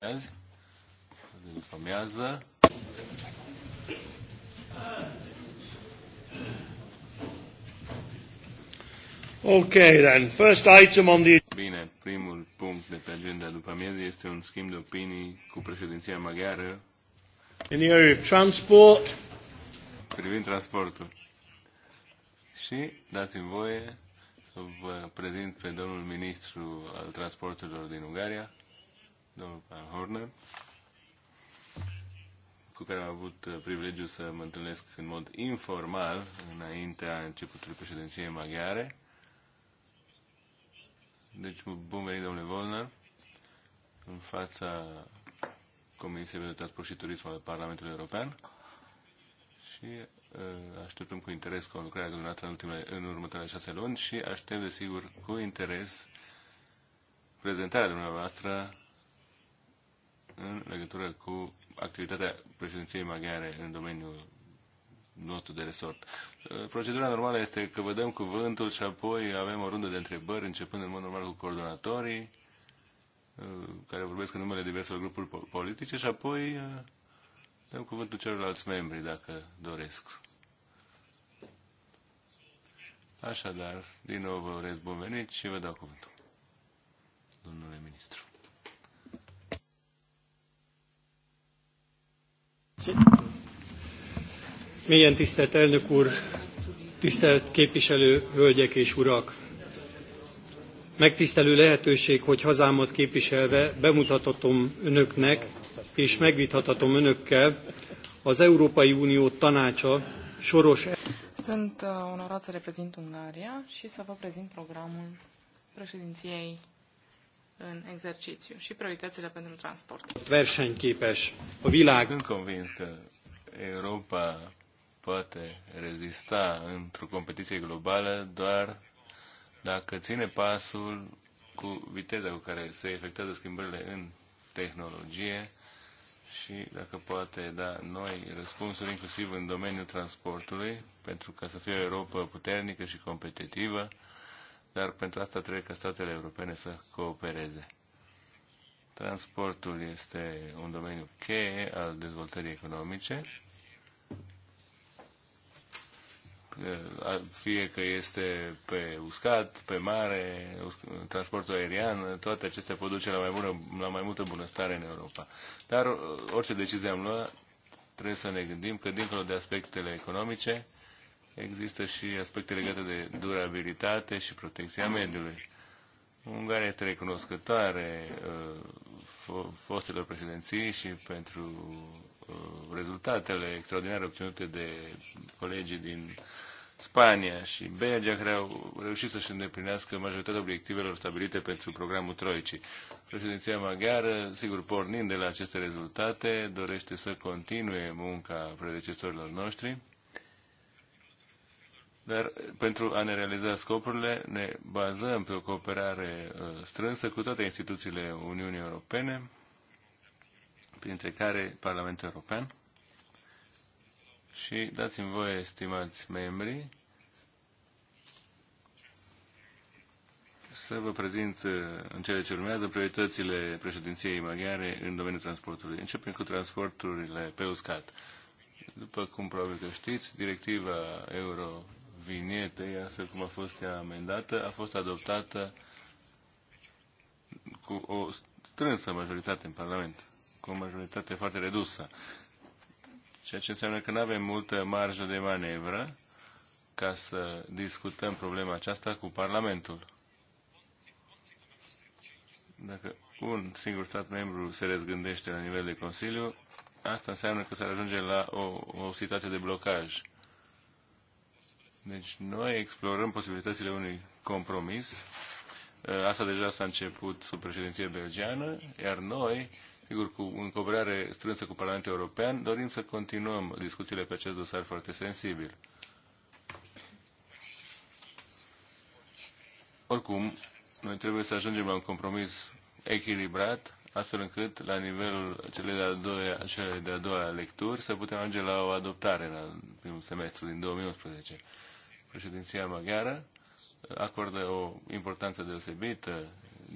azi, după amiază. Okay, then. First item on the... Bine, primul punct de pe agenda după amiază este un schimb de opinii cu președinția maghiară. In the area of transport. Privind transportul. Și dați-mi voie să vă prezint pe domnul ministru al transporturilor din Ungaria, domnul Pan Horner, cu care am avut uh, privilegiul să mă întâlnesc în mod informal înaintea începutului președinției maghiare. Deci, bun venit, domnule Volner, în fața Comisiei pentru Transport și Turism al Parlamentului European și uh, așteptăm cu interes cu lucrarea dumneavoastră în, ultimele, în următoarele șase luni și aștept, desigur, cu interes prezentarea dumneavoastră în legătură cu activitatea președinției maghiare în domeniul nostru de resort. Uh, procedura normală este că vă dăm cuvântul și apoi avem o rundă de întrebări, începând în mod normal cu coordonatorii, uh, care vorbesc în numele diverselor grupuri politice și apoi uh, dăm cuvântul celorlalți membri, dacă doresc. Așadar, din nou vă urez bun venit și vă dau cuvântul, domnule ministru. Mélyen tisztelt elnök úr, tisztelt képviselő, hölgyek és urak! Megtisztelő lehetőség, hogy hazámat képviselve bemutathatom önöknek és megvithathatom önökkel az Európai Unió tanácsa soros... Sunt uh, onorat să reprezint Ungaria și să vă prezint programul președinției în exercițiu și prioritățile pentru transport. Versenyképes. A világ... Sunt convins că Europa poate rezista într-o competiție globală doar dacă ține pasul cu viteza cu care se efectuează schimbările în tehnologie și dacă poate da noi răspunsuri, inclusiv în domeniul transportului, pentru ca să fie o Europa puternică și competitivă dar pentru asta trebuie ca statele europene să coopereze. Transportul este un domeniu cheie al dezvoltării economice, fie că este pe uscat, pe mare, transportul aerian, toate acestea pot duce la mai, bună, la mai multă bunăstare în Europa. Dar orice decizie am luat, trebuie să ne gândim că dincolo de aspectele economice, există și aspecte legate de durabilitate și protecția mediului. Ungaria este recunoscătoare uh, fostelor președinții și pentru uh, rezultatele extraordinare obținute de colegii din Spania și Belgia, care au reușit să-și îndeplinească majoritatea obiectivelor stabilite pentru programul Troicii. Președinția maghiară, sigur, pornind de la aceste rezultate, dorește să continue munca predecesorilor noștri dar pentru a ne realiza scopurile ne bazăm pe o cooperare uh, strânsă cu toate instituțiile Uniunii Europene, printre care Parlamentul European. Și dați-mi voie, stimați membri, să vă prezint uh, în cele ce urmează prioritățile președinției maghiare în domeniul transportului. Începem cu transporturile pe uscat. După cum probabil că știți, directiva Euro vinietei, astfel cum a fost ea amendată, a fost adoptată cu o strânsă majoritate în Parlament, cu o majoritate foarte redusă. Ceea ce înseamnă că nu avem multă marjă de manevră ca să discutăm problema aceasta cu Parlamentul. Dacă un singur stat membru se răzgândește la nivel de Consiliu, asta înseamnă că s-ar ajunge la o, o situație de blocaj. Deci noi explorăm posibilitățile unui compromis. Uh, asta deja s-a început sub președinție belgeană, iar noi, sigur, cu, un cooperare strânsă cu Parlamentul European, dorim să continuăm discuțiile pe acest dosar foarte sensibil. Oricum, noi trebuie să ajungem la un compromis echilibrat, astfel încât, la nivelul celei de-a doua, de doua lecturi, să putem ajunge la o adoptare în primul semestru din 2011 președinția maghiară acordă o importanță deosebită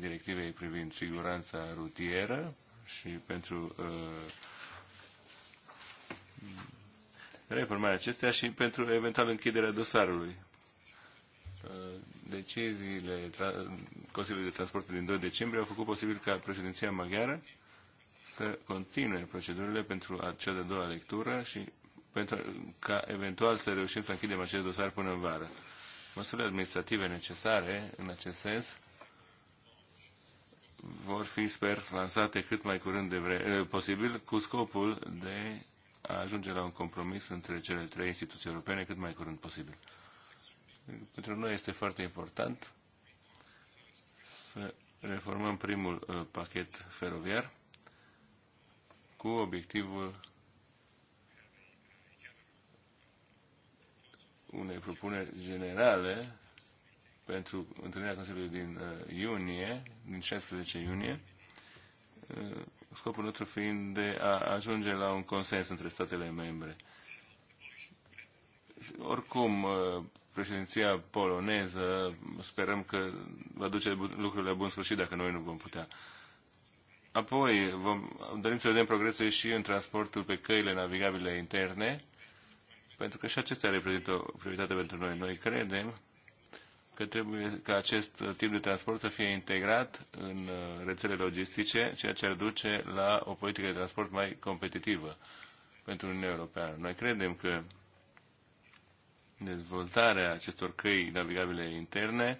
directivei privind siguranța rutieră și pentru uh, reformarea acesteia și pentru eventual închiderea dosarului. Uh, deciziile Consiliului de Transport din 2 decembrie au făcut posibil ca președinția maghiară să continue procedurile pentru acea cea de-a doua lectură și pentru ca eventual să reușim să închidem acest dosar până în vară. Măsurile administrative necesare în acest sens vor fi, sper, lansate cât mai curând de vre- eh, posibil cu scopul de a ajunge la un compromis între cele trei instituții europene cât mai curând posibil. Pentru noi este foarte important să reformăm primul eh, pachet feroviar cu obiectivul unei propuneri generale pentru întâlnirea Consiliului din uh, iunie, din 16 iunie, uh, scopul nostru fiind de a ajunge la un consens între statele membre. Oricum, uh, președinția poloneză, sperăm că va duce lucrurile la bun sfârșit dacă noi nu vom putea. Apoi, vom, dorim să vedem progresul și în transportul pe căile navigabile interne, pentru că și acestea reprezintă o prioritate pentru noi. Noi credem că trebuie ca acest tip de transport să fie integrat în uh, rețele logistice, ceea ce ar duce la o politică de transport mai competitivă pentru Uniunea Europeană. Noi credem că dezvoltarea acestor căi navigabile interne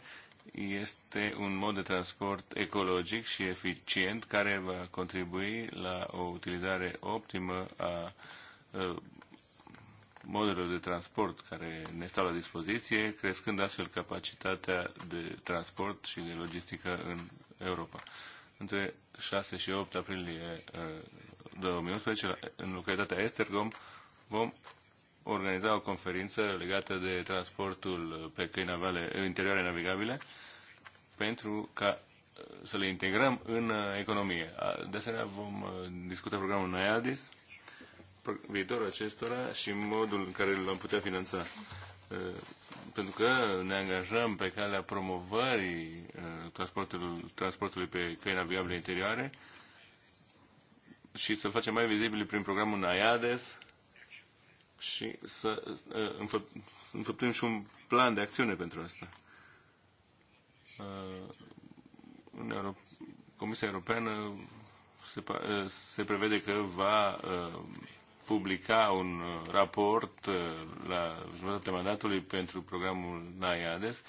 este un mod de transport ecologic și eficient care va contribui la o utilizare optimă a uh, modelul de transport care ne stau la dispoziție, crescând astfel capacitatea de transport și de logistică în Europa. Între 6 și 8 aprilie 2011, uh, în localitatea Estergom, vom organiza o conferință legată de transportul uh, pe căi navale, uh, interioare navigabile pentru ca să le integrăm în economie. De asemenea, vom discuta programul NAIADIS, viitorul acestora și modul în care l-am putea finanța. Uh, pentru că ne angajăm pe calea promovării uh, transportului, transportului pe căi navigabile interioare și să facem mai vizibile prin programul NAIADES și să uh, înfăptuim și un plan de acțiune pentru asta. Comisia Europeană se, se prevede că va publica un uh, raport uh, la jumătatea mandatului pentru programul NAIADES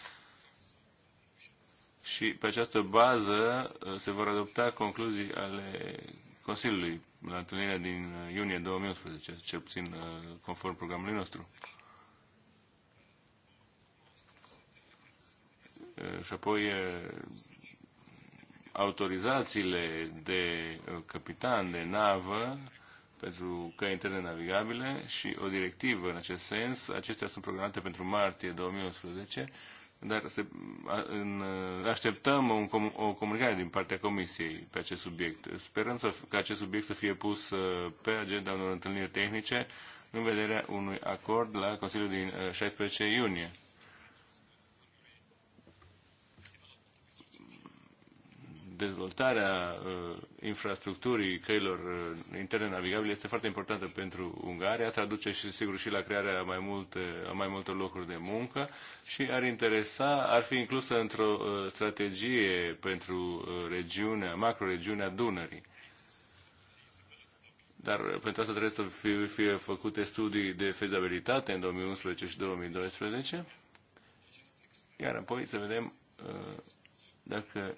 și pe această bază uh, se vor adopta concluzii ale Consiliului la întâlnirea din iunie 2011, cel puțin conform programului nostru. Și apoi autorizațiile de capitan de navă pentru căi interne navigabile și o directivă în acest sens. Acestea sunt programate pentru martie 2011, dar se, a, în, așteptăm un, o comunicare din partea Comisiei pe acest subiect. Sperăm să, ca acest subiect să fie pus uh, pe agenda unor întâlniri tehnice în vederea unui acord la Consiliul din 16 uh, iunie. dezvoltarea uh, infrastructurii căilor uh, interne navigabile este foarte importantă pentru Ungaria, traduce și sigur și la crearea mai multe, a mai multe locuri de muncă și ar interesa, ar fi inclusă într-o uh, strategie pentru uh, regiunea, macro-regiunea Dunării. Dar pentru asta trebuie să fie, fie făcute studii de fezabilitate în 2011 și 2012, iar apoi să vedem uh, dacă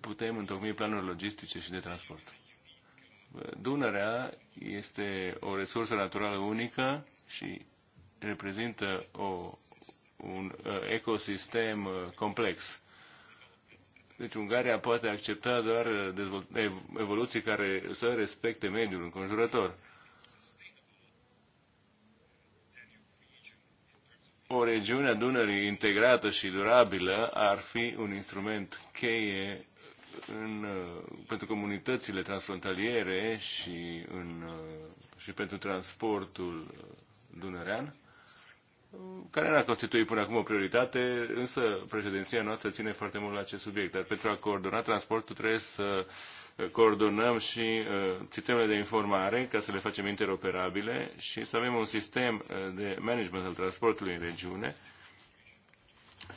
putem întocmi planuri logistice și de transport. Dunărea este o resursă naturală unică și reprezintă o, un uh, ecosistem uh, complex. Deci Ungaria poate accepta doar uh, evoluții care să respecte mediul înconjurător. O regiune a Dunării integrată și durabilă ar fi un instrument cheie în, uh, pentru comunitățile transfrontaliere și, în, uh, și pentru transportul dunărean, uh, care n-a constituit până acum o prioritate, însă președinția noastră ține foarte mult la acest subiect. Dar pentru a coordona transportul trebuie să coordonăm și uh, sistemele de informare ca să le facem interoperabile și să avem un sistem de management al transportului în regiune uh,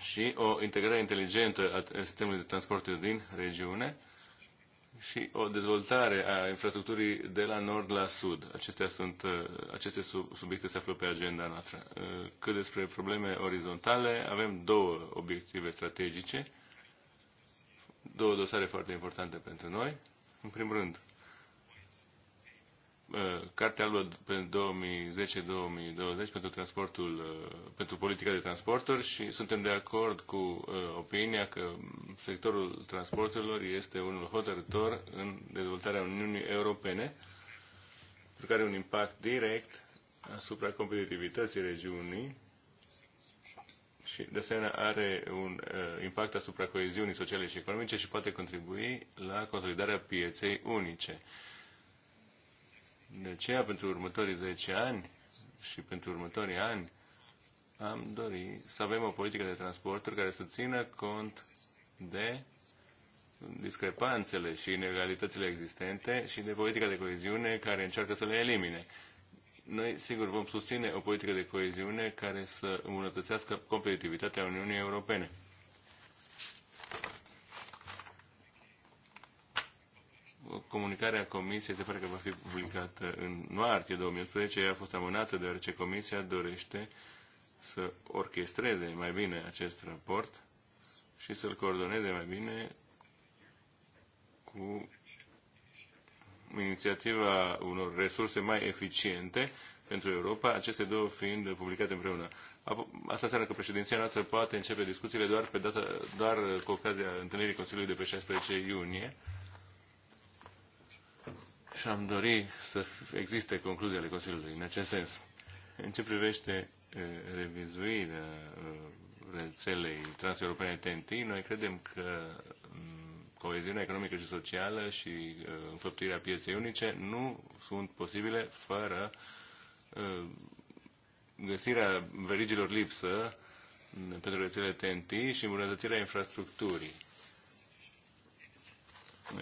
și o integrare inteligentă a sistemului de transport din regiune și o dezvoltare a infrastructurii de la nord la sud. Acestea sunt, uh, aceste subiecte se află pe agenda noastră. Uh, cât despre probleme orizontale, avem două obiective strategice, două dosare foarte importante pentru noi. În primul rând, Uh, Cartea lui pentru 2010-2020 pentru transportul, uh, pentru politica de transporturi și suntem de acord cu uh, opinia că sectorul transporturilor este unul hotărător în dezvoltarea Uniunii Europene, pentru care are un impact direct asupra competitivității regiunii și, de asemenea, are un impact asupra coeziunii sociale și economice și poate contribui la consolidarea pieței unice. De aceea, pentru următorii 10 ani și pentru următorii ani, am dorit să avem o politică de transporturi care să țină cont de discrepanțele și inegalitățile existente și de politica de coeziune care încearcă să le elimine. Noi, sigur, vom susține o politică de coeziune care să îmbunătățească competitivitatea Uniunii Europene. comunicarea Comisiei se pare că va fi publicată în martie 2011. Ea a fost amânată deoarece Comisia dorește să orchestreze mai bine acest raport și să-l coordoneze mai bine cu inițiativa unor resurse mai eficiente pentru Europa, aceste două fiind publicate împreună. Asta înseamnă că președinția noastră poate începe discuțiile doar, pe data, doar cu ocazia întâlnirii Consiliului de pe 16 iunie, și am dori să existe concluziile ale Consiliului în acest sens. În ce privește revizuirea rețelei transeuropene TNT, noi credem că coeziunea economică și socială și înfăptuirea pieței unice nu sunt posibile fără găsirea verigilor lipsă pentru rețelele TNT și îmbunătățirea infrastructurii.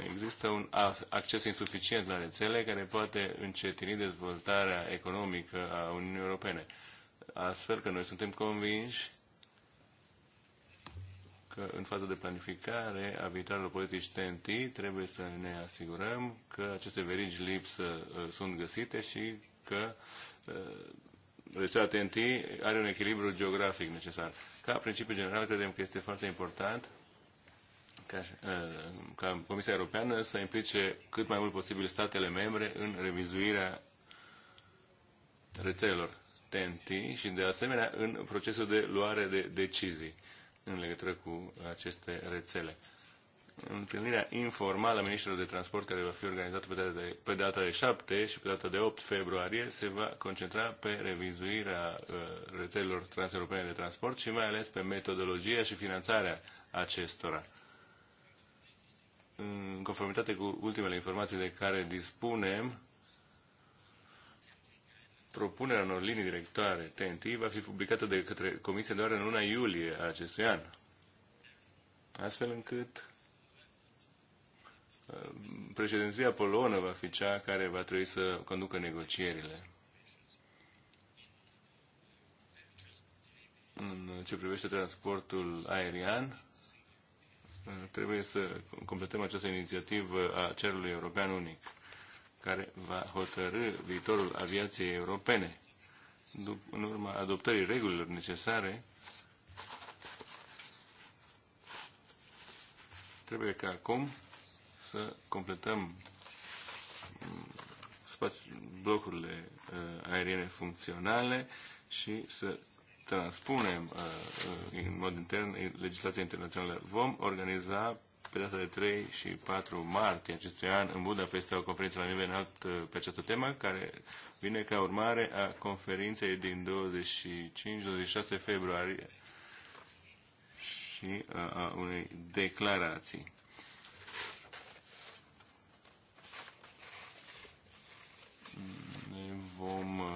Există un acces insuficient la rețele care poate încetini dezvoltarea economică a Uniunii Europene. Astfel că noi suntem convinși că în faza de planificare a viitorilor politici TNT trebuie să ne asigurăm că aceste verigi lipsă uh, sunt găsite și că uh, rețeaua TNT are un echilibru geografic necesar. Ca principiu general, credem că este foarte important ca, uh, ca Comisia Europeană să implice cât mai mult posibil statele membre în revizuirea rețelelor TNT și, de asemenea, în procesul de luare de decizii în legătură cu aceste rețele. Întâlnirea informală a ministrilor de transport, care va fi organizată pe data, de, pe data de 7 și pe data de 8 februarie, se va concentra pe revizuirea uh, rețelelor transeuropene de transport și mai ales pe metodologia și finanțarea acestora în conformitate cu ultimele informații de care dispunem, propunerea unor linii directoare TNT va fi publicată de către Comisie doar în luna iulie a acestui an. Astfel încât uh, președinția polonă va fi cea care va trebui să conducă negocierile. În ce privește transportul aerian, trebuie să completăm această inițiativă a cerului european unic, care va hotărâ viitorul aviației europene. În urma adoptării regulilor necesare, trebuie ca acum să completăm mm, blocurile uh, aeriene funcționale și să transpunem uh, uh, în mod intern legislația internațională. Vom organiza pe data de 3 și 4 martie acestui an în Budapesta o conferință la nivel înalt uh, pe această temă, care vine ca urmare a conferinței din 25-26 februarie și a unei declarații. vom uh,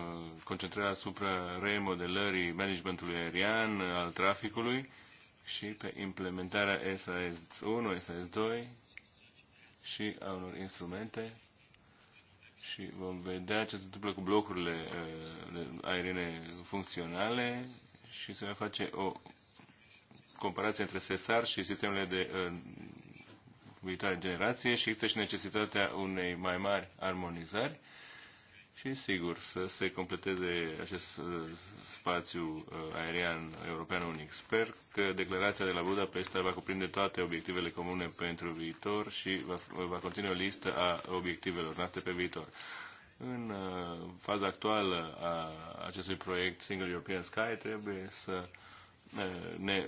concentra asupra remodelării managementului aerian uh, al traficului și pe implementarea SAS 1, SAS 2 și a unor instrumente și vom vedea ce se întâmplă cu blocurile uh, aeriene funcționale și se va face o comparație între SESAR și sistemele de uh, viitoare generație și există și necesitatea unei mai mari armonizări și, sigur, să se completeze acest uh, spațiu uh, aerian european unic. Sper că declarația de la Budapesta va cuprinde toate obiectivele comune pentru viitor și va, va conține o listă a obiectivelor nate pe viitor. În uh, faza actuală a acestui proiect Single European Sky trebuie să uh, Eh, ne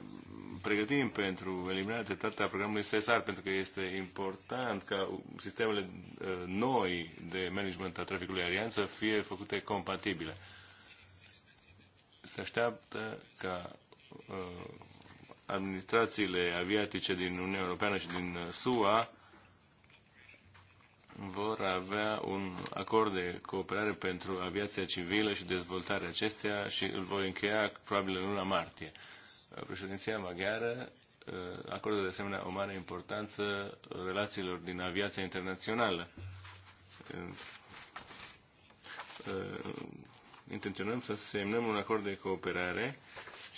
pregătim pentru eliminarea treptată a programului SESAR, pentru că este important ca sistemele eh, noi de management a traficului aerian să fie făcute compatibile. Se așteaptă ca eh, administrațiile aviatice din Uniunea Europeană și din SUA vor avea un acord de cooperare pentru aviația civilă și dezvoltarea acesteia și îl voi încheia probabil în luna martie președinția maghiară uh, acordă de asemenea o mare importanță relațiilor din aviația internațională. Uh, uh, intenționăm să semnăm un acord de cooperare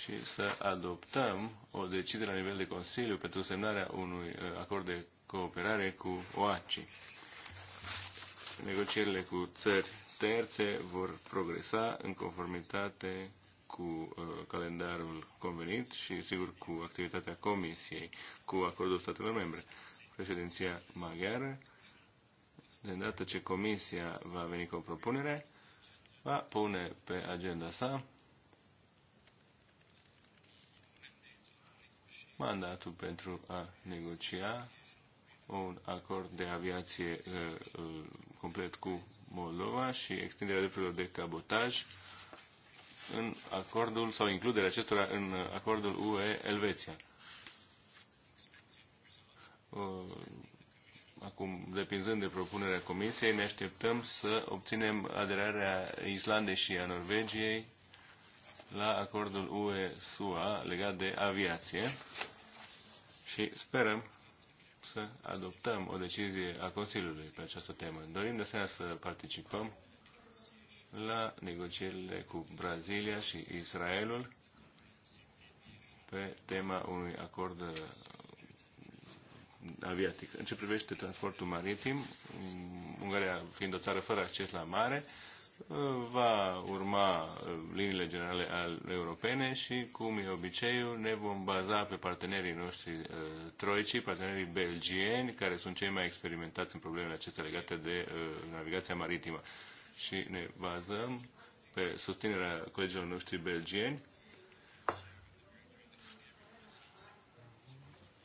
și să adoptăm o decizie la nivel de Consiliu pentru semnarea unui acord de cooperare cu OACI. Negocierile cu țări terțe vor progresa în conformitate cu uh, calendarul convenit și, sigur, cu activitatea Comisiei, cu acordul statelor membre. Președinția maghiară, de îndată ce Comisia va veni cu o propunere, va pune pe agenda sa mandatul pentru a negocia un acord de aviație uh, uh, complet cu Moldova și extinderea drepturilor de cabotaj în acordul sau includerea acestora în uh, acordul UE-Elveția. Acum, depinzând de propunerea Comisiei, ne așteptăm să obținem aderarea Islandei și a Norvegiei la acordul UE-SUA legat de aviație și sperăm să adoptăm o decizie a Consiliului pe această temă. Dorim de asemenea să participăm la negocierile cu Brazilia și Israelul pe tema unui acord uh, aviatic. În ce privește transportul maritim, mm, Ungaria fiind o țară fără acces la mare, uh, va urma uh, liniile generale al europene și, cum e obiceiul, ne vom baza pe partenerii noștri troici, partenerii belgieni, care sunt cei mai experimentați în problemele acestea legate de navigația maritimă și ne bazăm pe susținerea colegilor noștri belgieni,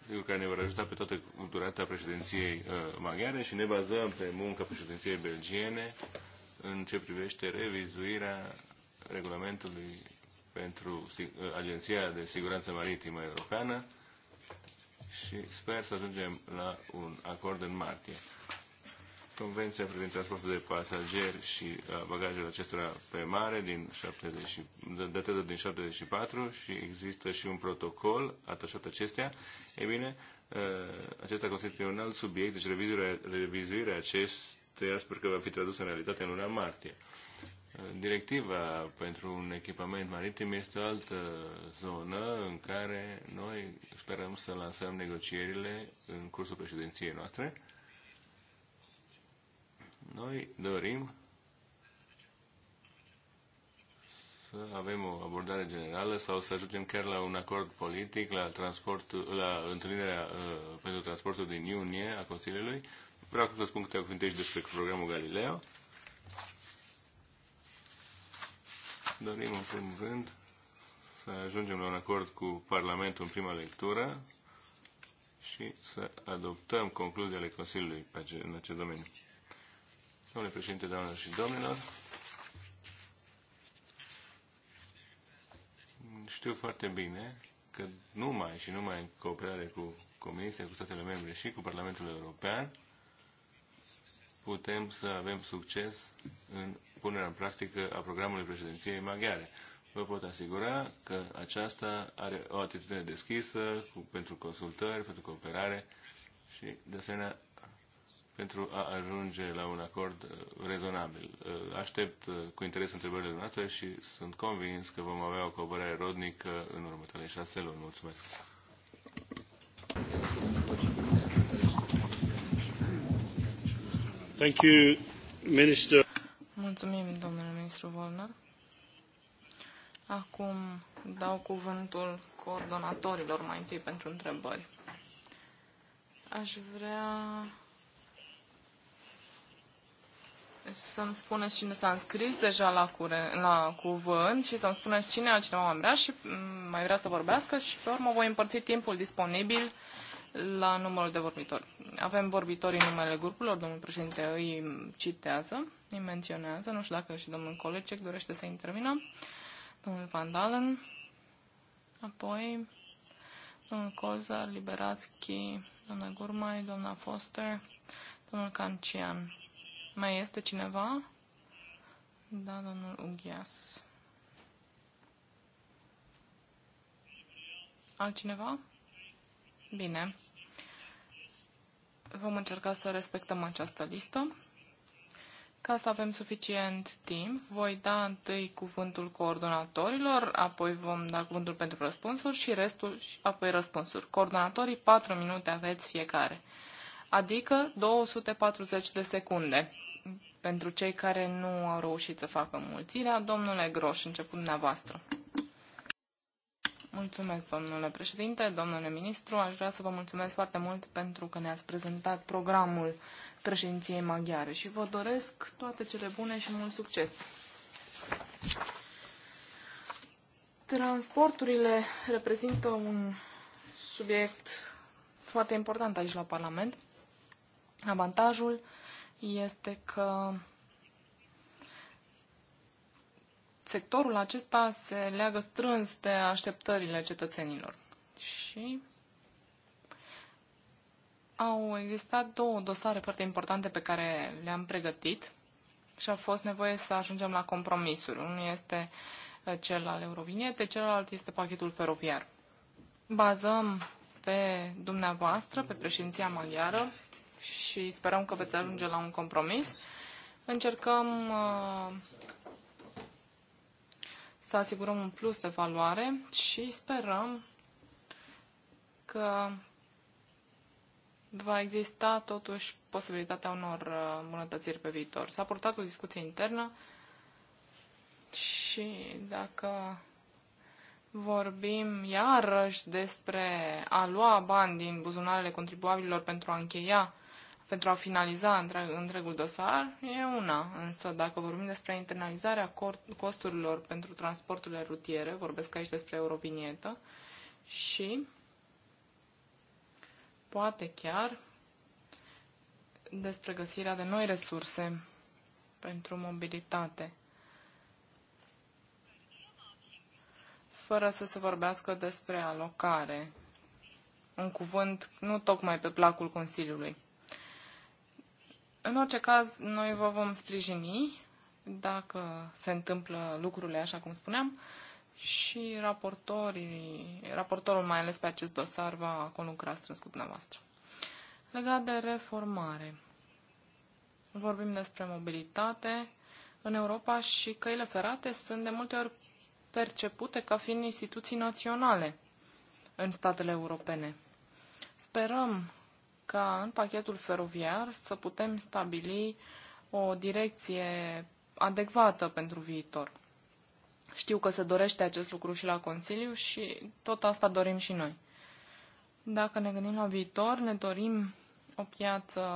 sigur care ne vor ajuta pe toată durata președinției uh, maghiare și ne bazăm pe munca președinției belgiene în ce privește revizuirea regulamentului pentru uh, Agenția de Siguranță Maritimă Europeană și sper să ajungem la un acord în martie. Convenția privind transportul de pasageri și uh, bagajele acestora pe mare din 70, datată din 74 și există și un protocol atașat acestea. E bine, uh, acesta constituie un alt subiect, deci revizuirea, revizuirea acesteia sper că va fi tradusă în realitate în luna martie. Uh, directiva pentru un echipament maritim este o altă zonă în care noi sperăm să lansăm negocierile în cursul președinției noastre noi dorim să avem o abordare generală sau să ajungem chiar la un acord politic la, transportul, la întâlnirea uh, pentru transportul din iunie a Consiliului. Vreau să spun câteva cuvinte și despre programul Galileo. Dorim, în primul rând, să ajungem la un acord cu Parlamentul în prima lectură și să adoptăm concluziile Consiliului în acest domeniu. Domnule președinte, doamnelor și domnilor, știu foarte bine că numai și numai în cooperare cu Comisia, cu statele membre și cu Parlamentul European putem să avem succes în punerea în practică a programului președinției maghiare. Vă pot asigura că aceasta are o atitudine deschisă cu, pentru consultări, pentru cooperare și, de asemenea, pentru a ajunge la un acord uh, rezonabil. Uh, aștept uh, cu interes întrebările noastre și sunt convins că vom avea o cooperare rodnică în următoarele șase luni. Mulțumesc! Thank you, Minister. Mulțumim, domnule ministru Volner. Acum dau cuvântul coordonatorilor mai întâi pentru întrebări. Aș vrea să-mi spuneți cine s-a înscris deja la, cure, la cuvânt și să-mi spuneți cine altcineva mai vrea și mm, mai vrea să vorbească și pe urmă voi împărți timpul disponibil la numărul de vorbitori. Avem vorbitori în numele grupurilor, domnul președinte îi citează, îi menționează, nu știu dacă și domnul Colecec dorește să intervină, domnul Van Dalen, apoi domnul Coza, Liberatski, doamna Gurmai, doamna Foster, domnul Cancian. Mai este cineva? Da, domnul Ughias. Altcineva? Bine. Vom încerca să respectăm această listă. Ca să avem suficient timp, voi da întâi cuvântul coordonatorilor, apoi vom da cuvântul pentru răspunsuri și restul, apoi răspunsuri. Coordonatorii, 4 minute aveți fiecare, adică 240 de secunde pentru cei care nu au reușit să facă mulțirea. Domnule Groș, început dumneavoastră. Mulțumesc, domnule președinte, domnule ministru. Aș vrea să vă mulțumesc foarte mult pentru că ne-ați prezentat programul președinției maghiare și vă doresc toate cele bune și mult succes. Transporturile reprezintă un subiect foarte important aici la Parlament. Avantajul este că sectorul acesta se leagă strâns de așteptările cetățenilor. Și au existat două dosare foarte importante pe care le-am pregătit și a fost nevoie să ajungem la compromisuri. Unul este uh, cel al Eurovinete, celălalt este pachetul feroviar. Bazăm pe dumneavoastră, pe președinția maghiară, și sperăm că veți ajunge la un compromis. Încercăm uh, să asigurăm un plus de valoare și sperăm că va exista totuși posibilitatea unor uh, îmbunătățiri pe viitor. S-a purtat o discuție internă și dacă vorbim iarăși despre a lua bani din buzunarele contribuabililor pentru a încheia pentru a finaliza întreg, întregul dosar e una, însă dacă vorbim despre internalizarea costurilor pentru transporturile rutiere, vorbesc aici despre eurovinietă, și poate chiar despre găsirea de noi resurse pentru mobilitate. Fără să se vorbească despre alocare, un cuvânt nu tocmai pe placul Consiliului. În orice caz, noi vă vom sprijini dacă se întâmplă lucrurile așa cum spuneam și raportorii, raportorul mai ales pe acest dosar va conlucra strâns cu dumneavoastră. Legat de reformare, vorbim despre mobilitate în Europa și căile ferate sunt de multe ori percepute ca fiind instituții naționale în statele europene. Sperăm ca în pachetul feroviar să putem stabili o direcție adecvată pentru viitor. Știu că se dorește acest lucru și la Consiliu și tot asta dorim și noi. Dacă ne gândim la viitor, ne dorim o piață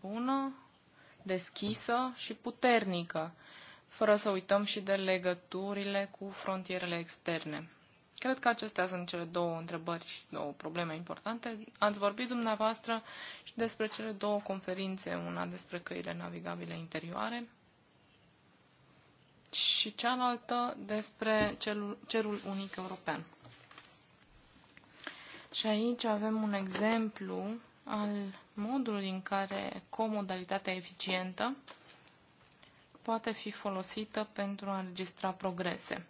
bună, deschisă și puternică, fără să uităm și de legăturile cu frontierele externe. Cred că acestea sunt cele două întrebări și două probleme importante. Ați vorbit dumneavoastră și despre cele două conferințe, una despre căile navigabile interioare și cealaltă despre cerul, cerul unic european. Și aici avem un exemplu al modului în care comodalitatea eficientă poate fi folosită pentru a înregistra progrese.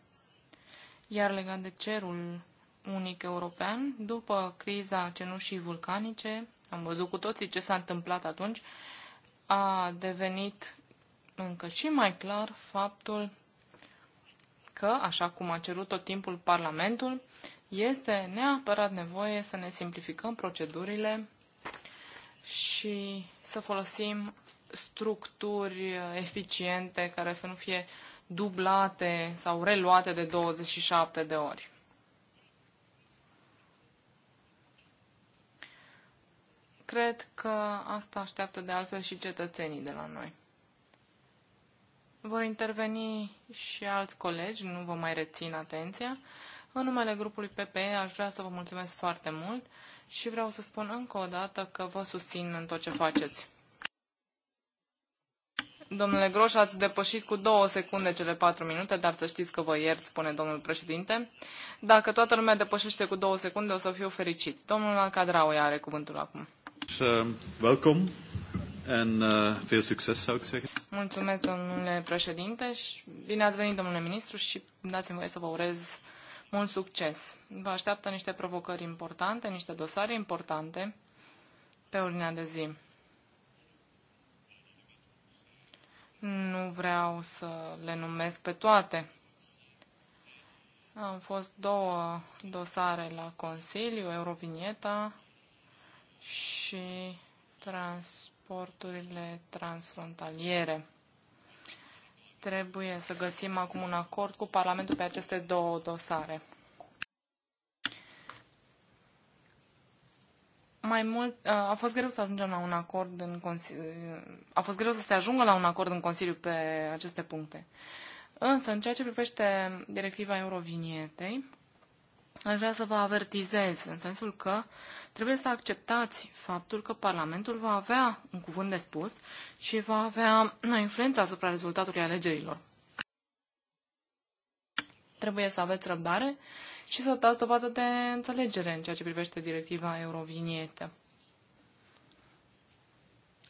Iar legat de cerul unic european, după criza cenușii vulcanice, am văzut cu toții ce s-a întâmplat atunci, a devenit încă și mai clar faptul că, așa cum a cerut tot timpul Parlamentul, este neapărat nevoie să ne simplificăm procedurile și să folosim structuri eficiente care să nu fie uh, dublate sau reluate de 27 de ori. Cred că asta așteaptă de altfel și cetățenii de la noi. Vor interveni și alți colegi, nu vă mai rețin atenția. În numele grupului PPE aș vrea să vă mulțumesc foarte mult și vreau să spun încă o dată că vă susțin în tot ce faceți. Domnule Groș, ați depășit cu două secunde cele patru minute, dar să știți că vă iert, spune domnul președinte. Dacă toată lumea depășește cu două secunde, o să fiu fericit. Domnul Alcadraui are cuvântul acum. Ehm, welcome and eh, veel succes, Mulțumesc, domnule președinte. Și bine ați venit, domnule ministru, și dați-mi voie să vă urez mult succes. Vă așteaptă niște provocări importante, niște dosare importante pe ordinea de zi. Nu vreau să le numesc pe toate. Am fost două dosare la Consiliu, Eurovinieta și transporturile transfrontaliere. Trebuie să găsim acum un acord cu Parlamentul pe aceste două dosare. mai mult, uh, a fost greu să ajungem la un acord în uh, a fost greu să se ajungă la un acord în Consiliu pe aceste puncte. Însă, în ceea ce privește directiva Eurovinietei, aș vrea să vă avertizez, în sensul că trebuie să acceptați faptul că Parlamentul va avea un cuvânt de spus și va avea o influență asupra rezultatului alegerilor trebuie să aveți răbdare și să dați dovadă de înțelegere în ceea ce privește directiva Eurovinietă.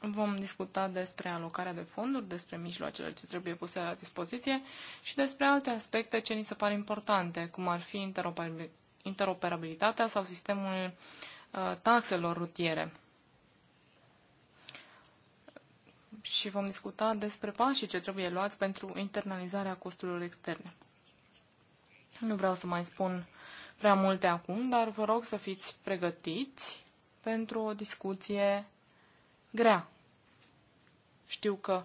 Vom discuta despre alocarea de fonduri, despre mijloacele ce trebuie puse la dispoziție și despre alte aspecte ce ni se par importante, cum ar fi interoperabilitatea sau sistemul uh, taxelor rutiere. Și vom discuta despre pașii ce trebuie luați pentru internalizarea costurilor externe. Nu vreau să mai spun prea multe acum, dar vă rog să fiți pregătiți pentru o discuție grea. Știu că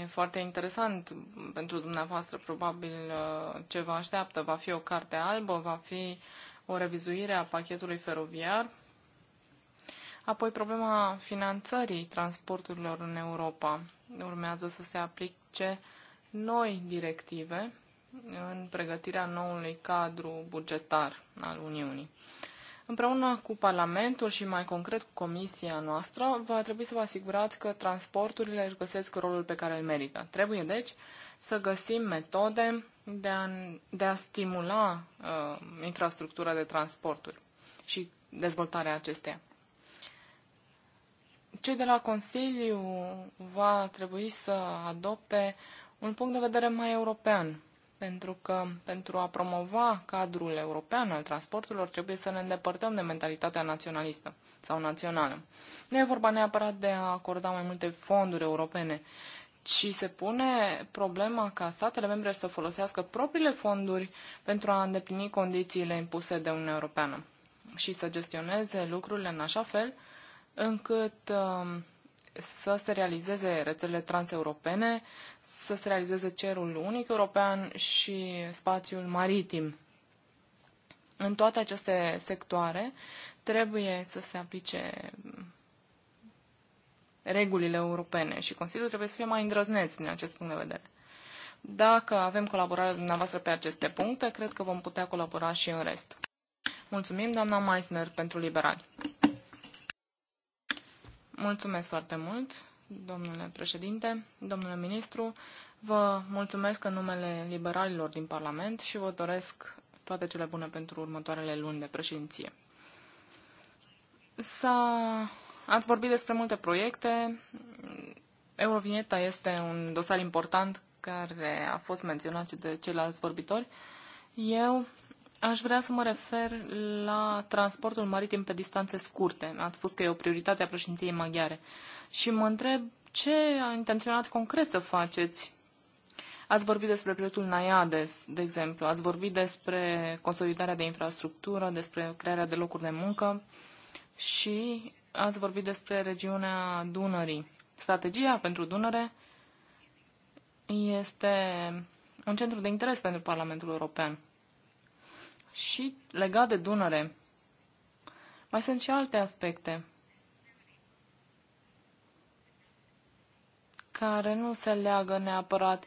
e foarte interesant pentru dumneavoastră, probabil ce vă așteaptă. Va fi o carte albă, va fi o revizuire a pachetului feroviar, apoi problema finanțării transporturilor în Europa. Urmează să se aplice noi directive în pregătirea noului cadru bugetar al Uniunii. Împreună cu Parlamentul și mai concret cu Comisia noastră, va trebui să vă asigurați că transporturile își găsesc rolul pe care îl merită. Trebuie, deci, să găsim metode de a, de a stimula uh, infrastructura de transporturi și dezvoltarea acesteia. Cei de la Consiliu va trebui să adopte un punct de vedere mai european pentru că pentru a promova cadrul european al transporturilor trebuie să ne îndepărtăm de mentalitatea naționalistă sau națională. Nu e vorba neapărat de a acorda mai multe fonduri europene, ci se pune problema ca statele membre să folosească propriile fonduri pentru a îndeplini condițiile impuse de Uniunea Europeană și să gestioneze lucrurile în așa fel încât uh, să se realizeze rețelele transeuropene, să se realizeze cerul unic european și spațiul maritim. În toate aceste sectoare trebuie să se aplice regulile europene și Consiliul trebuie să fie mai îndrăzneț din acest punct de vedere. Dacă avem colaborarea dumneavoastră pe aceste puncte, cred că vom putea colabora și în rest. Mulțumim, doamna Meisner, pentru liberali. Mulțumesc foarte mult, domnule președinte, domnule ministru. Vă mulțumesc în numele liberalilor din Parlament și vă doresc toate cele bune pentru următoarele luni de președinție. S-a... Ați vorbit despre multe proiecte. Eurovineta este un dosar important care a fost menționat și de ceilalți vorbitori. Eu Aș vrea să mă refer la transportul maritim pe distanțe scurte. Ați spus că e o prioritate a președinției maghiare. Și mă întreb ce a intenționat concret să faceți. Ați vorbit despre proiectul Naiades, de exemplu. Ați vorbit despre consolidarea de infrastructură, despre crearea de locuri de muncă și ați vorbit despre regiunea Dunării. Strategia pentru Dunăre este un centru de interes pentru Parlamentul European. Și legat de Dunăre, mai sunt și alte aspecte care nu se leagă neapărat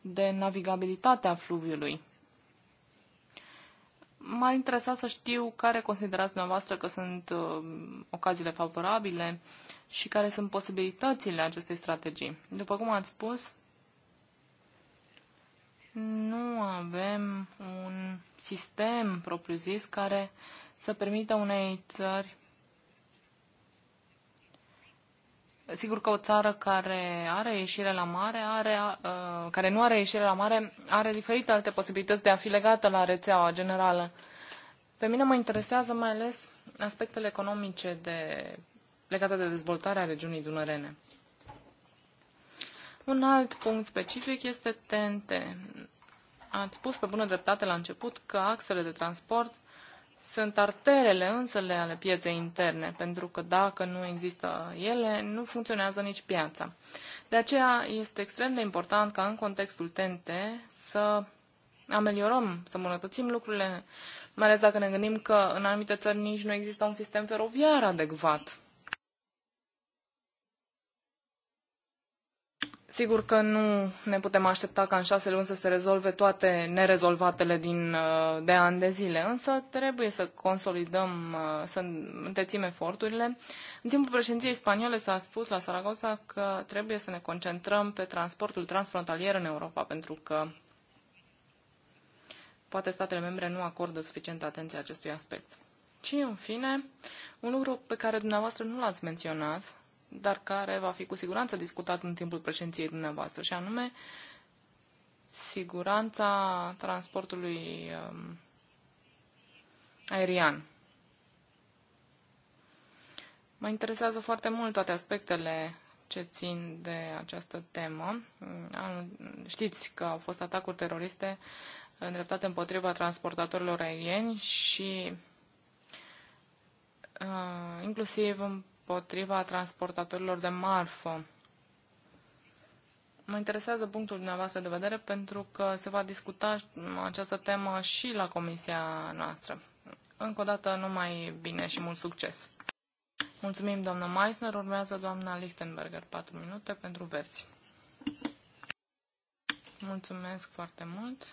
de navigabilitatea fluviului. M-ar interesa să știu care considerați dumneavoastră că sunt uh, ocaziile favorabile și care sunt posibilitățile acestei strategii. După cum ați spus, nu avem un sistem propriu-zis care să permită unei țări Sigur că o țară care are ieșire la mare, are, uh, care nu are ieșire la mare, are diferite alte posibilități de a fi legată la rețeaua generală. Pe mine mă interesează mai ales aspectele economice de, legate de dezvoltarea regiunii Dunărene. Un alt punct specific este TNT. Ați spus pe bună dreptate la început că axele de transport sunt arterele însele ale pieței interne, pentru că dacă nu există ele, nu funcționează nici piața. De aceea este extrem de important ca în contextul TNT să ameliorăm, să îmbunătățim lucrurile, mai ales dacă ne gândim că în anumite țări nici nu există un sistem feroviar adecvat Sigur că nu ne putem aștepta ca în șase luni să se rezolve toate nerezolvatele din, uh, de ani de zile, însă trebuie să consolidăm, uh, să întețim eforturile. În timpul președinției spaniole s-a spus la Saragossa că trebuie să ne concentrăm pe transportul transfrontalier în Europa, pentru că poate statele membre nu acordă suficientă atenție acestui aspect. Și, în fine, un lucru pe care dumneavoastră nu l-ați menționat, dar care va fi cu siguranță discutat în timpul președinției dumneavoastră, și anume siguranța transportului um, aerian. Mă interesează foarte mult toate aspectele ce țin de această temă. Știți că au fost atacuri teroriste îndreptate împotriva transportatorilor aerieni și uh, inclusiv împotriva transportatorilor de marfă. Mă interesează punctul dumneavoastră de vedere pentru că se va discuta această temă și la comisia noastră. Încă o dată numai bine și mult succes! Mulțumim, doamna Meisner. Urmează doamna Lichtenberger, 4 minute pentru verzi. Mulțumesc foarte mult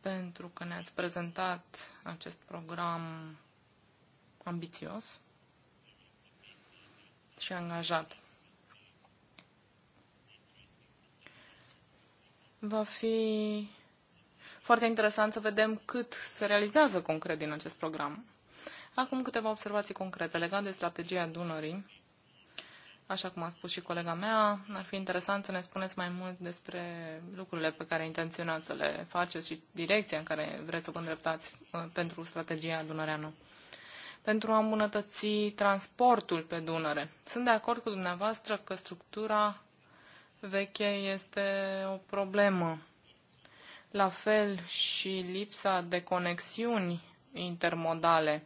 pentru că ne-ați prezentat acest program ambițios și angajat. Va fi foarte interesant să vedem cât se realizează concret din acest program. Acum câteva observații concrete legate de strategia Dunării. Așa cum a spus și colega mea, ar fi interesant să ne spuneți mai mult despre lucrurile pe care intenționați să le faceți și direcția în care vreți să vă îndreptați uh, pentru strategia Dunăreanu pentru a îmbunătăți transportul pe Dunăre. Sunt de acord cu dumneavoastră că structura veche este o problemă. La fel și lipsa de conexiuni intermodale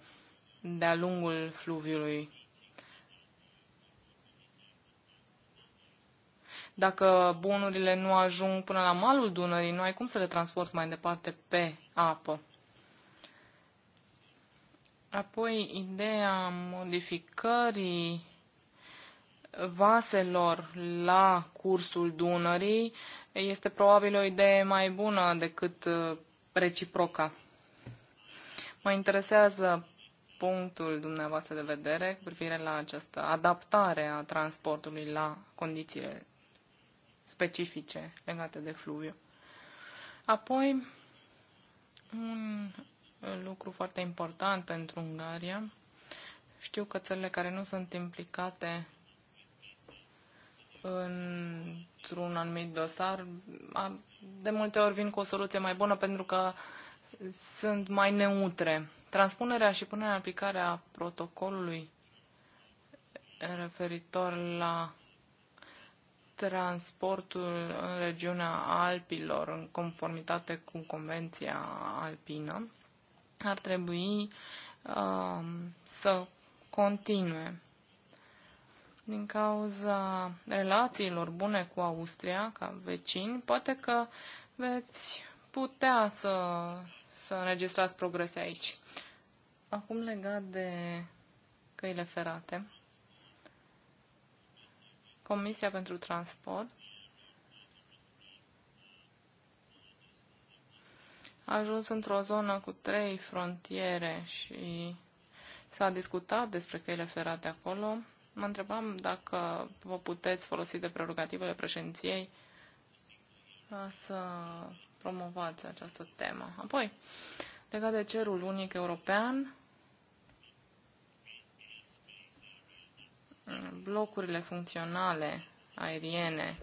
de-a lungul fluviului. Dacă bunurile nu ajung până la malul Dunării, nu ai cum să le transporti mai departe pe apă. Apoi, ideea modificării vaselor la cursul Dunării este probabil o idee mai bună decât uh, reciproca. Mă interesează punctul dumneavoastră de vedere cu privire la această adaptare a transportului la condițiile specifice legate de fluviu. Apoi, un lucru foarte important pentru Ungaria. Știu că țările care nu sunt implicate într-un anumit dosar, de multe ori vin cu o soluție mai bună pentru că sunt mai neutre. Transpunerea și punerea în aplicare a protocolului referitor la transportul în regiunea Alpilor în conformitate cu Convenția Alpină ar trebui uh, să continue. Din cauza relațiilor bune cu Austria, ca vecini, poate că veți putea să, să înregistrați progrese aici. Acum legat de căile ferate, Comisia pentru Transport a ajuns într-o zonă cu trei frontiere și s-a discutat despre căile ferate acolo. Mă întrebam dacă vă puteți folosi de prerogativele președinției uh, să promovați această temă. Apoi, legat de cerul unic european, blocurile funcționale aeriene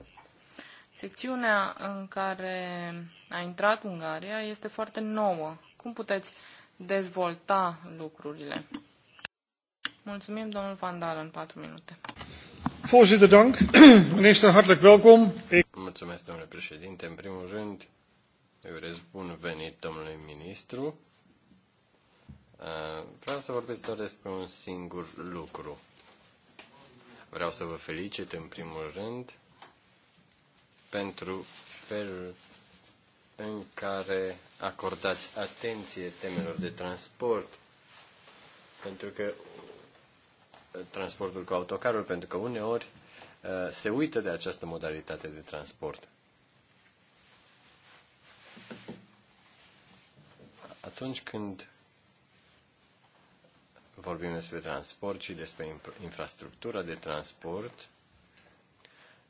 Secțiunea în care a intrat Ungaria este foarte nouă. Cum puteți dezvolta lucrurile? Mulțumim, domnul Van în patru minute. Voorzitter, dank. Minister, hartelijk welkom. Mulțumesc, domnule președinte. În primul rând, eu urez bun venit, domnule ministru. Uh, vreau să vorbesc doar despre un singur lucru. Vreau să vă felicit, în primul rând, pentru felul în care acordați atenție temelor de transport, pentru că uh, transportul cu autocarul, pentru că uneori uh, se uită de această modalitate de transport. Atunci când vorbim despre transport și despre infrastructura de transport,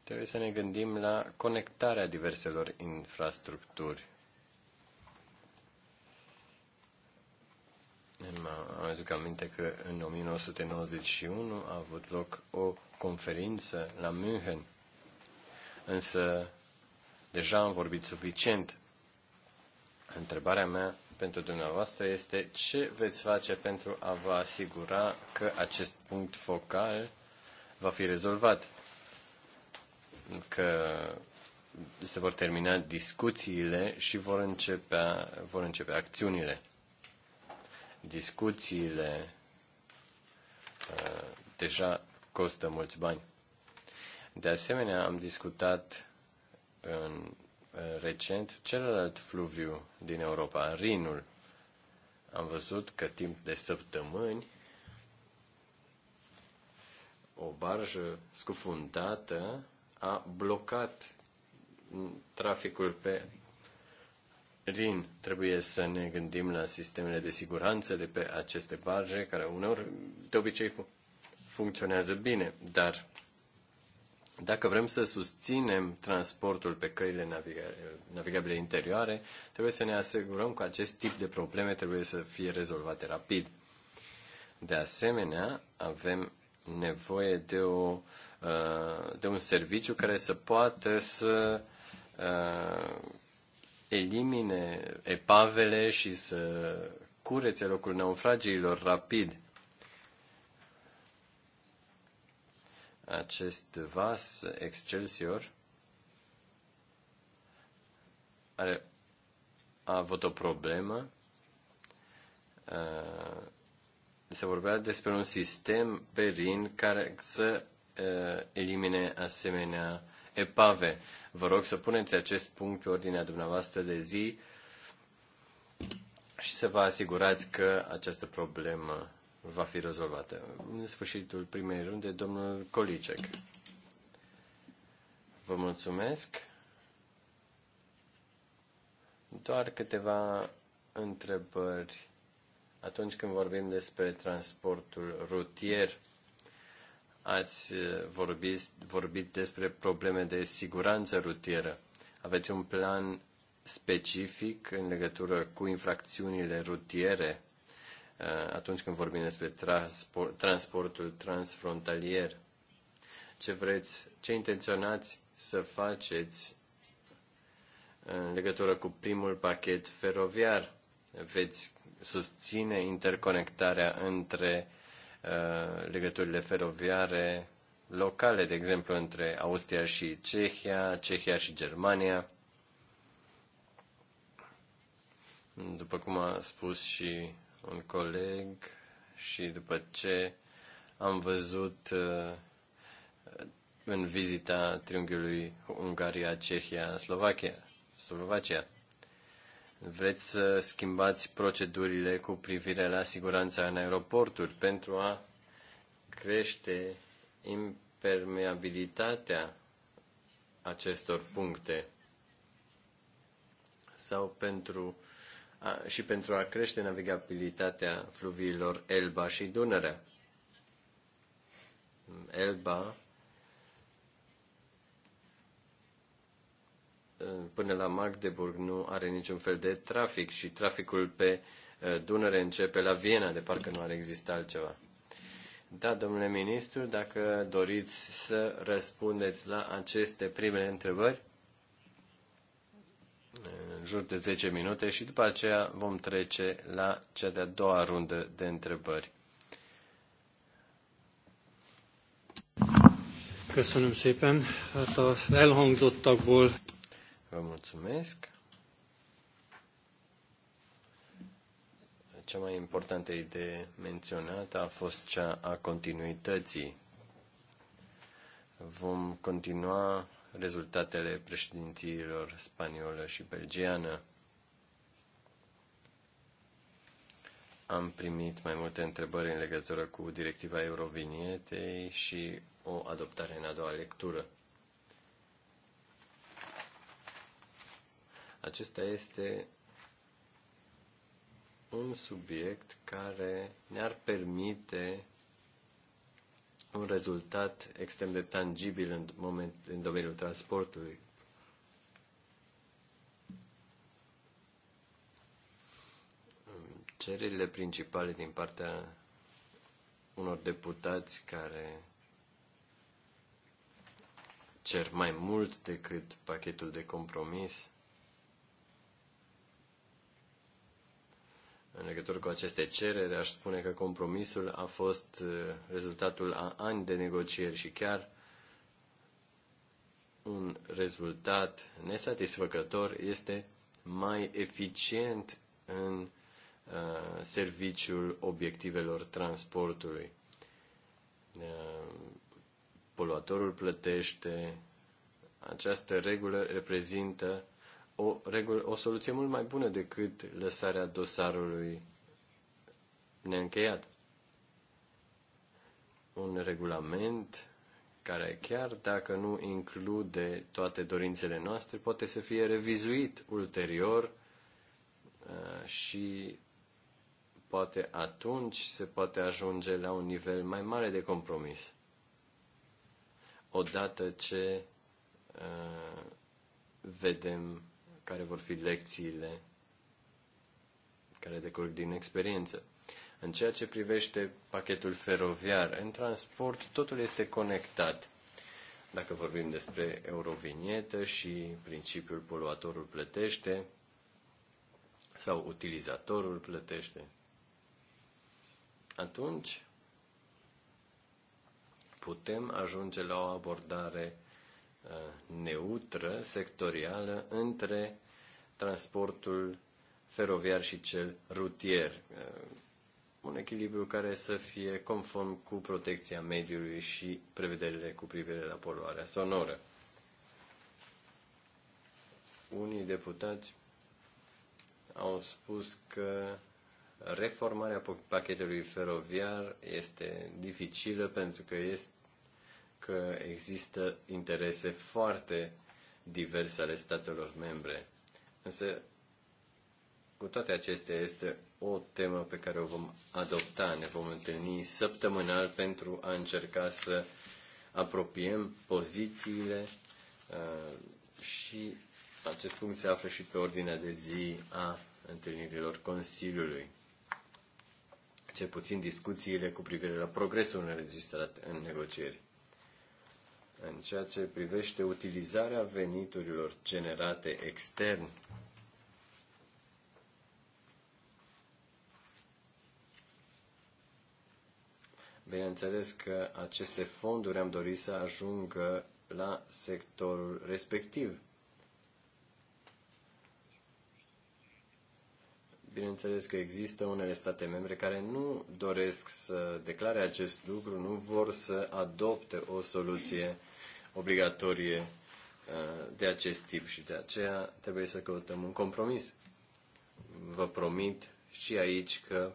Trebuie să ne gândim la conectarea diverselor infrastructuri. Am aduc aminte că în 1991 a avut loc o conferință la München. Însă, deja am vorbit suficient. Întrebarea mea pentru dumneavoastră este ce veți face pentru a vă asigura că acest punct focal va fi rezolvat că se vor termina discuțiile și vor începe, vor începe acțiunile. Discuțiile uh, deja costă mulți bani. De asemenea, am discutat în, în uh, recent celălalt fluviu din Europa, Rinul. Am văzut că timp de săptămâni o barjă scufundată a blocat traficul pe Rin. Trebuie să ne gândim la sistemele de siguranță de pe aceste barge, care uneori, de obicei, funcționează bine, dar dacă vrem să susținem transportul pe căile navigabile interioare, trebuie să ne asigurăm că acest tip de probleme trebuie să fie rezolvate rapid. De asemenea, avem nevoie de o Uh, de un serviciu care să poată să uh, elimine epavele și să curețe locul naufragiilor rapid. Acest vas Excelsior are, a avut o problemă. Uh, se vorbea despre un sistem perin care să Uh, elimine asemenea epave. Vă rog să puneți acest punct pe ordinea dumneavoastră de zi și să vă asigurați că această problemă va fi rezolvată. În sfârșitul primei runde, domnul Colicek. Vă mulțumesc. Doar câteva întrebări atunci când vorbim despre transportul rutier ați uh, vorbit, vorbit despre probleme de siguranță rutieră. Aveți un plan specific în legătură cu infracțiunile rutiere uh, atunci când vorbim despre transport, transportul transfrontalier? Ce vreți, ce intenționați să faceți în legătură cu primul pachet feroviar? Veți susține interconectarea între uh, Uh, legăturile feroviare locale, de exemplu, între Austria și Cehia, Cehia și Germania. După cum a spus și un coleg, și după ce am văzut uh, în vizita triunghiului Ungaria, Cehia, Slovacia, Slovacia. Vreți să schimbați procedurile cu privire la siguranța în aeroporturi pentru a crește impermeabilitatea acestor puncte sau pentru a, și pentru a crește navigabilitatea fluviilor Elba și Dunărea. Elba până la Magdeburg nu are niciun fel de trafic și traficul pe uh, Dunăre începe la Viena, de parcă nu ar exista altceva. Da, domnule ministru, dacă doriți să răspundeți la aceste primele întrebări, în jur de 10 minute și după aceea vom trece la cea de-a doua rundă de întrebări. Köszönöm szépen. Hát az elhangzottakból Vă mulțumesc. Cea mai importantă idee menționată a fost cea a continuității. Vom continua rezultatele președințiilor spaniolă și belgiană. Am primit mai multe întrebări în legătură cu directiva Eurovinietei și o adoptare în a doua lectură. Acesta este un subiect care ne-ar permite un rezultat extrem de tangibil în, moment, în domeniul transportului. Cererile principale din partea unor deputați care cer mai mult decât pachetul de compromis În legătură cu aceste cereri, aș spune că compromisul a fost uh, rezultatul a ani de negocieri și chiar un rezultat nesatisfăcător este mai eficient în uh, serviciul obiectivelor transportului. Uh, poluatorul plătește. Această regulă reprezintă o, regul o soluție mult mai bună decât lăsarea dosarului neîncheiat. Un regulament care chiar dacă nu include toate dorințele noastre, poate să fie revizuit ulterior uh, și poate atunci se poate ajunge la un nivel mai mare de compromis. Odată ce uh, vedem care vor fi lecțiile care decurg din experiență. În ceea ce privește pachetul feroviar, în transport totul este conectat. Dacă vorbim despre eurovinietă și principiul poluatorul plătește sau utilizatorul plătește, atunci putem ajunge la o abordare Uh, neutră, sectorială, între transportul feroviar și cel rutier. Uh, un echilibru care să fie conform cu protecția mediului și prevederile cu privire la poluarea sonoră. Unii deputați au spus că reformarea pachetului feroviar este dificilă pentru că este că există interese foarte diverse ale statelor membre. Însă, cu toate acestea, este o temă pe care o vom adopta, ne vom întâlni săptămânal pentru a încerca să apropiem pozițiile uh, și acest punct se află și pe ordinea de zi a întâlnirilor Consiliului. Cel puțin discuțiile cu privire la progresul înregistrat în negocieri în ceea ce privește utilizarea veniturilor generate extern. Bineînțeles că aceste fonduri am dorit să ajungă la sectorul respectiv. Bineînțeles că există unele state membre care nu doresc să declare acest lucru, nu vor să adopte o soluție obligatorie uh, de acest tip și de aceea trebuie să căutăm un compromis. Vă promit și aici că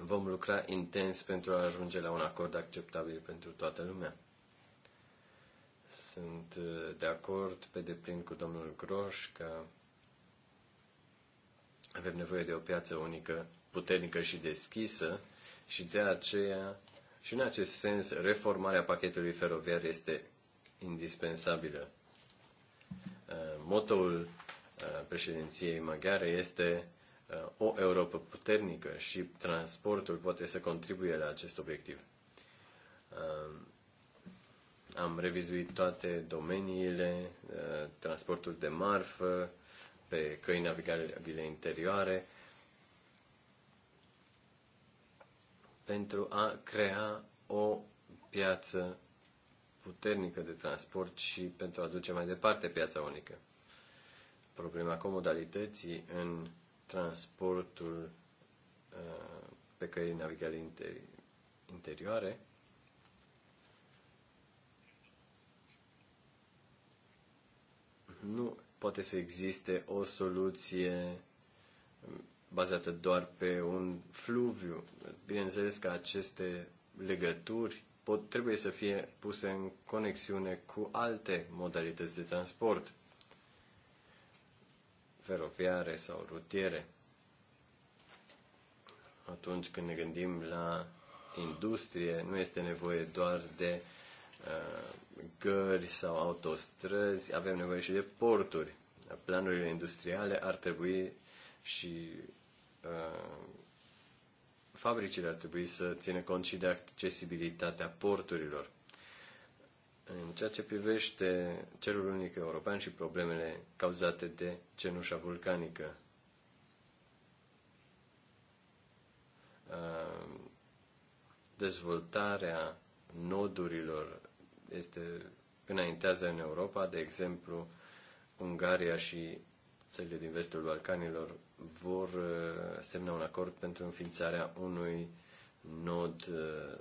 vom lucra intens pentru a ajunge la un acord acceptabil pentru toată lumea. Sunt uh, de acord pe deplin cu domnul Groș că avem nevoie de o piață unică puternică și deschisă și de aceea și în acest sens, reformarea pachetului feroviar este indispensabilă. Uh, motoul uh, președinției maghiare este uh, o Europa puternică și transportul poate să contribuie la acest obiectiv. Am revizuit toate domeniile, transportul de marfă, pe căi navigabile interioare, pentru a crea o piață puternică de transport și pentru a duce mai departe piața unică. Problema comodalității în transportul uh, pe căi navigale interioare nu poate să existe o soluție bazată doar pe un fluviu. Bineînțeles că aceste legături pot, trebuie să fie puse în conexiune cu alte modalități de transport, feroviare sau rutiere. Atunci când ne gândim la industrie, nu este nevoie doar de uh, gări sau autostrăzi, avem nevoie și de porturi. Planurile industriale ar trebui și Uh, fabricile ar trebui să țină cont și de accesibilitatea porturilor. În ceea ce privește cerul unic european și problemele cauzate de cenușa vulcanică, uh, dezvoltarea nodurilor este, înaintează în Europa, de exemplu, Ungaria și țările din vestul Balcanilor vor uh, semna un acord pentru înființarea unui nod uh,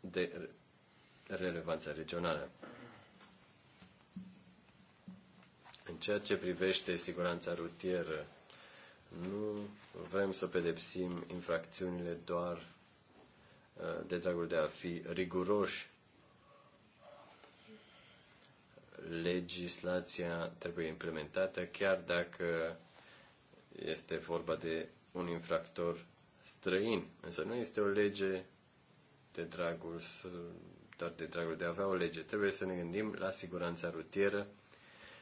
de relevanță regională. În ceea ce privește siguranța rutieră, nu vrem să pedepsim infracțiunile doar uh, de dragul de a fi riguroși legislația trebuie implementată, chiar dacă este vorba de un infractor străin. Însă nu este o lege de dragul, doar de dragul de a avea o lege. Trebuie să ne gândim la siguranța rutieră,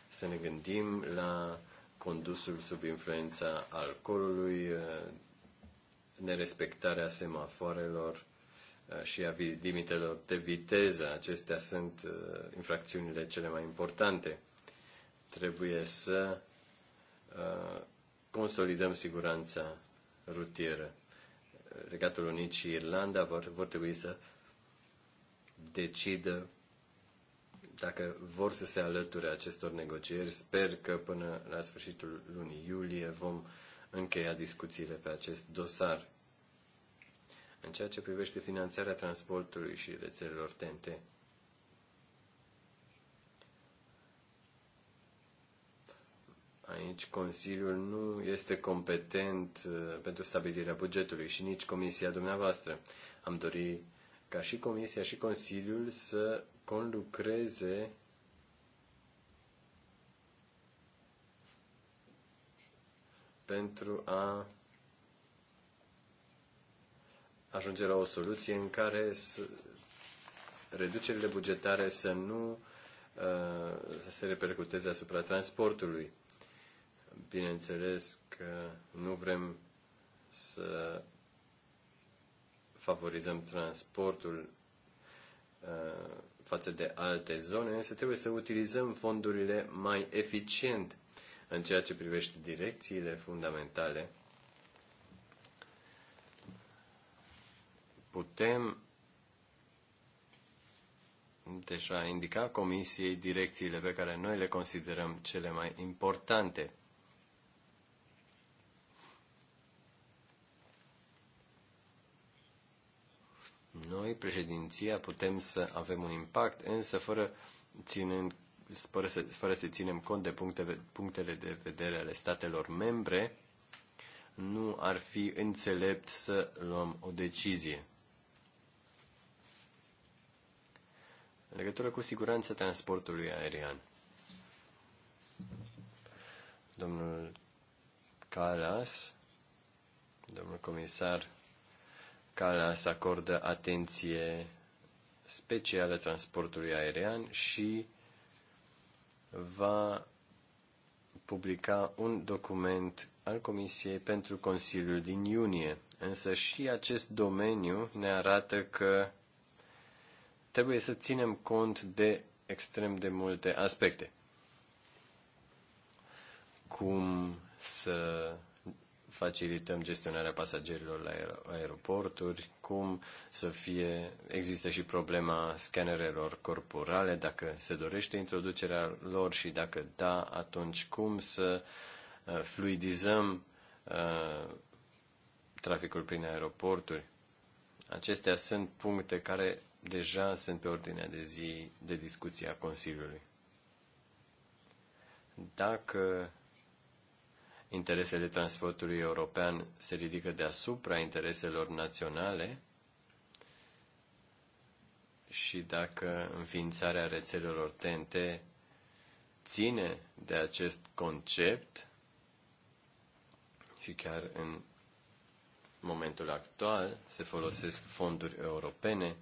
să ne gândim la condusul sub influența alcoolului, eh, nerespectarea semafoarelor, Uh, și a limitelor de viteză. Acestea sunt uh, infracțiunile cele mai importante. Trebuie să uh, consolidăm siguranța rutieră. Regatul Unit și Irlanda vor, vor trebui să decidă dacă vor să se alăture acestor negocieri. Sper că până la sfârșitul lunii iulie vom încheia discuțiile pe acest dosar în ceea ce privește finanțarea transportului și rețelelor TNT. Aici Consiliul nu este competent uh, pentru stabilirea bugetului și nici Comisia dumneavoastră. Am dorit ca și Comisia și Consiliul să conlucreze pentru a ajunge la o soluție în care reducerile bugetare să nu uh, să se repercuteze asupra transportului. Bineînțeles că nu vrem să favorizăm transportul uh, față de alte zone, însă trebuie să utilizăm fondurile mai eficient în ceea ce privește direcțiile fundamentale putem deja indica comisiei direcțiile pe care noi le considerăm cele mai importante. Noi, președinția, putem să avem un impact, însă fără, ținând, fără, să, fără să ținem cont de puncte, punctele de vedere ale statelor membre, nu ar fi înțelept să luăm o decizie. în legătură cu siguranța transportului aerian. Domnul Calas, domnul comisar Calas acordă atenție specială transportului aerian și va publica un document al Comisiei pentru Consiliul din iunie. Însă și acest domeniu ne arată că trebuie să ținem cont de extrem de multe aspecte. Cum să facilităm gestionarea pasagerilor la aer- aeroporturi, cum să fie, există și problema scanerelor corporale, dacă se dorește introducerea lor și dacă da, atunci cum să uh, fluidizăm uh, traficul prin aeroporturi. Acestea sunt puncte care deja sunt pe ordinea de zi de discuție a Consiliului. Dacă interesele transportului european se ridică deasupra intereselor naționale și dacă înființarea rețelelor TNT ține de acest concept și chiar în momentul actual se folosesc fonduri europene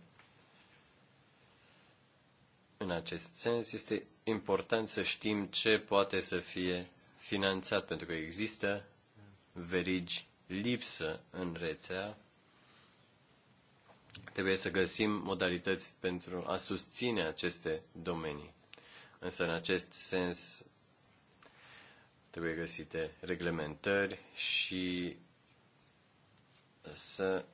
în acest sens, este important să știm ce poate să fie finanțat, pentru că există verigi lipsă în rețea. Trebuie să găsim modalități pentru a susține aceste domenii. Însă, în acest sens, trebuie găsite reglementări și să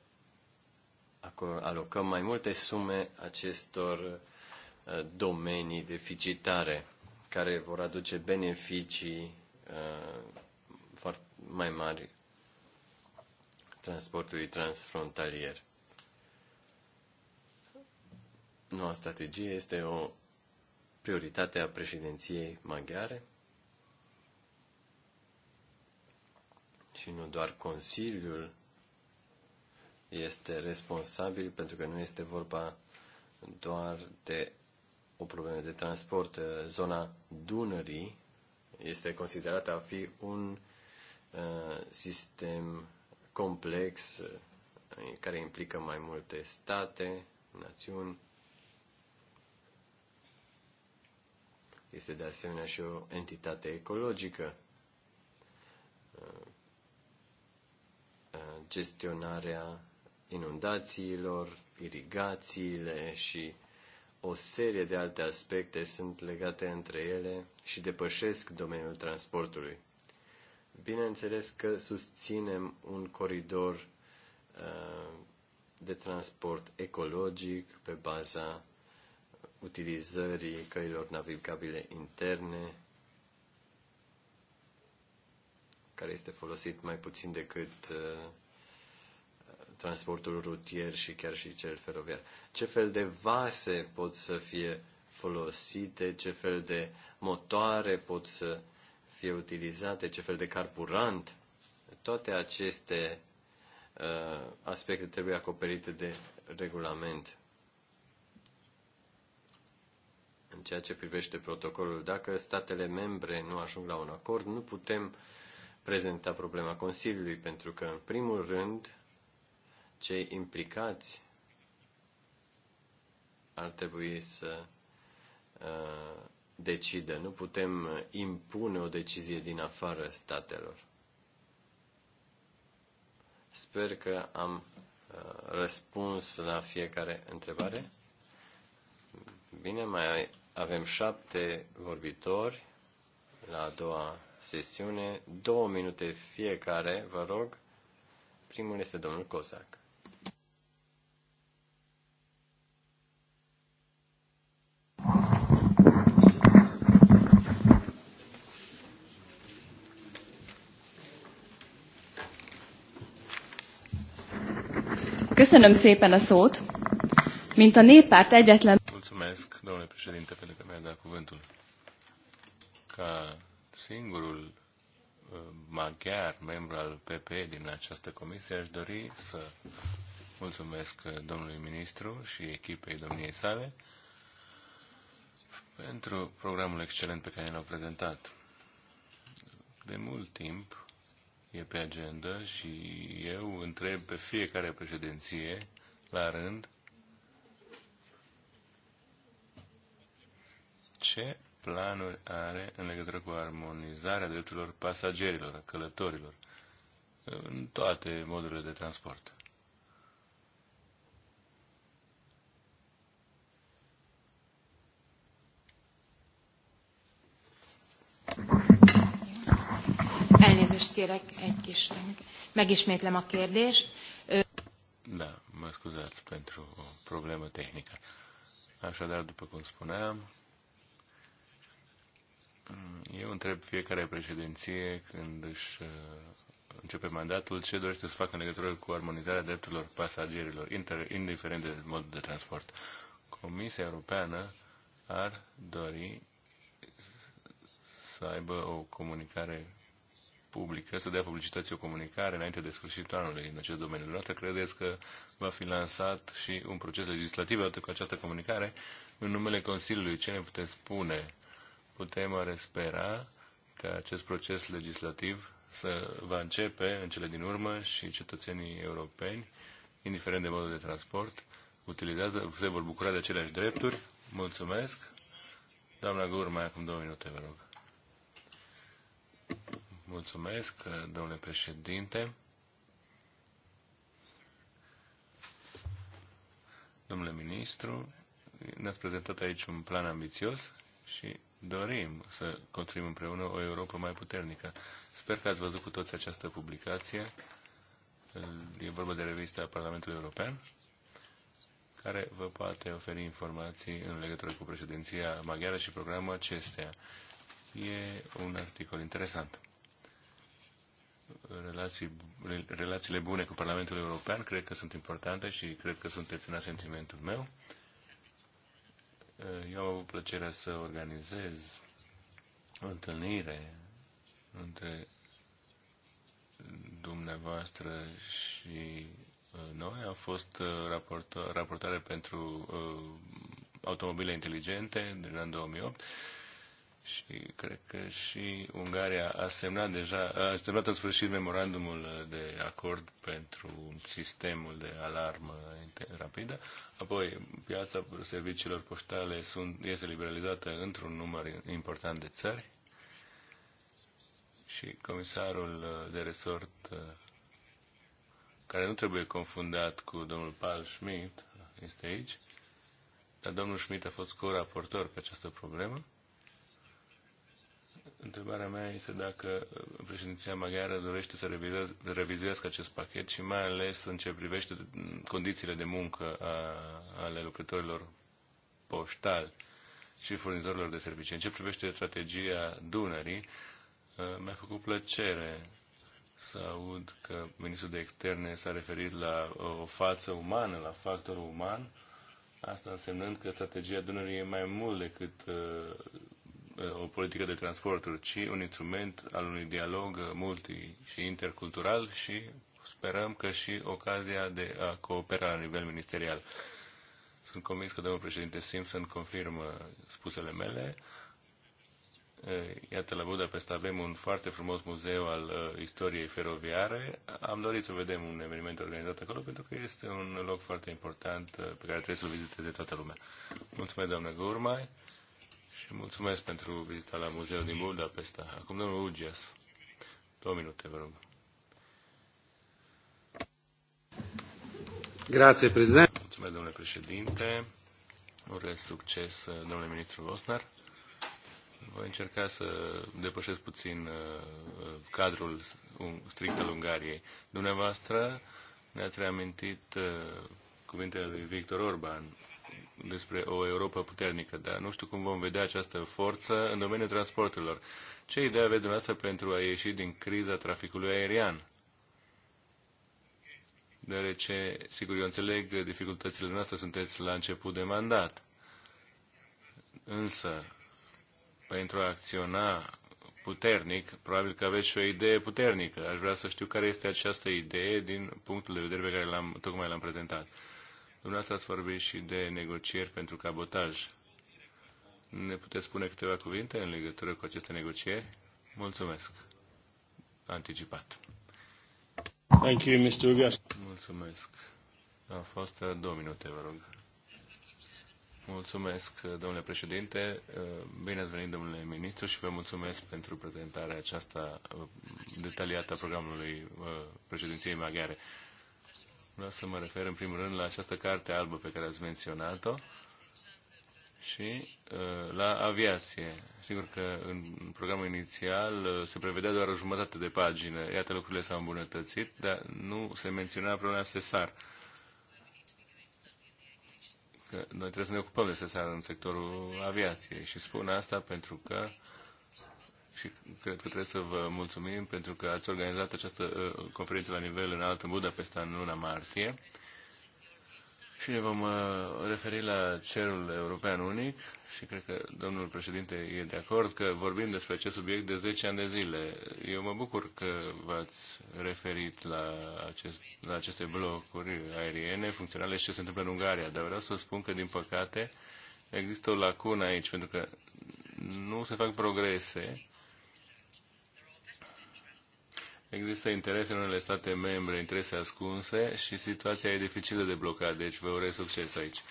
alocăm mai multe sume acestor Uh, domenii deficitare care vor aduce beneficii uh, mai mari transportului transfrontalier. Noua strategie este o prioritate a președinției maghiare și nu doar Consiliul este responsabil pentru că nu este vorba doar de o problemă de transport. Uh, zona Dunării este considerată a fi un uh, sistem complex uh, care implică mai multe state, națiuni. Este de asemenea și o entitate ecologică. Gestionarea inundațiilor, irigațiile și o serie de alte aspecte sunt legate între ele și depășesc domeniul transportului. Bineînțeles că susținem un coridor uh, de transport ecologic pe baza utilizării căilor navigabile interne, care este folosit mai puțin decât uh, transportul rutier și chiar și cel feroviar. Ce fel de vase pot să fie folosite, ce fel de motoare pot să fie utilizate, ce fel de carburant. Toate aceste uh, aspecte trebuie acoperite de regulament. În ceea ce privește protocolul, dacă statele membre nu ajung la un acord, nu putem prezenta problema Consiliului, pentru că, în primul rând, cei implicați ar trebui să uh, decidă. Nu putem impune o decizie din afară statelor. Sper că am uh, răspuns la fiecare întrebare. Bine, mai avem șapte vorbitori la a doua sesiune. Două minute fiecare, vă rog. Primul este domnul Cosac. Köszönöm szépen a szót. Mint a néppárt egyetlen... Mulțumesc, domnule președinte, pentru că mi-a dat cuvântul. Ca singurul uh, maghiar, membru al PP din această comisie, aș dori să mulțumesc domnului ministru și echipei domniei sale pentru programul excelent pe care l-au prezentat. De mult timp e pe agenda și eu întreb pe fiecare președinție, la rând, ce planuri are în legătură cu armonizarea drepturilor pasagerilor, călătorilor, în toate modurile de transport. Elnézést kérek, egy kis... Megismétlem a kérdést. Da, mă scuzați pentru o problemă tehnică. Așadar, după cum spuneam, eu întreb fiecare președinție când își uh, începe mandatul ce dorește să facă în legătură cu armonizarea drepturilor pasagerilor, inter, indiferent de modul de transport. Comisia Europeană ar dori să aibă o comunicare publică, să dea publicității o comunicare înainte de sfârșitul anului în acest domeniu. Dumneavoastră credeți că va fi lansat și un proces legislativ atât cu această comunicare în numele Consiliului? Ce ne puteți spune? Putem oare spera că acest proces legislativ să va începe în cele din urmă și cetățenii europeni, indiferent de modul de transport, utilizează, se vor bucura de aceleași drepturi. Mulțumesc. Doamna Gurma, acum două minute, vă rog. Mulțumesc, domnule președinte. Domnule ministru, ne-ați prezentat aici un plan ambițios și dorim să construim împreună o Europa mai puternică. Sper că ați văzut cu toți această publicație. E vorba de revista Parlamentului European, care vă poate oferi informații în legătură cu președinția maghiară și programul acesteia. E un articol interesant relații, relațiile bune cu Parlamentul European cred că sunt importante și cred că sunteți în asentimentul meu. Eu am avut plăcerea să organizez o întâlnire între dumneavoastră și uh, noi. Am fost uh, raportoare pentru uh, automobile inteligente din anul 2008 și cred că și Ungaria a semnat deja, a semnat în sfârșit memorandumul de acord pentru sistemul de alarmă rapidă. Apoi, piața serviciilor poștale sunt, este liberalizată într-un număr important de țări și comisarul de resort care nu trebuie confundat cu domnul Paul Schmidt, este aici, dar domnul Schmidt a fost co-raportor pe această problemă Întrebarea mea este dacă uh, președinția maghiară dorește să revizuiască acest pachet și mai ales în ce privește mm, condițiile de muncă a, ale lucrătorilor poștali și furnizorilor de servicii. În ce privește strategia Dunării, uh, mi-a făcut plăcere să aud că ministrul de externe s-a referit la o față umană, la factorul uman, asta însemnând că strategia Dunării e mai mult decât uh, o politică de transporturi, ci un instrument al unui dialog multi și intercultural și sperăm că și ocazia de a coopera la nivel ministerial. Sunt convins că domnul președinte Simpson confirmă spusele mele. Eh, iată, la Budapest avem un foarte frumos muzeu al uh, istoriei feroviare. Am dorit să vedem un eveniment organizat acolo pentru că este un loc foarte important uh, pe care trebuie să-l viziteze toată lumea. Mulțumesc, doamnă Gurmai și mulțumesc pentru vizita la muzeul din Budapesta. Acum domnul Ugias. Două minute, vă rog. Grazie, președinte. Mulțumesc, domnule președinte. Urez succes, domnule ministru Vosnar. Voi încerca să depășesc puțin uh, cadrul strict al Ungariei. Dumneavoastră ne-ați reamintit uh, cuvintele lui Victor Orban despre o Europa puternică, dar nu știu cum vom vedea această forță în domeniul transporturilor. Ce idee aveți dumneavoastră pentru a ieși din criza traficului aerian? Deoarece, sigur, eu înțeleg dificultățile noastre, sunteți la început de mandat. Însă, pentru a acționa puternic, probabil că aveți și o idee puternică. Aș vrea să știu care este această idee din punctul de vedere pe care l-am, tocmai l-am prezentat. Dumneavoastră ați vorbit și de negocieri pentru cabotaj. Ne puteți spune câteva cuvinte în legătură cu aceste negocieri? Mulțumesc. Anticipat. Thank you, Mr. Ugas. Mulțumesc. A fost uh, două minute, vă rog. Mulțumesc, uh, domnule președinte. Uh, bine ați venit, domnule ministru, și vă mulțumesc pentru prezentarea aceasta detaliată a programului președinției maghiare. Vreau să mă refer în primul rând la această carte albă pe care ați menționat-o și uh, la aviație. Sigur că în programul inițial uh, se prevedea doar o jumătate de pagină. Iată, lucrurile s-au îmbunătățit, dar nu se menționa problema SESAR. Că noi trebuie să ne ocupăm de SESAR în sectorul aviației și spun asta pentru că uh, și cred că trebuie să vă mulțumim pentru că ați organizat această uh, conferință la nivel înalt în Budapesta în luna martie și ne vom uh, referi la cerul european unic și cred că domnul președinte e de acord că vorbim despre acest subiect de 10 ani de zile. Eu mă bucur că v-ați referit la, acest, la aceste blocuri aeriene funcționale și ce se întâmplă în Ungaria, dar vreau să spun că, din păcate, există o lacună aici, pentru că nu se fac progrese Există interese în unele state membre, interese ascunse și situația e dificilă de blocat, deci vă urez succes aici.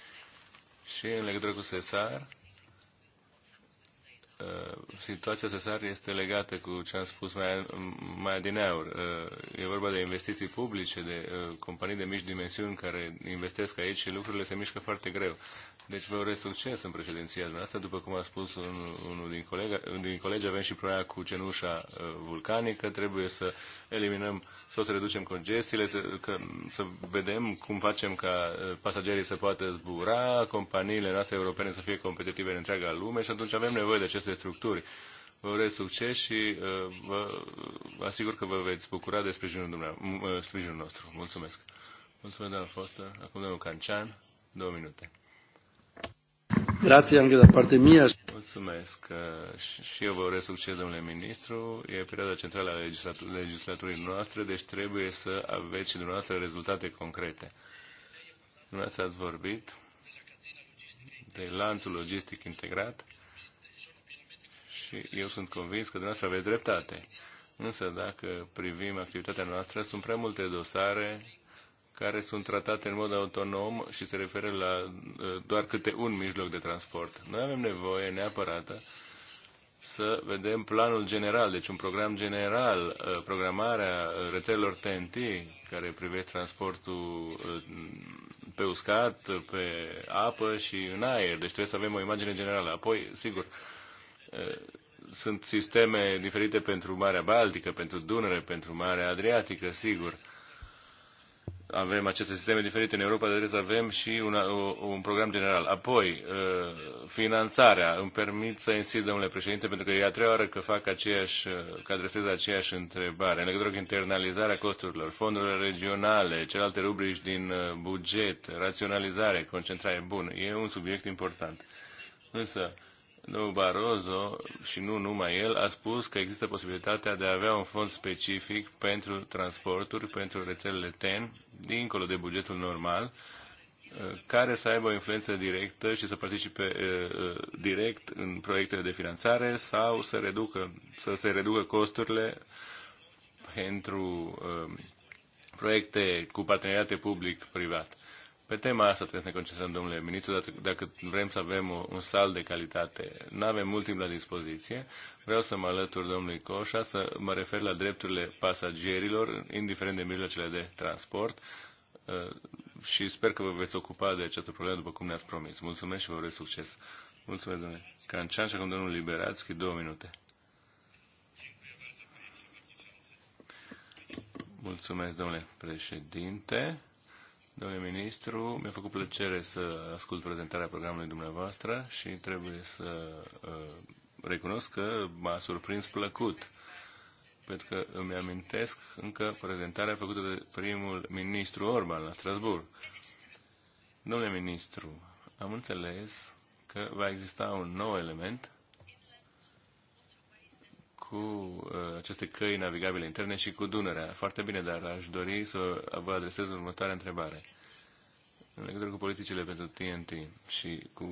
Și în legătură cu Cesar, Uh, situația Sesar este legată cu ce am spus mai, mai adineaur. Uh, e vorba de investiții publice, de uh, companii de mici dimensiuni care investesc aici și lucrurile se mișcă foarte greu. Deci vă urez succes în președinția dumneavoastră. După cum a spus un, unul din, colega, din colegi, avem și problema cu cenușa vulcanică. Trebuie să eliminăm sau să reducem congestiile, să, că, să vedem cum facem ca pasagerii să poată zbura, companiile noastre europene să fie competitive în întreaga lume și atunci avem nevoie de acest aceste structuri. Vă urez succes și uh, vă asigur că vă veți bucura de sprijinul, dumneavoastră, uh, sprijinul nostru. Mulțumesc. Mulțumesc, doamna Foster. Acum domnul Cancian, două minute. Grazie anche da parte mia. Mulțumesc uh, și eu vă urez succes, domnule ministru. E perioada centrală a legislaturii noastre, deci trebuie să aveți și dumneavoastră rezultate concrete. Dumneavoastră ați vorbit de lanțul logistic integrat și eu sunt convins că dumneavoastră aveți dreptate. Însă dacă privim activitatea noastră, sunt prea multe dosare care sunt tratate în mod autonom și se referă la ă, doar câte un mijloc de transport. Noi avem nevoie neapărată să vedem planul general, deci un program general, ă, programarea ă, rețelelor TNT care privește transportul pe uscat, pe apă și în aer. Deci trebuie să avem o imagine generală. Apoi, sigur, Eh, sunt sisteme diferite pentru Marea Baltică, pentru Dunăre, pentru Marea Adriatică, sigur. Avem aceste sisteme diferite în Europa, dar trebuie să avem și una, un program general. Apoi, eh, finanțarea. Îmi permit să insist, domnule președinte, pentru că e a treia oară că fac aceeași, că adresez aceeași întrebare. În legătură cu internalizarea costurilor, fondurile regionale, celelalte rubrici din eh, buget, raționalizare, concentrare. Bun, e un subiect important. Însă, Domnul Barroso, și nu numai el, a spus că există posibilitatea de a avea un fond specific pentru transporturi, pentru rețelele TEN, dincolo de bugetul normal, uh, care să aibă o influență directă și să participe uh, uh, direct în proiectele de finanțare sau să, reducă, să se reducă costurile pentru proiecte cu parteneriate public-privat. Pe tema asta trebuie să ne concentrăm, domnule ministru, dacă, dacă vrem să avem un sal de calitate. Nu avem mult timp la dispoziție. Vreau să mă alătur domnului Coșa, să mă refer la drepturile pasagerilor, indiferent de mijloacele de transport. Uh, și sper că vă veți ocupa de această problemă după cum ne-ați promis. Mulțumesc și vă urez succes. Mulțumesc, domnule Cancean și acum domnul Liberațchi, două minute. Mulțumesc, domnule președinte. Domnule ministru, mi-a făcut plăcere să ascult prezentarea programului dumneavoastră și trebuie să uh, recunosc că m-a surprins plăcut, pentru că îmi amintesc încă prezentarea făcută de primul ministru Orban la Strasburg. Domnule ministru, am înțeles că va exista un nou element cu uh, aceste căi navigabile interne și cu Dunărea. Foarte bine, dar aș dori să vă adresez următoarea întrebare. În legătură cu politicile pentru TNT și cu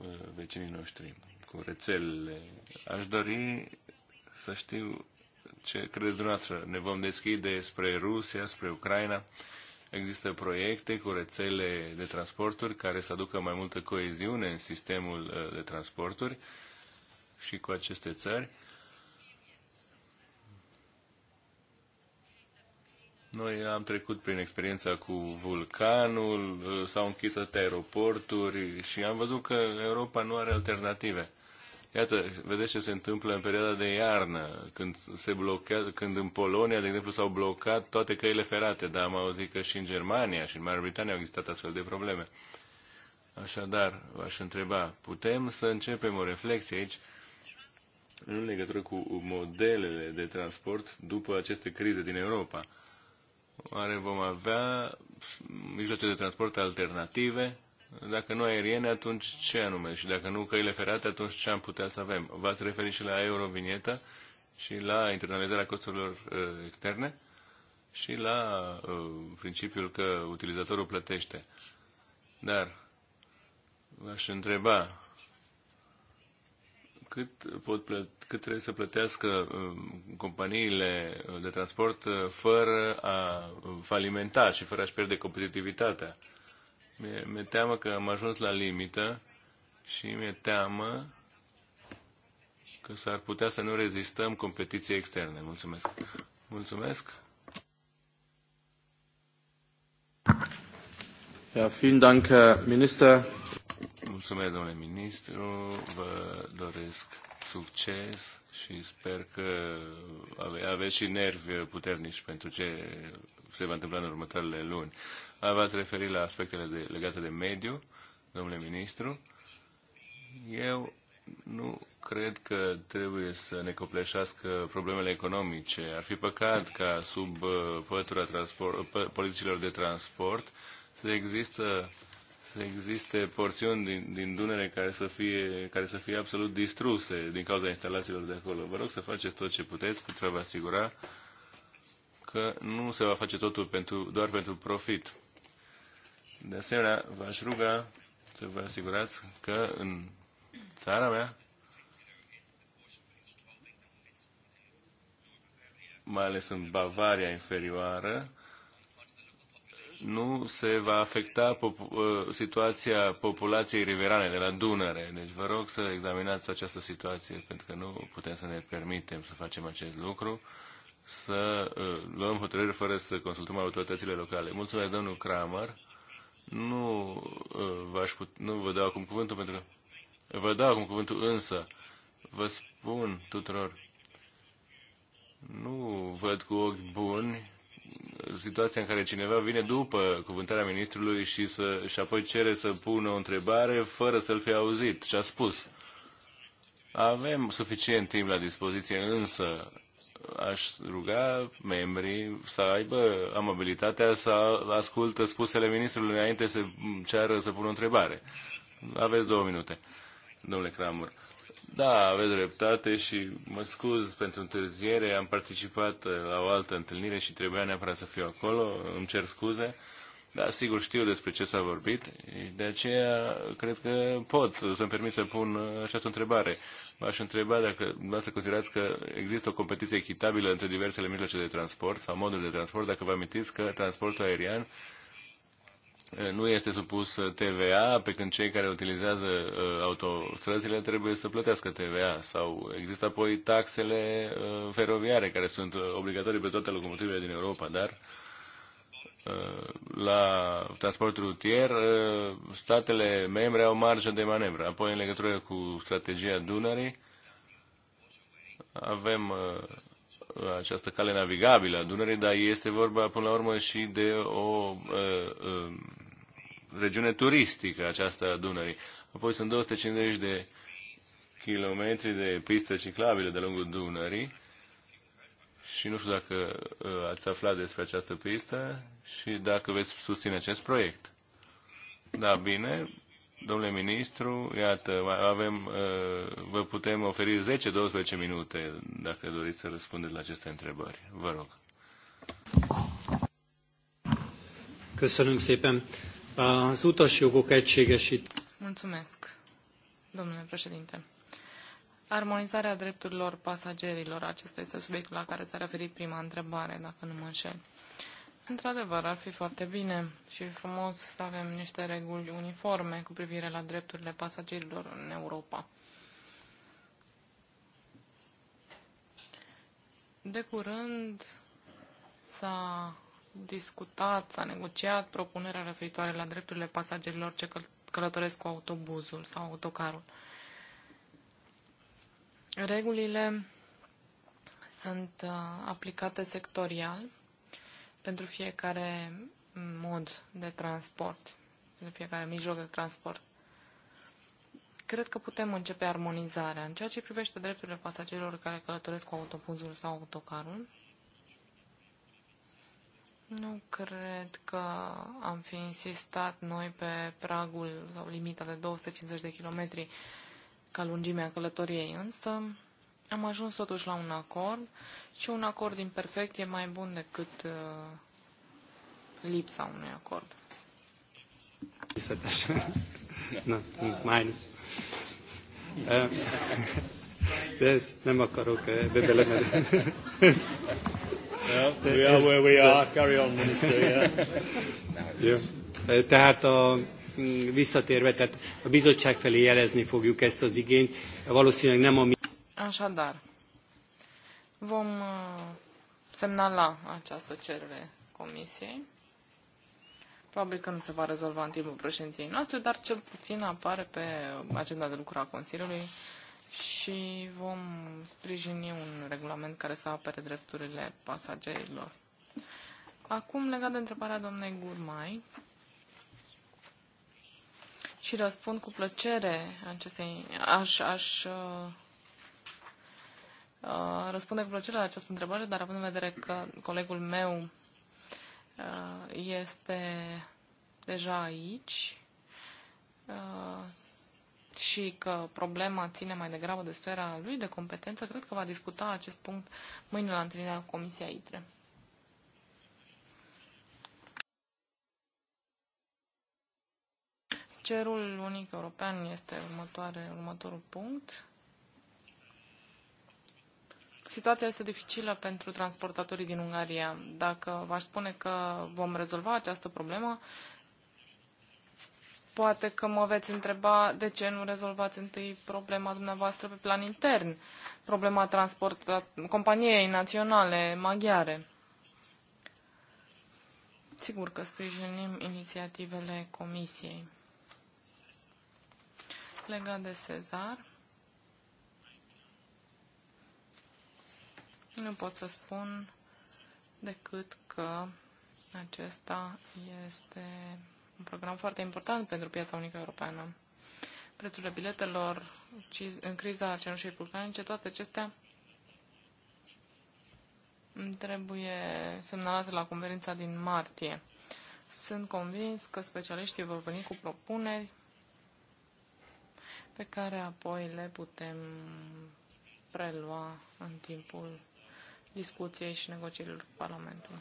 uh, vecinii noștri, cu rețelele, aș dori să știu ce credeți dumneavoastră. Ne vom deschide spre Rusia, spre Ucraina? Există proiecte cu rețele de transporturi care să aducă mai multă coeziune în sistemul uh, de transporturi și cu aceste țări. Noi am trecut prin experiența cu vulcanul, uh, s-au închis atâtea aeroporturi și am văzut că Europa nu are alternative. Iată, vedeți ce se întâmplă în perioada de iarnă, când, se blochea, când în Polonia, de exemplu, s-au blocat toate căile ferate, dar am auzit că și în Germania și în Marea Britanie au existat astfel de probleme. Așadar, v-aș întreba, putem să începem o reflexie aici în legătură cu modelele de transport după aceste crize din Europa? oare vom avea mijloace de transport alternative? Dacă nu aeriene, atunci ce anume? Și dacă nu căile ferate, atunci ce am putea să avem? V-ați referit și la eurovinietă și la internalizarea costurilor uh, externe și la uh, principiul că utilizatorul plătește. Dar v-aș întreba cât, pot plăt- cât trebuie să plătească um, companiile de transport uh, fără a falimenta și fără a-și pierde competitivitatea. Mi-e, mi-e teamă că am ajuns la limită și mi-e teamă că s-ar putea să nu rezistăm competiției externe. Mulțumesc. Mulțumesc. Ja, vielen Dank, Herr Minister. Mulțumesc, domnule ministru, vă doresc succes și sper că aveți și nervi puternici pentru ce se va întâmpla în următoarele luni. V-ați referit la aspectele de, legate de mediu, domnule ministru. Eu nu cred că trebuie să ne copleșească problemele economice. Ar fi păcat ca sub uh, pătura transport, politicilor de transport să există să existe porțiuni din, din Dunăre care să, fie, care să fie absolut distruse din cauza instalațiilor de acolo. Vă rog să faceți tot ce puteți pentru a vă asigura că nu se va face totul pentru, doar pentru profit. De asemenea, v-aș ruga să vă asigurați că în țara mea, mai ales în Bavaria inferioară, nu se va afecta pop- uh, situația populației riverane de la Dunăre. Deci vă rog să examinați această situație, pentru că nu putem să ne permitem să facem acest lucru, să uh, luăm hotărâri fără să consultăm autoritățile locale. Mulțumesc, domnul Kramer. Nu, uh, put nu vă dau acum cuvântul, pentru că... Vă dau acum cuvântul, însă vă spun tuturor, nu văd cu ochi buni situația în care cineva vine după cuvântarea ministrului și, să, și apoi cere să pună o întrebare fără să-l fie auzit și a spus. Avem suficient timp la dispoziție, însă aș ruga membrii să aibă amabilitatea să ascultă spusele ministrului înainte să ceară să pună o întrebare. Aveți două minute, domnule Cramur. Da, aveți dreptate și mă scuz pentru întârziere. Am participat uh, la o altă întâlnire și trebuia neapărat să fiu acolo. Îmi cer scuze. Da, sigur știu despre ce s-a vorbit și de aceea cred că pot să-mi permit să pun uh, această întrebare. v aș întreba dacă să considerați că există o competiție echitabilă între diversele mijloace de transport sau moduri de transport, dacă vă amintiți că transportul aerian nu este supus uh, TVA, pe când cei care utilizează uh, autostrăzile trebuie să plătească TVA. Sau există apoi taxele uh, feroviare, care sunt uh, obligatorii pe toate locomotivele din Europa, dar uh, la transport rutier, statele membre au marjă de manevră. Apoi, în legătură cu strategia Dunării, avem această cale navigabilă a Dunării, dar este vorba până la urmă și de o uh, uh, regiune turistică aceasta a Dunării. Apoi sunt 250 de kilometri de piste ciclabile de lungul Dunării și nu știu dacă uh, ați aflat despre această pistă și dacă veți susține acest proiect. Da, bine, domnule ministru, iată, avem, uh, vă putem oferi 10-12 minute dacă doriți să răspundeți la aceste întrebări. Vă rog. Că nu szépen az utasjogok egységesít. Mulțumesc, domnule președinte. Armonizarea drepturilor pasagerilor, acesta este subiectul la care s-a referit prima întrebare, dacă nu mă înșel. Într-adevăr, ar fi foarte bine și frumos să avem niște reguli uniforme cu privire la drepturile pasagerilor în Europa. De curând s-a discutat, s-a negociat propunerea referitoare la drepturile pasagerilor ce călătoresc cu autobuzul sau autocarul. Regulile sunt uh, aplicate sectorial pentru fiecare mod de transport, pentru fiecare mijloc de transport. Cred că putem începe armonizarea. În ceea ce privește drepturile pasagerilor care călătoresc cu autobuzul sau autocarul, nu cred că am fi insistat noi pe pragul sau limita de 250 de kilometri ca lungimea călătoriei, însă am ajuns totuși la un acord și un acord imperfect e mai bun decât uh, lipsa unui acord. Este așa. Nu, minus. Deci, nem akarok Yeah, we are where we are. Carry on, minister. Yeah. Tehát a, mm, visszatérve, tehát a bizottság felé jelezni fogjuk ezt az igényt. Valószínűleg nem a mi... Așadar, vom semnala această cerere comisiei. Probabil că nu se va rezolva în timpul președinției noastre, dar cel puțin apare pe agenda de lucru a Consiliului și vom sprijini un regulament care să apere drepturile pasagerilor. Acum, legat de întrebarea doamnei Gurmai, și răspund cu plăcere acestei, aș, aș uh, uh, răspunde cu plăcere la această întrebare, dar având în vedere că colegul meu uh, este deja aici, uh, și că problema ține mai degrabă de sfera lui de competență, cred că va discuta acest punct mâine la întâlnirea comisiei ITRE. Cerul unic european este următoare, următorul punct. Situația este dificilă pentru transportatorii din Ungaria. Dacă v-aș spune că vom rezolva această problemă, Poate că mă veți întreba de ce nu rezolvați întâi problema dumneavoastră pe plan intern, problema transportului companiei naționale maghiare. Sigur că sprijinim inițiativele Comisiei. Legat de Cezar. nu pot să spun decât că acesta este un program foarte important pentru piața unică europeană. Prețurile biletelor, în criza cenușei vulcanice, toate acestea trebuie semnalate la conferința din martie. Sunt convins că specialiștii vor veni cu propuneri pe care apoi le putem prelua în timpul discuției și negocierilor cu Parlamentul.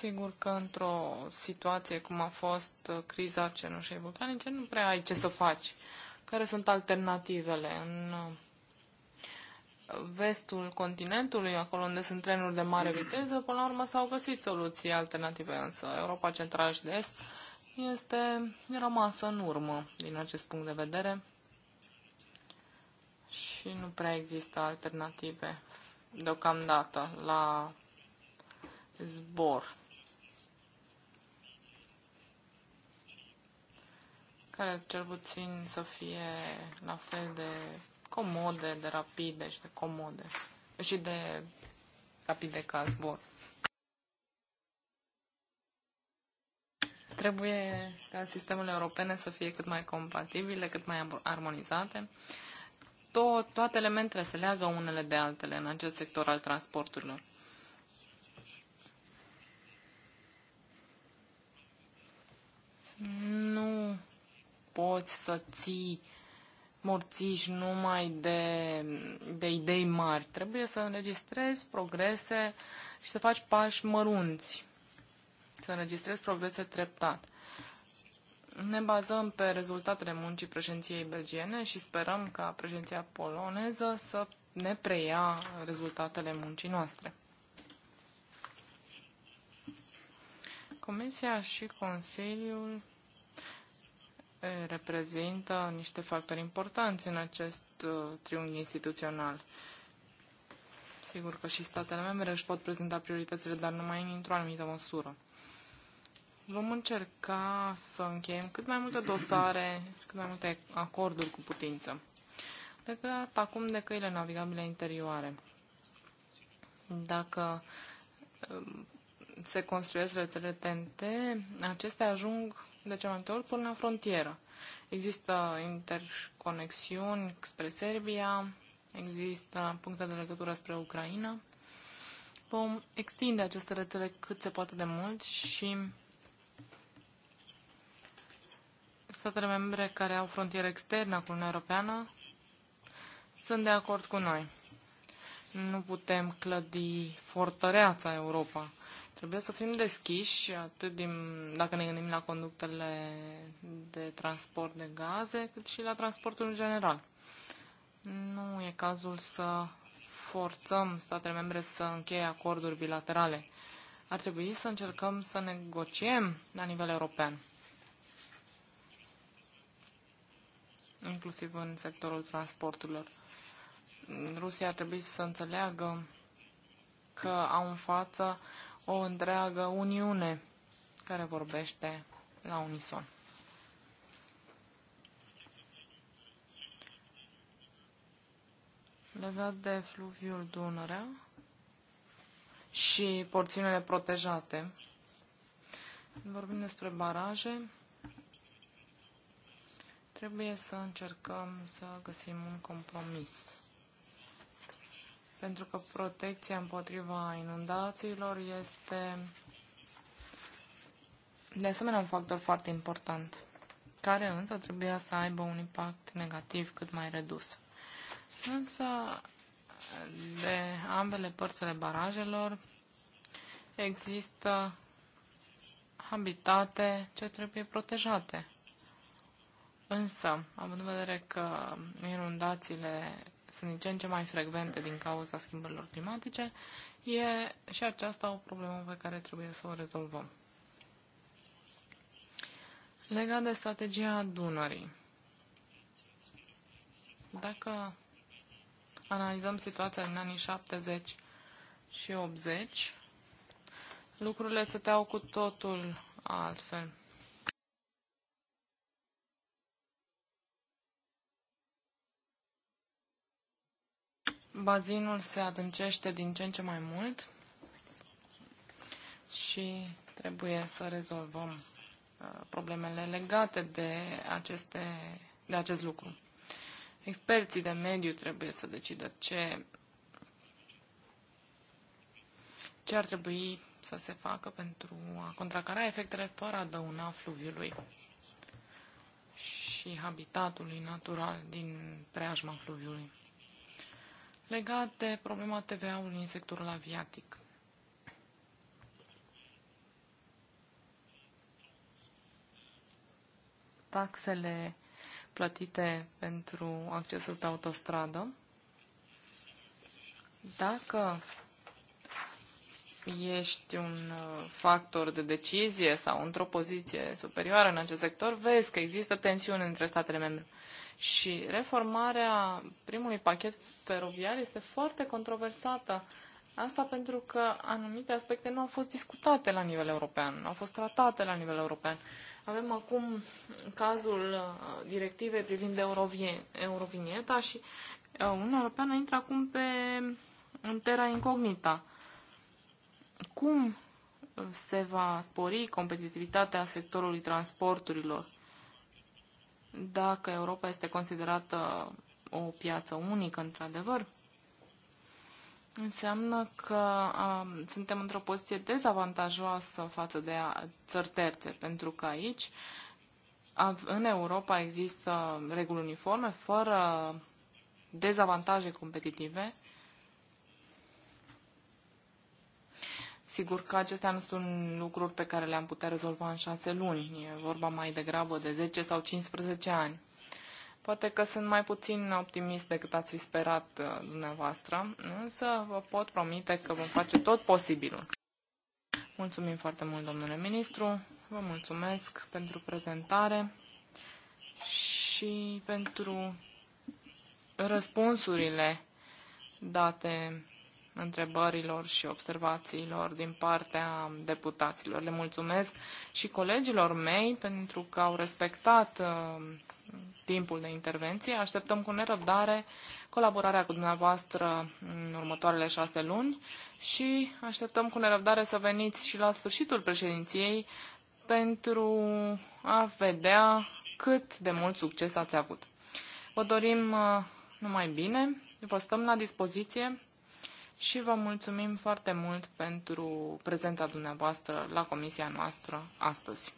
Sigur că într-o situație cum a fost uh, criza cenușei vulcanice, nu prea ai ce să faci. Care sunt alternativele? În uh, vestul continentului, acolo unde sunt trenuri de mare viteză, până la urmă s-au găsit soluții alternative, însă Europa Centrală și de Est este rămasă în urmă din acest punct de vedere și nu prea există alternative deocamdată la zbor. care cel puțin să fie la fel de comode, de rapide și de comode și de rapide ca zbor. Trebuie ca sistemele europene să fie cât mai compatibile, cât mai armonizate. Tot, toate elementele se leagă unele de altele în acest sector al transporturilor. Nu poți să ții morțiși numai de, de idei mari. Trebuie să înregistrezi progrese și să faci pași mărunți. Să înregistrezi progrese treptat. Ne bazăm pe rezultatele muncii președinției belgiene și sperăm ca președinția poloneză să ne preia rezultatele muncii noastre. Comisia și Consiliul reprezintă niște factori importanți în acest uh, triunghi instituțional. Sigur că și statele membre își pot prezenta prioritățile, dar numai într-o anumită măsură. Vom încerca să încheiem cât mai multe dosare, cât mai multe acorduri cu putință. Legat acum de căile navigabile interioare. Dacă um, se construiesc rețele TNT, acestea ajung de cea mai multe ori până la frontieră. Există interconexiuni spre Serbia, există puncte de legătură spre Ucraina. Vom extinde aceste rețele cât se poate de mult și statele membre care au frontieră externă cu Uniunea Europeană sunt de acord cu noi. Nu putem clădi fortăreața Europa. Trebuie să fim deschiși, atât din, dacă ne gândim la conductele de transport de gaze, cât și la transportul în general. Nu e cazul să forțăm statele membre să încheie acorduri bilaterale. Ar trebui să încercăm să negociem la nivel european, inclusiv în sectorul transporturilor. Rusia ar trebui să înțeleagă că au în față o întreagă uniune care vorbește la unison. Legat de fluviul Dunărea și porțiunile protejate, vorbim despre baraje, trebuie să încercăm să găsim un compromis pentru că protecția împotriva inundațiilor este de asemenea un factor foarte important, care însă trebuia să aibă un impact negativ cât mai redus. Însă, de ambele părțile barajelor există habitate ce trebuie protejate. Însă, având în vedere că inundațiile sunt din ce în ce mai frecvente din cauza schimbărilor climatice, e și aceasta o problemă pe care trebuie să o rezolvăm. Legat de strategia Dunării, dacă analizăm situația din anii 70 și 80, lucrurile stăteau cu totul altfel. Bazinul se adâncește din ce în ce mai mult și trebuie să rezolvăm uh, problemele legate de, aceste, de acest lucru. Experții de mediu trebuie să decidă ce, ce ar trebui să se facă pentru a contracara efectele fără a dăuna fluviului și habitatului natural din preajma fluviului legat de problema TVA-ului în sectorul aviatic. Taxele plătite pentru accesul pe autostradă. Dacă ești un uh, factor de decizie sau într-o poziție superioară în acest sector, vezi că există tensiuni între statele membre. Și reformarea primului pachet feroviar este foarte controversată. Asta pentru că anumite aspecte nu au fost discutate la nivel european, nu au fost tratate la nivel european. Avem acum cazul uh, directivei privind Eurovinieta și uh, Uniunea Europeană intră acum pe în terra incognita. Cum se va spori competitivitatea sectorului transporturilor dacă Europa este considerată o piață unică, într-adevăr? Înseamnă că um, suntem într-o poziție dezavantajoasă față de țări terțe, pentru că aici, în Europa, există reguli uniforme, fără dezavantaje competitive Sigur că acestea nu sunt lucruri pe care le-am putea rezolva în șase luni. E vorba mai degrabă de 10 sau 15 ani. Poate că sunt mai puțin optimist decât ați fi sperat uh, dumneavoastră, însă vă pot promite că vom face tot posibilul. Mulțumim foarte mult, domnule ministru, vă mulțumesc pentru prezentare și pentru răspunsurile date întrebărilor și observațiilor din partea deputaților. Le mulțumesc și colegilor mei pentru că au respectat uh, timpul de intervenție. Așteptăm cu nerăbdare colaborarea cu dumneavoastră în următoarele șase luni și așteptăm cu nerăbdare să veniți și la sfârșitul președinției pentru a vedea cât de mult succes ați avut. Vă dorim uh, numai bine, vă stăm la dispoziție și vă mulțumim foarte mult pentru prezența dumneavoastră la comisia noastră astăzi.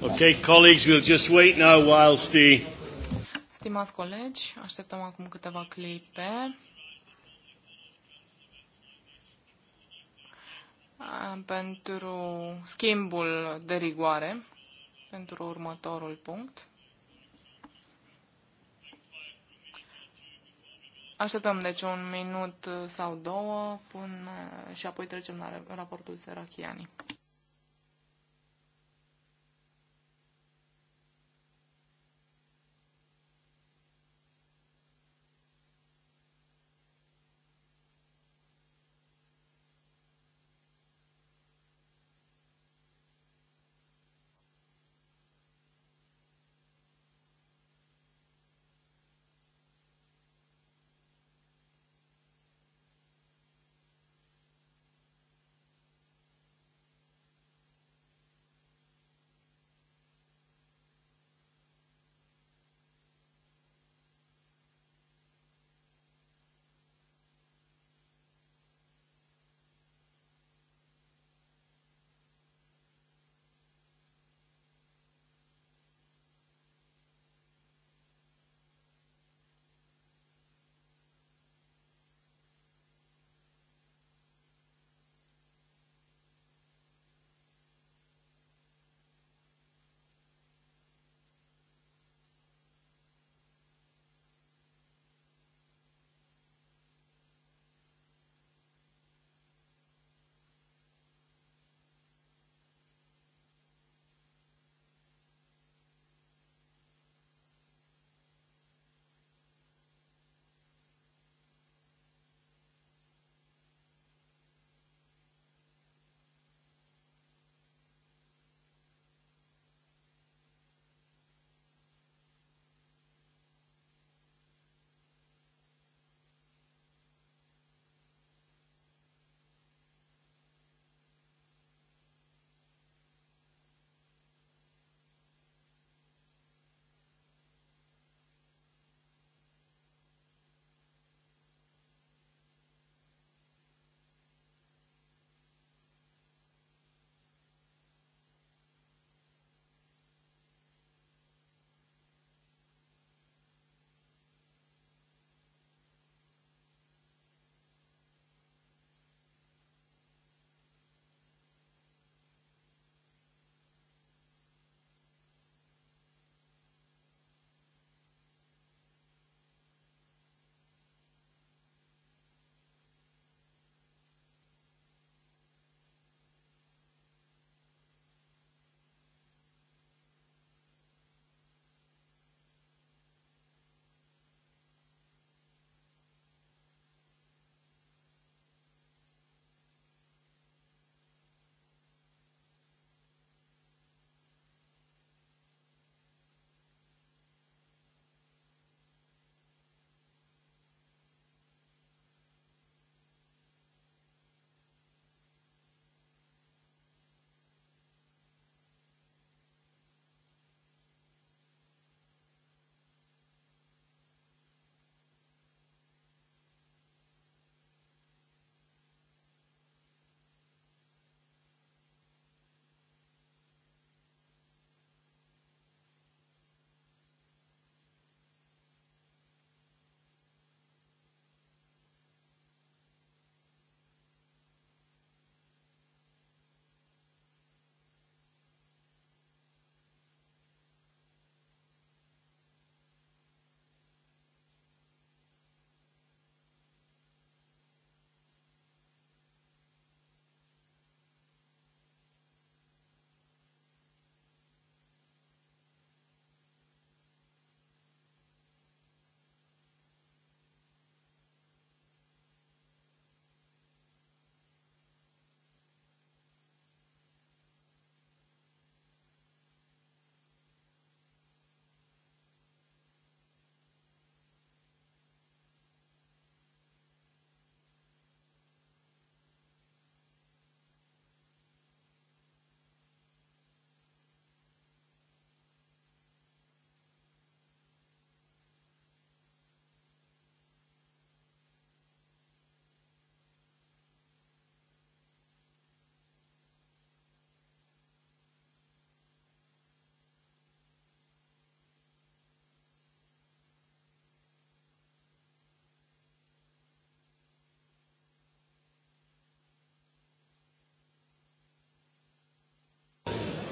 Okay, colleagues, we'll just wait now whilst the... Stimați colegi, așteptăm acum câteva clipe. pentru schimbul de rigoare pentru următorul punct. Așteptăm deci un minut sau două până, și apoi trecem la raportul Serachiani.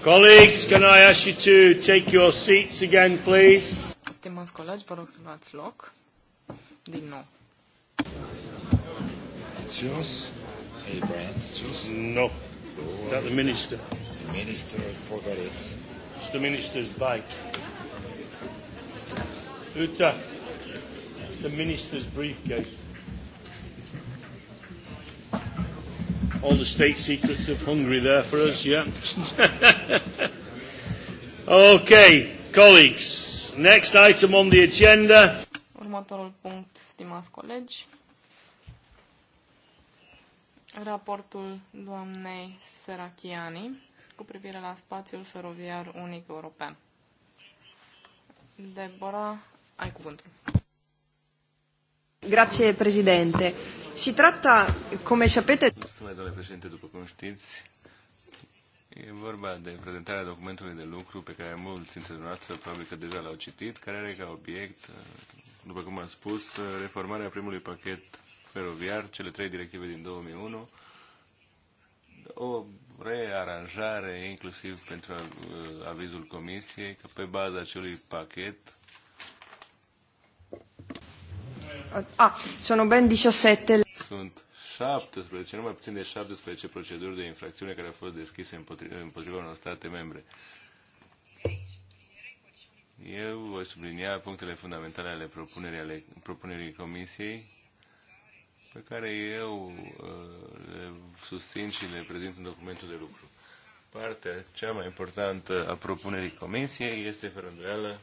Colleagues, can I ask you to take your seats again, please? Stimați colegi, vă rog să luați loc. Din nou. It's yours? Hey, Brian, it's No. Oh, That the minister. The minister forgot it. It's the minister's bike. Uta, it's the minister's briefcase. all the state secrets of Hungary there for us, yeah? okay, colleagues, next item on the agenda. Următorul punct, stimați colegi. Raportul doamnei Serachiani cu privire la spațiul feroviar unic european. Deborah, ai cuvântul. Grazie Presidente. Si tratta, come sapete... domnule președinte, după cum știți, e vorba de prezentarea documentului de lucru pe care mulți dintre dumneavoastră probabil că deja l-au citit, care are ca obiect, după cum am spus, reformarea primului pachet feroviar, cele trei directive din 2001, o rearanjare inclusiv pentru uh, avizul Comisiei, că pe baza acelui pachet Ah, sono ben 17. Sunt 17, nu mai puțin de 17 proceduri de infracțiune care au fost deschise împotriva, împotriva unor state membre. Eu voi sublinia punctele fundamentale ale propunerii, ale propunerii Comisiei, pe care eu uh, le susțin și le prezint în documentul de lucru. Partea cea mai importantă a propunerii Comisiei este, fără îndoială,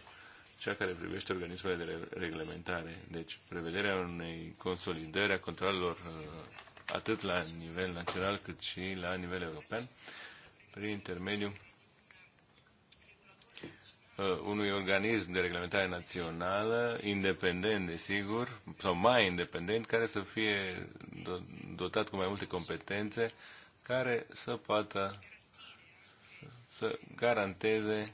cea care privește organismele de reglementare. Deci, prevederea unei consolidări a controlelor uh, atât la nivel național cât și la nivel european, prin intermediul uh, unui organism de reglementare națională, independent, desigur, sau mai independent, care să fie dotat cu mai multe competențe, care să poată să garanteze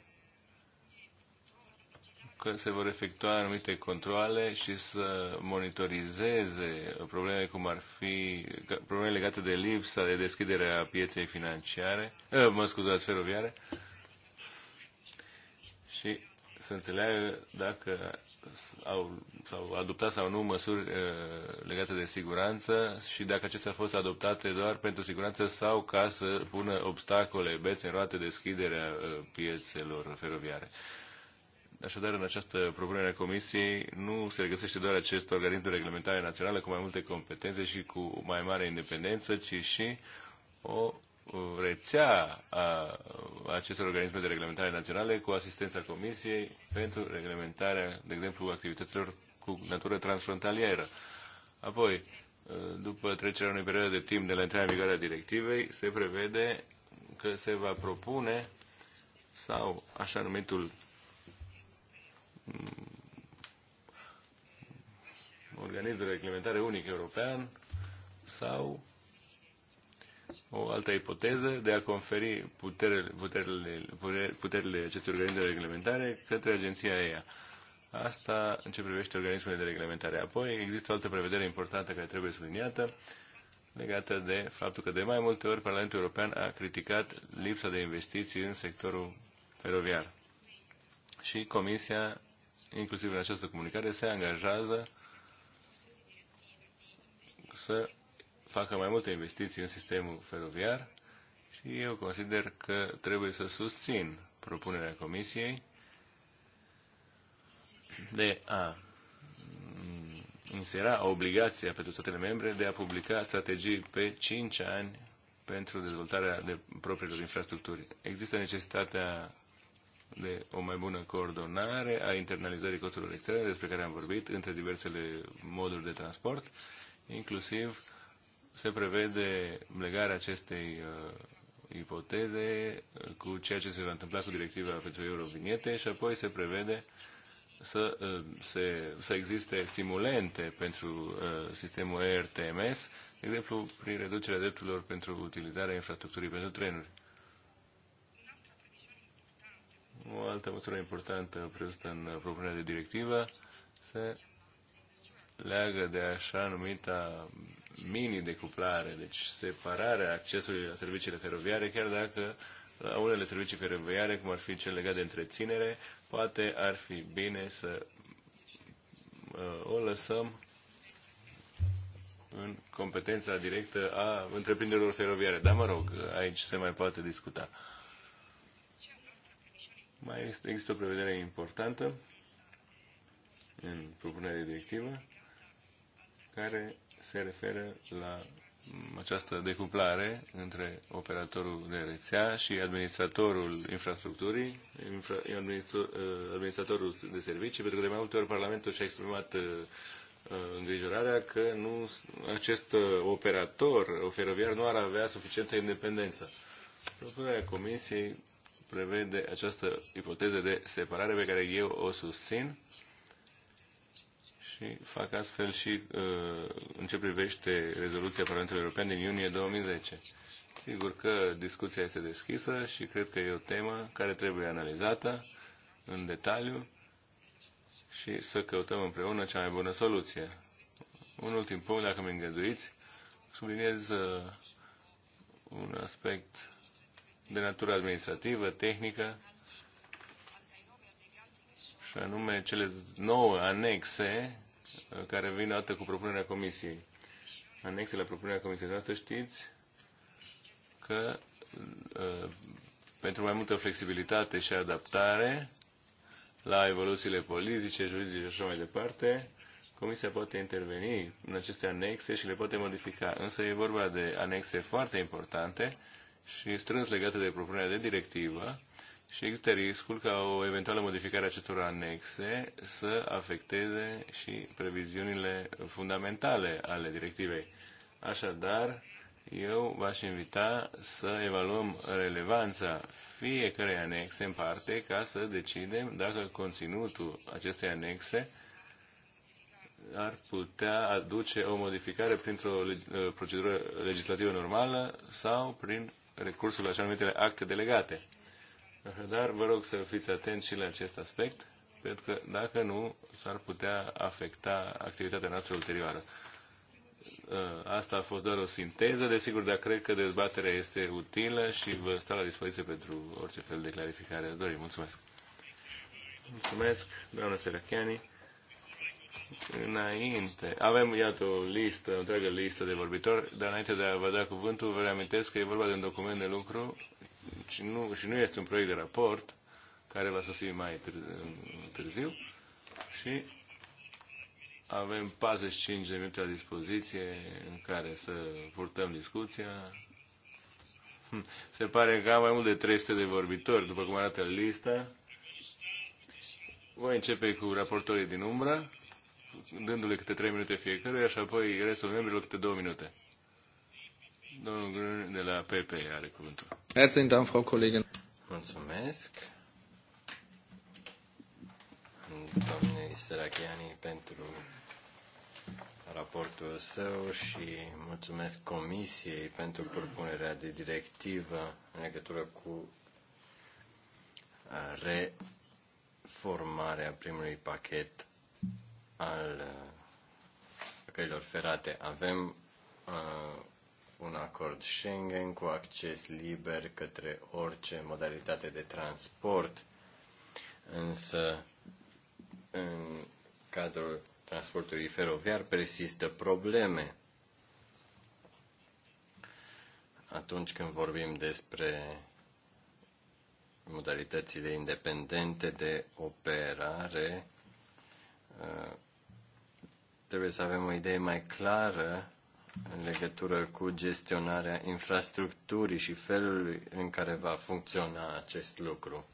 că se vor efectua anumite controle și să monitorizeze probleme cum ar fi probleme legate de lipsa de deschidere a pieței financiare, eh, mă scuzați, feroviare, și să înțeleagă dacă au, s-au adoptat sau nu măsuri uh, legate de siguranță și dacă acestea au fost adoptate doar pentru siguranță sau ca să pună obstacole, bețe în roate deschiderea eh, piețelor feroviare. Așadar, în această propunere a Comisiei nu se regăsește doar acest organism de reglementare națională cu mai multe competențe și cu mai mare independență, ci și o uh, rețea a acestor organisme de reglementare naționale cu asistența Comisiei pentru reglementarea, de exemplu, activităților cu natură transfrontalieră. Apoi, uh, după trecerea unei perioade de timp de la intrarea în vigoare a directivei, se prevede că se va propune sau așa numitul Mm. organism de reglementare unic european sau o altă ipoteză de a conferi puterile, puterile, puterile acestui organism de reglementare către agenția EIA. Asta în ce privește organismele de reglementare. Apoi există o altă prevedere importantă care trebuie subliniată legată de faptul că de mai multe ori Parlamentul European a criticat lipsa de investiții în sectorul feroviar. Și Comisia inclusiv în această comunicare, se angajează să facă mai multe investiții în sistemul feroviar și eu consider că trebuie să susțin propunerea Comisiei de a mm, insera obligația pentru statele membre de a publica strategii pe 5 ani pentru dezvoltarea de propriilor infrastructuri. Există necesitatea de o mai bună coordonare a internalizării costurilor externe despre care am vorbit între diversele moduri de transport, inclusiv se prevede legarea acestei uh, ipoteze cu ceea ce se va întâmpla cu directiva pentru eurovinete și apoi se prevede să, uh, se, să existe stimulente pentru uh, sistemul ERTMS, de exemplu, prin reducerea drepturilor pentru utilizarea infrastructurii pentru trenuri. O altă măsură importantă prezentă în propunerea de directivă se leagă de așa numita mini-decuplare, deci separarea accesului la serviciile feroviare, chiar dacă la unele servicii feroviare, cum ar fi cel legat de întreținere, poate ar fi bine să uh, o lăsăm în competența directă a întreprinderilor feroviare. Dar, mă rog, aici se mai poate discuta. Mai există, există o prevedere importantă în propunerea directivă care se referă la această decuplare între operatorul de rețea și administratorul infrastructurii, infra, uh, administratorul de servicii, pentru că de mai multe ori Parlamentul și-a exprimat uh, uh, îngrijorarea că nu, acest operator o feroviar nu ar avea suficientă independență. Propunerea Comisiei prevede această ipoteză de separare pe care eu o susțin și fac astfel și uh, în ce privește rezoluția Parlamentului European din iunie 2010. Sigur că discuția este deschisă și cred că e o temă care trebuie analizată în detaliu și să căutăm împreună cea mai bună soluție. Un ultim punct, dacă mi îngăduiți, subliniez uh, un aspect de natură administrativă, tehnică, și anume cele nouă anexe uh, care vin odată cu propunerea Comisiei. Anexele la propunerea Comisiei noastre știți că uh, pentru mai multă flexibilitate și adaptare la evoluțiile politice, juridice și așa mai departe, Comisia poate interveni în aceste anexe și le poate modifica. Însă e vorba de anexe foarte importante și strâns legate de propunerea de directivă și există riscul ca o eventuală modificare a acestor anexe să afecteze și previziunile fundamentale ale directivei. Așadar, eu v-aș invita să evaluăm relevanța fiecarei anexe în parte ca să decidem dacă conținutul acestei anexe ar putea aduce o modificare printr-o uh, procedură legislativă normală sau prin recursul la așa numitele acte delegate. Dar vă rog să fiți atenți și la acest aspect, pentru că dacă nu, s-ar putea afecta activitatea noastră ulterioară. Uh, asta a fost doar o sinteză, desigur, dar cred că dezbaterea este utilă și vă stau la dispoziție pentru orice fel de clarificare dori. Mulțumesc! Mulțumesc, doamna Serachiani. Înainte, avem, iată, o listă, o întreagă listă de vorbitori, dar înainte de a vă da cuvântul, vă reamintesc că e vorba de un document de lucru și nu, și nu este un proiect de raport care va sosi mai târziu și avem 45 de minute la dispoziție în care să purtăm discuția. Hm. Se pare că am mai mult de 300 de vorbitori, după cum arată lista. Voi începe cu raportorii din umbră dându-le câte trei minute fiecare și apoi restul membrilor câte două minute. Domnul Grân de la PP are cuvântul. Herzlichen Dank, Frau Kollegin. Mulțumesc. Domnul Isarachiani pentru raportul său și mulțumesc Comisiei pentru propunerea de directivă în legătură cu reformarea primului pachet al uh, căilor ferate. Avem uh, un acord Schengen cu acces liber către orice modalitate de transport, însă în cadrul transportului feroviar persistă probleme. Atunci când vorbim despre modalitățile independente de operare, uh, Trebuie să avem o idee mai clară în legătură cu gestionarea infrastructurii și felul în care va funcționa acest lucru.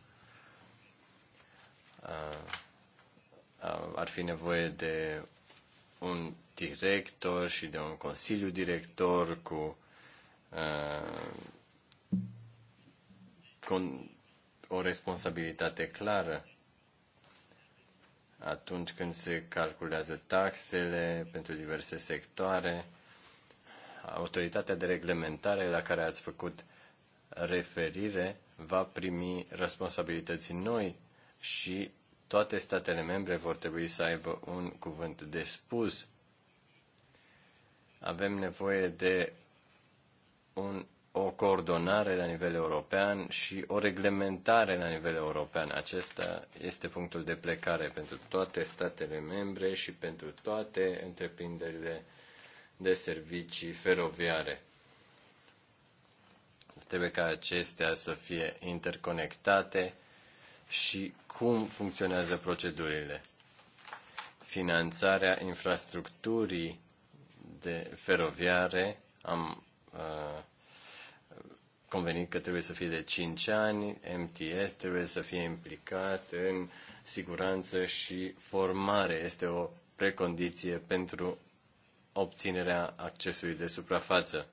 Ar fi nevoie de un director și de un consiliu director cu o responsabilitate clară atunci când se calculează taxele pentru diverse sectoare, autoritatea de reglementare la care ați făcut referire va primi responsabilități noi și toate statele membre vor trebui să aibă un cuvânt de spus. Avem nevoie de un o coordonare la nivel european și o reglementare la nivel european. Acesta este punctul de plecare pentru toate statele membre și pentru toate întreprinderile de servicii feroviare. Trebuie ca acestea să fie interconectate și cum funcționează procedurile. Finanțarea infrastructurii de feroviare am uh, convenit că trebuie să fie de 5 ani, MTS trebuie să fie implicat în siguranță și formare. Este o precondiție pentru obținerea accesului de suprafață.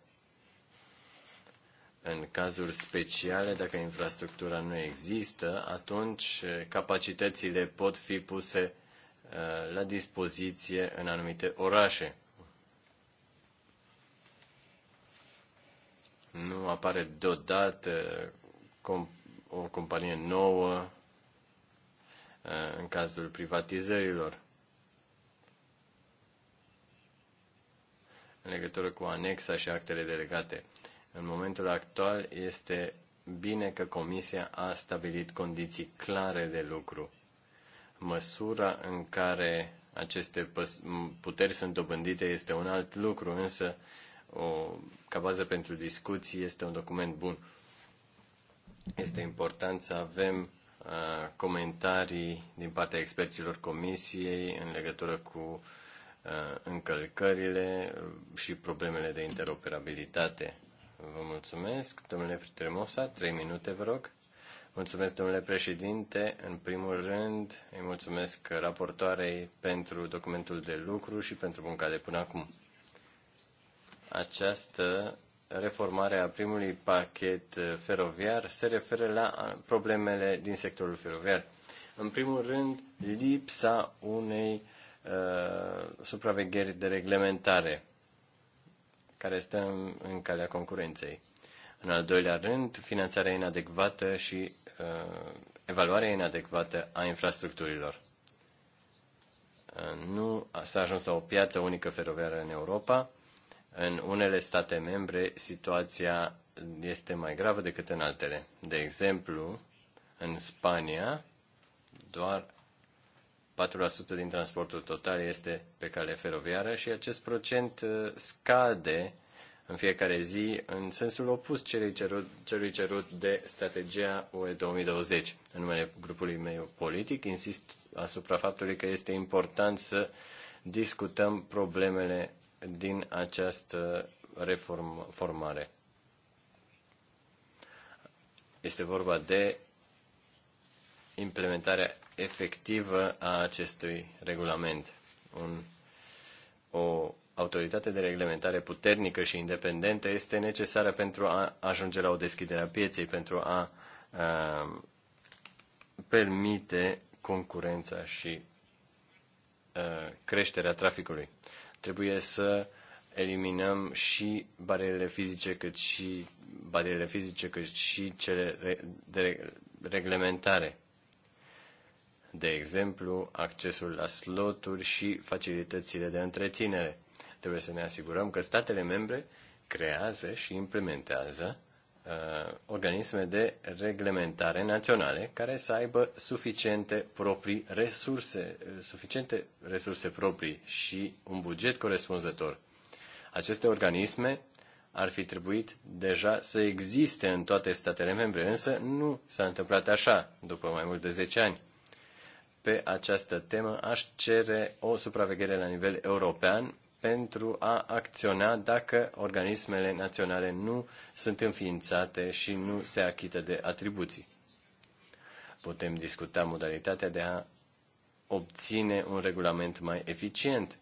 În cazuri speciale, dacă infrastructura nu există, atunci eh, capacitățile pot fi puse eh, la dispoziție în anumite orașe. Nu apare deodată com- o companie nouă uh, în cazul privatizărilor. În legătură cu anexa și actele delegate. În momentul actual este bine că Comisia a stabilit condiții clare de lucru. Măsura în care aceste puteri sunt dobândite este un alt lucru, însă o, ca bază pentru discuții este un document bun. Este important să avem uh, comentarii din partea experților comisiei în legătură cu uh, încălcările uh, și problemele de interoperabilitate. Vă mulțumesc, domnule Tremosa, trei minute, vă rog. Mulțumesc, domnule președinte. În primul rând, îi mulțumesc raportoarei pentru documentul de lucru și pentru munca de până acum această reformare a primului pachet uh, feroviar se referă la uh, problemele din sectorul feroviar. În primul rând, lipsa unei uh, supravegheri de reglementare care stă în, în calea concurenței. În al doilea rând, finanțarea inadecvată și uh, evaluarea inadecvată a infrastructurilor. Uh, nu s-a ajuns la o piață unică feroviară în Europa, în unele state membre, situația este mai gravă decât în altele. De exemplu, în Spania, doar 4% din transportul total este pe cale feroviară și acest procent uh, scade în fiecare zi în sensul opus celui cerut, celui cerut de strategia UE 2020. În numele grupului meu politic insist asupra faptului că este important să discutăm problemele din această reformare. Este vorba de implementarea efectivă a acestui regulament. Un, o autoritate de reglementare puternică și independentă este necesară pentru a ajunge la o deschidere a pieței, pentru a, a uh, permite concurența și a, uh, creșterea traficului. Trebuie să eliminăm și barierele fizice, cât și barierele fizice, cât și cele de reglementare. De exemplu, accesul la sloturi și facilitățile de întreținere. Trebuie să ne asigurăm că statele membre creează și implementează uh, organisme de reglementare naționale care să aibă suficiente proprii resurse, uh, suficiente resurse proprii și un buget corespunzător. Aceste organisme ar fi trebuit deja să existe în toate statele membre, însă nu s-a întâmplat așa după mai mult de 10 ani. Pe această temă aș cere o supraveghere la nivel european pentru a acționa dacă organismele naționale nu sunt înființate și nu se achită de atribuții. Putem discuta modalitatea de a obține un regulament mai eficient.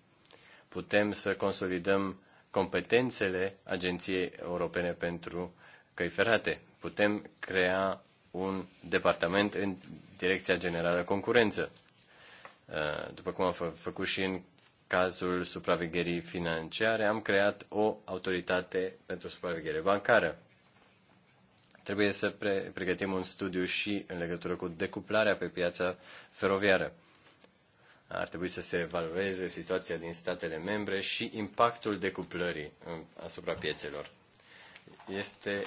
Putem să consolidăm competențele Agenției Europene pentru Căi Ferate. Putem crea un departament în Direcția Generală Concurență. După cum am făcut și în cazul supravegherii financiare, am creat o autoritate pentru supraveghere bancară. Trebuie să pre- pregătim un studiu și în legătură cu decuplarea pe piața feroviară. Ar trebui să se evalueze situația din statele membre și impactul decuplării uh, asupra piețelor. Este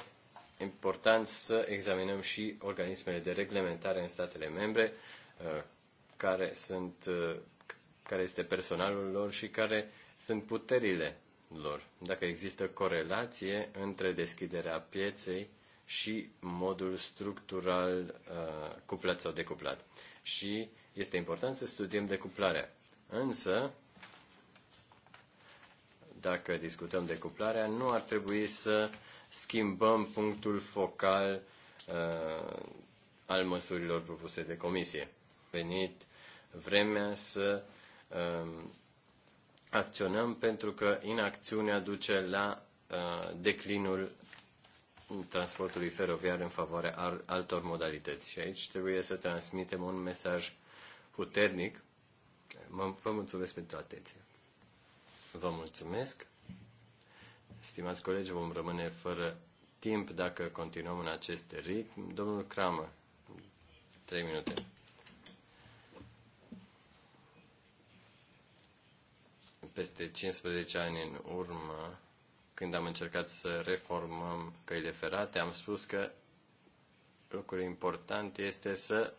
important să examinăm și organismele de reglementare în statele membre uh, care sunt uh, care este personalul lor și care sunt puterile lor. Dacă există corelație între deschiderea pieței și modul structural uh, cuplat sau decuplat. Și este important să studiem decuplarea. Însă, dacă discutăm decuplarea, nu ar trebui să schimbăm punctul focal uh, al măsurilor propuse de comisie. Venit vremea să Um, acționăm pentru că inacțiunea duce la uh, declinul transportului feroviar în favoarea altor modalități. Și aici trebuie să transmitem un mesaj puternic. Vă mulțumesc pentru atenție. Vă mulțumesc. Stimați colegi, vom rămâne fără timp dacă continuăm în acest ritm. Domnul Cramă, trei minute. peste 15 ani în urmă, când am încercat să reformăm căile ferate, am spus că lucrul important este să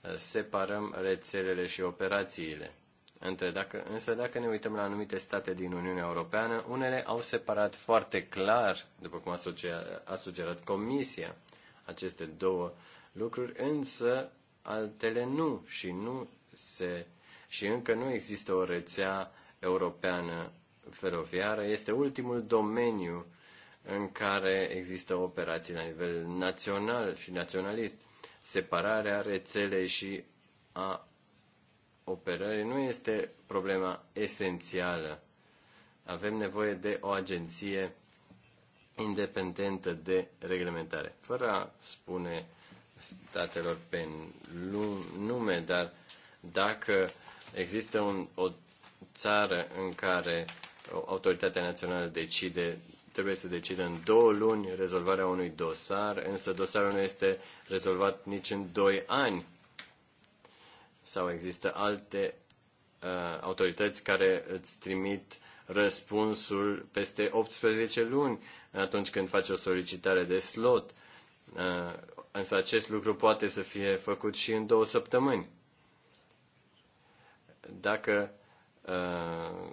uh, separăm rețelele și operațiile. Între dacă, însă dacă ne uităm la anumite state din Uniunea Europeană, unele au separat foarte clar, după cum a, sugerat, a sugerat Comisia, aceste două lucruri, însă altele nu și nu se și încă nu există o rețea europeană feroviară este ultimul domeniu în care există operații la nivel național și naționalist. Separarea rețelei și a operării nu este problema esențială. Avem nevoie de o agenție independentă de reglementare. Fără a spune statelor pe nume, dar dacă există un, o țară în care autoritatea națională decide, trebuie să decide în două luni rezolvarea unui dosar, însă dosarul nu este rezolvat nici în doi ani. Sau există alte uh, autorități care îți trimit răspunsul peste 18 luni atunci când faci o solicitare de slot. Uh, însă acest lucru poate să fie făcut și în două săptămâni. Dacă Uh,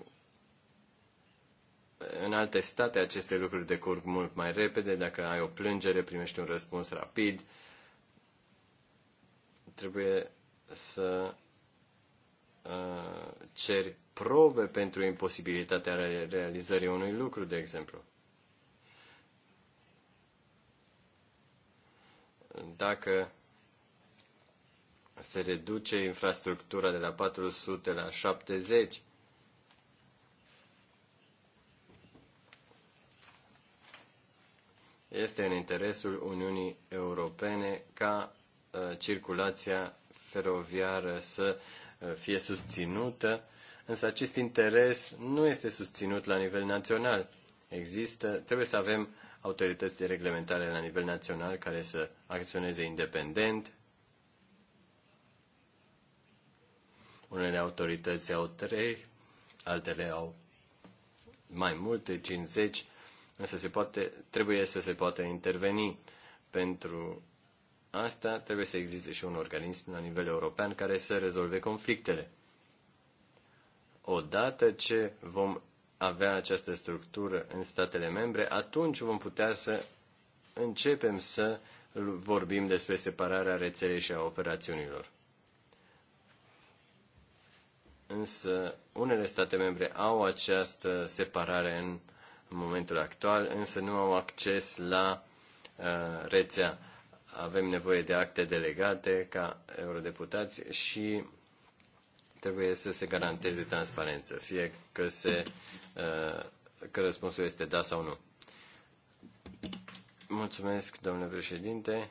în alte state aceste lucruri decurg mult mai repede. Dacă ai o plângere, primești un răspuns rapid. Trebuie să uh, ceri probe pentru imposibilitatea realizării unui lucru, de exemplu. Dacă se reduce infrastructura de la 400 la 70. Este în interesul Uniunii Europene ca ă, circulația feroviară să ă, fie susținută, însă acest interes nu este susținut la nivel național. Există, trebuie să avem autorități de reglementare la nivel național care să acționeze independent, Unele autorități au trei, altele au mai multe, 50, însă se poate, trebuie să se poată interveni. Pentru asta trebuie să existe și un organism la nivel european care să rezolve conflictele. Odată ce vom avea această structură în statele membre, atunci vom putea să începem să vorbim despre separarea rețelei și a operațiunilor însă unele state membre au această separare în momentul actual, însă nu au acces la uh, rețea. Avem nevoie de acte delegate ca eurodeputați și trebuie să se garanteze transparență, fie că, se, uh, că răspunsul este da sau nu. Mulțumesc, domnule președinte.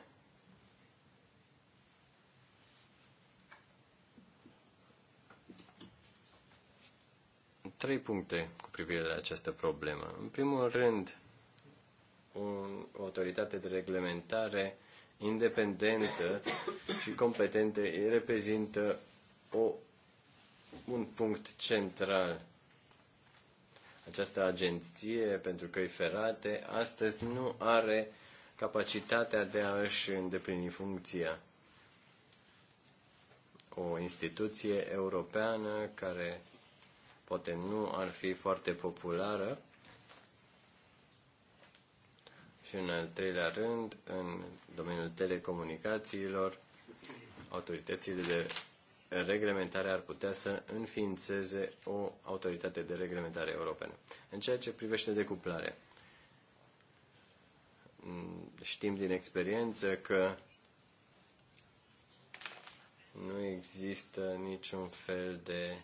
trei puncte cu privire la această problemă. În primul rând, un, o autoritate de reglementare independentă și competentă reprezintă o, un punct central. Această agenție pentru căi ferate astăzi nu are capacitatea de a și îndeplini funcția. O instituție europeană care poate nu ar fi foarte populară. Și în al treilea rând, în domeniul telecomunicațiilor, autoritățile de reglementare ar putea să înființeze o autoritate de reglementare europeană. În ceea ce privește decuplare, mm, știm din experiență că nu există niciun fel de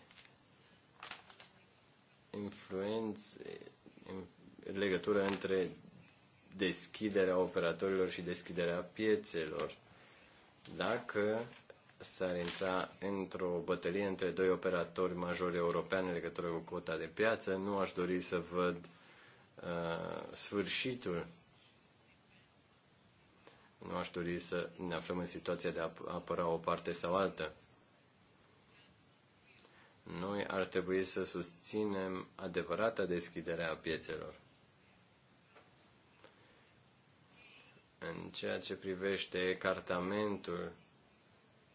influențe, în legătură între deschiderea operatorilor și deschiderea piețelor. Dacă s-ar intra într-o bătălie între doi operatori majori europeni în legătură cu cota de piață, nu aș dori să văd uh, sfârșitul. Nu aș dori să ne aflăm în situația de a apăra o parte sau alta. Noi ar trebui să susținem adevărata deschidere a piețelor. În ceea ce privește cartamentul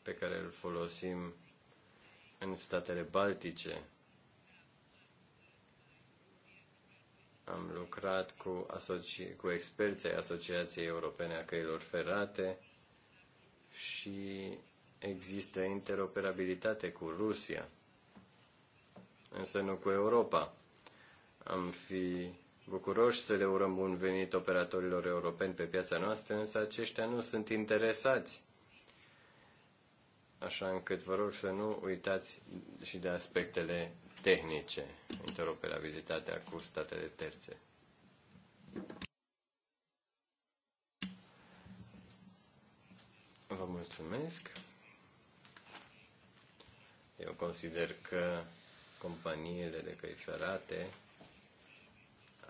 pe care îl folosim în statele baltice, am lucrat cu, asoci- cu experții Asociației Europene a Căilor Ferate și există interoperabilitate cu Rusia însă nu cu Europa. Am fi bucuroși să le urăm bun venit operatorilor europeni pe piața noastră, însă aceștia nu sunt interesați. Așa încât vă rog să nu uitați și de aspectele tehnice, interoperabilitatea cu statele terțe. Vă mulțumesc. Eu consider că companiile de căi ferate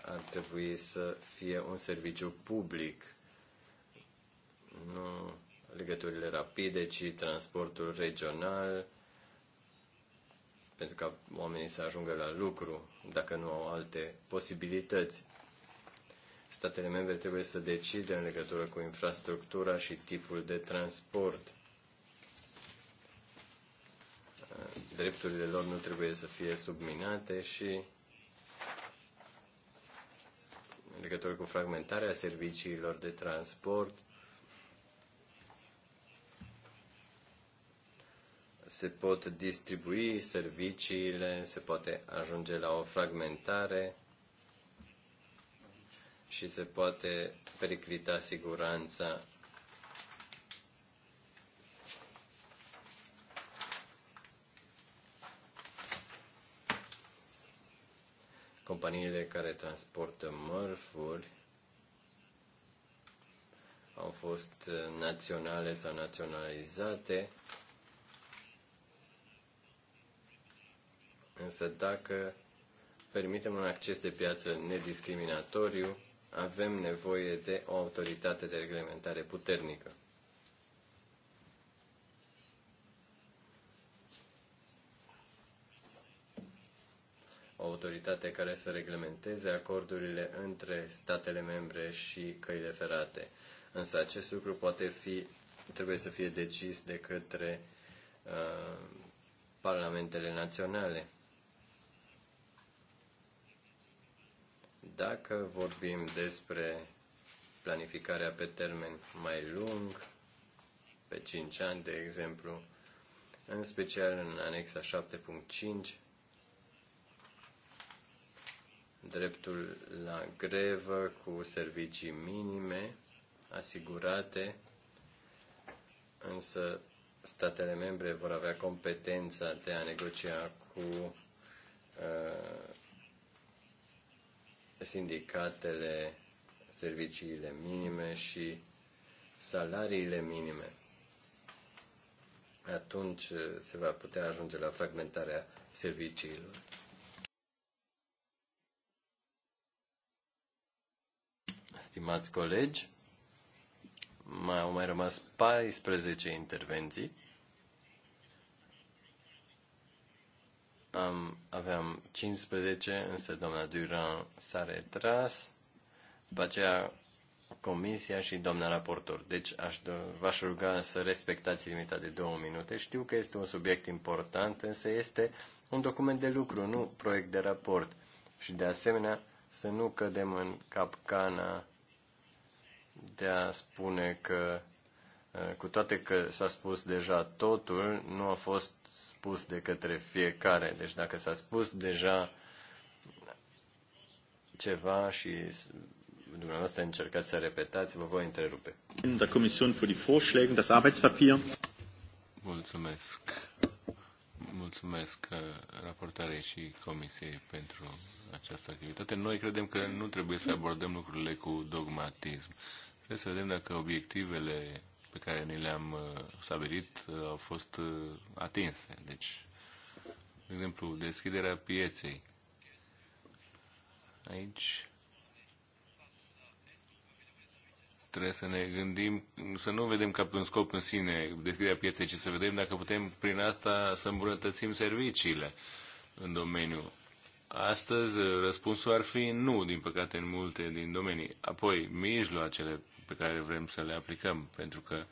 ar trebui să fie un serviciu public, nu legăturile rapide, ci transportul regional, pentru ca oamenii să ajungă la lucru, dacă nu au alte posibilități. Statele membre trebuie să decide în legătură cu infrastructura și tipul de transport drepturile lor nu trebuie să fie subminate și în legătură cu fragmentarea serviciilor de transport, se pot distribui serviciile, se poate ajunge la o fragmentare și se poate periclita siguranța Companiile care transportă mărfuri au fost uh, naționale sau naționalizate, însă dacă permitem un acces de piață nediscriminatoriu, avem nevoie de o autoritate de reglementare puternică. o autoritate care să reglementeze acordurile între statele membre și căile ferate. Însă acest lucru poate fi, trebuie să fie decis de către uh, parlamentele naționale. Dacă vorbim despre planificarea pe termen mai lung, pe 5 ani, de exemplu, în special în anexa 7.5, dreptul la grevă cu servicii minime asigurate, însă statele membre vor avea competența de a negocia cu uh, sindicatele, serviciile minime și salariile minime. Atunci uh, se va putea ajunge la fragmentarea serviciilor. Stimați colegi, mai au mai rămas 14 intervenții. Am, aveam 15, însă doamna Duran s-a retras, după aceea comisia și doamna raportor. Deci aș, v-aș ruga să respectați limita de două minute. Știu că este un subiect important, însă este un document de lucru, nu proiect de raport. Și de asemenea, să nu cădem în capcana de a spune că, uh, cu toate că s-a spus deja totul, nu a fost spus de către fiecare. Deci dacă s-a spus deja ceva și dumneavoastră încercați să repetați, vă voi întrerupe. Der Kommission für die Vorschläge, das Arbeitspapier. Mulțumesc. Mulțumesc uh, raportare și Comisiei pentru această activitate. Noi credem că nu trebuie să abordăm lucrurile cu dogmatism. Trebuie să vedem dacă obiectivele pe care ni le-am uh, stabilit uh, au fost uh, atinse. Deci, de exemplu, deschiderea pieței. Aici trebuie să ne gândim, să nu vedem ca pe un scop în sine deschiderea pieței, ci să vedem dacă putem prin asta să îmbunătățim serviciile în domeniu. Astăzi uh, răspunsul ar fi nu, din păcate, în multe din domenii. Apoi, mijloacele pe care vrem să le aplicăm, pentru că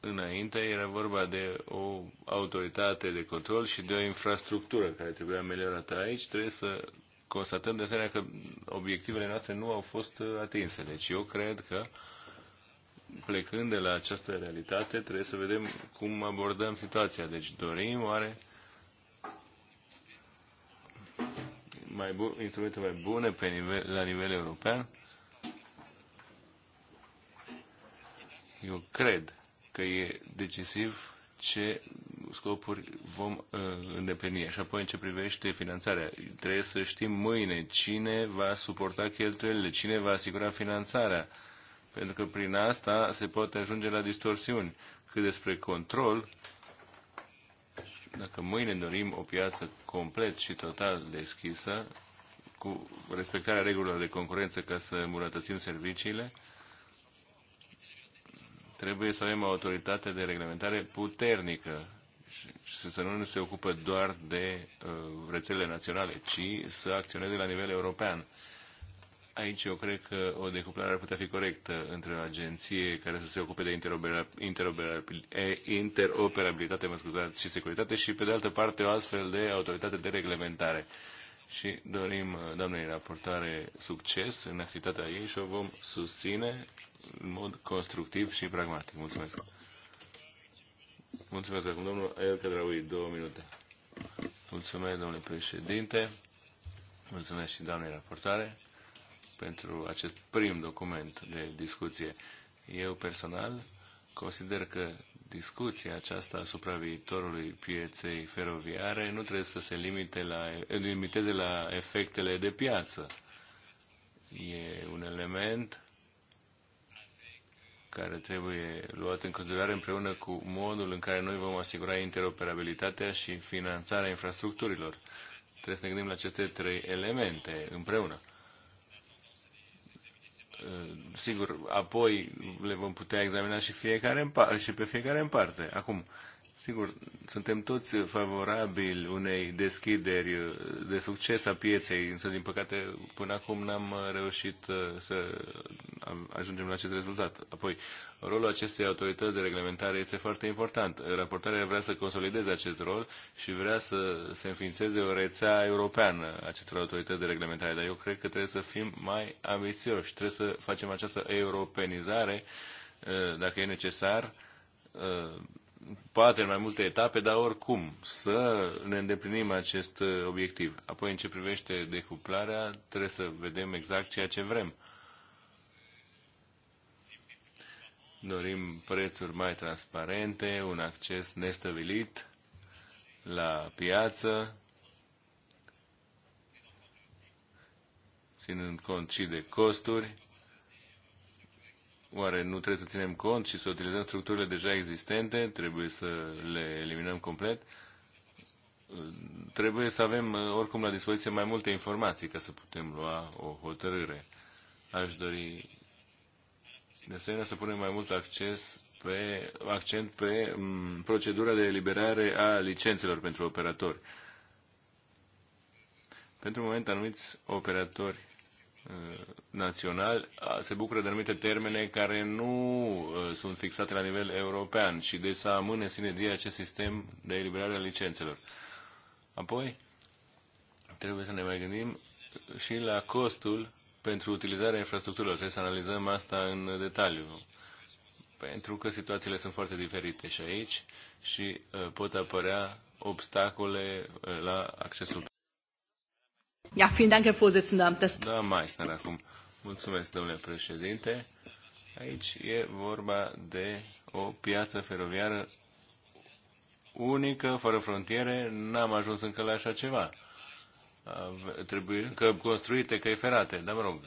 înainte era vorba de o autoritate de control și de o infrastructură care trebuia ameliorată. Aici trebuie să constatăm de asemenea că obiectivele noastre nu au fost uh, atinse. Deci eu cred că plecând de la această realitate trebuie să vedem cum abordăm situația. Deci dorim oare mai bu- instrumente mai bune pe nivel, la nivel european? Eu cred că e decisiv ce scopuri vom uh, îndeplini. Și apoi în ce privește finanțarea, trebuie să știm mâine cine va suporta cheltuielile, cine va asigura finanțarea. Pentru că prin asta se poate ajunge la distorsiuni. Cât despre control, dacă mâine dorim o piață complet și total deschisă, cu respectarea regulilor de concurență ca să îmbunătățim serviciile, trebuie să avem o autoritate de reglementare puternică și să nu se ocupe doar de uh, rețelele naționale, ci să acționeze la nivel european aici eu cred că o decuplare ar putea fi corectă între o agenție care să se ocupe de interoperabilitate mă scuzați, și securitate și, pe de altă parte, o astfel de autoritate de reglementare. Și dorim doamnei raportare succes în activitatea ei și o vom susține în mod constructiv și pragmatic. Mulțumesc! Mulțumesc acum, domnul El Cadraui, două minute. Mulțumesc, domnule președinte. Mulțumesc și doamnei raportare pentru acest prim document de discuție. Eu personal consider că discuția aceasta asupra viitorului pieței feroviare nu trebuie să se limite la, limiteze la efectele de piață. E un element care trebuie luat în considerare împreună cu modul în care noi vom asigura interoperabilitatea și finanțarea infrastructurilor. Trebuie să ne gândim la aceste trei elemente împreună. Eh, sigur, apoi le vom putea examina și, fiecare în și pe fiecare în parte. Acum, Sigur, suntem toți favorabili unei deschideri de succes a pieței, însă, din păcate, până acum n-am reușit uh, să ajungem la acest rezultat. Apoi, rolul acestei autorități de reglementare este foarte important. Raportarea vrea să consolideze acest rol și vrea să se înființeze o rețea europeană acestor autorități de reglementare, dar eu cred că trebuie să fim mai ambițioși, trebuie să facem această europenizare, uh, dacă e necesar, uh, poate în mai multe etape, dar oricum să ne îndeplinim acest uh, obiectiv. Apoi, în ce privește decuplarea, trebuie să vedem exact ceea ce vrem. Dorim prețuri mai transparente, un acces nestabilit la piață, ținând cont și de costuri Oare nu trebuie să ținem cont și să utilizăm structurile deja existente? Trebuie să le eliminăm complet? Trebuie să avem uh, oricum la dispoziție mai multe informații ca să putem lua o hotărâre. Aș dori de asemenea să punem mai mult acces pe, accent pe m, mm, procedura de eliberare a licențelor pentru operatori. Pentru moment, anumiți operatori Uh, național se bucură de anumite termene care nu uh, sunt fixate la nivel european și de să amâne sine de acest sistem de eliberare a licențelor. Apoi, trebuie să ne mai gândim și la costul pentru utilizarea infrastructurilor. Trebuie să analizăm asta în detaliu, pentru că situațiile sunt foarte diferite și aici și uh, pot apărea obstacole la accesul Ja, vielen Dank, Herr Vorsitzender. Das... Da, acum. Mulțumesc, domnule președinte. Aici e vorba de o piață feroviară unică, fără frontiere. N-am ajuns încă la așa ceva trebuie încă construite căi ferate. Dar, mă rog,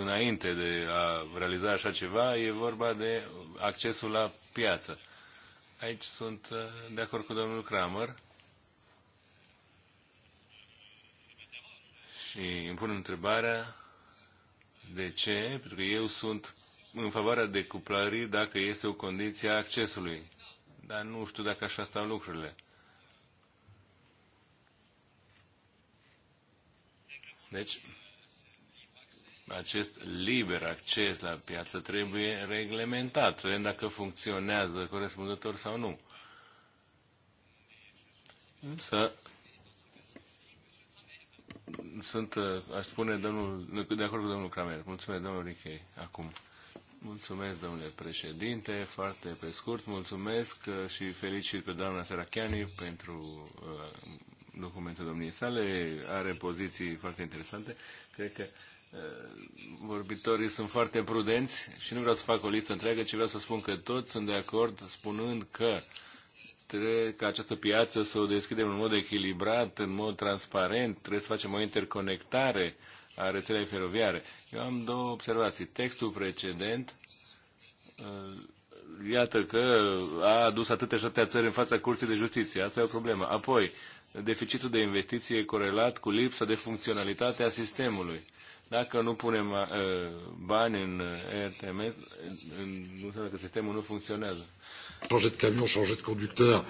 înainte de a realiza așa ceva, e vorba de accesul la piață. Aici sunt uh, de acord cu domnul Kramer. Și îmi pun întrebarea de ce, pentru că eu sunt în favoarea decuplării dacă este o condiție a accesului. Dar nu știu dacă așa stau lucrurile. Deci, acest liber acces la piață trebuie reglementat, vedem dacă funcționează corespunzător sau nu. Însă, sunt, uh, aș spune, domnul, de acord cu domnul Kramer. Mulțumesc, domnul Richei, acum. Mulțumesc, domnule președinte, foarte pe scurt. Mulțumesc uh, și felicit pe doamna Serachiani pentru uh, documentul domniei sale. Are poziții foarte interesante. Cred că uh, vorbitorii sunt foarte prudenți și nu vreau să fac o listă întreagă, ci vreau să spun că toți sunt de acord spunând că uh, trebuie ca această piață să o deschidem în mod echilibrat, în mod transparent, trebuie să facem o interconectare a rețelei feroviare. Eu am două observații. Textul precedent, uh, iată că a adus atâtea și atâtea țări în fața Curții de Justiție. Asta e o problemă. Apoi, deficitul de investiție corelat cu lipsa de funcționalitate a sistemului. Dacă nu punem uh, bani în RTMS, nu înseamnă că sistemul nu funcționează changer de camion, changer de conducteur.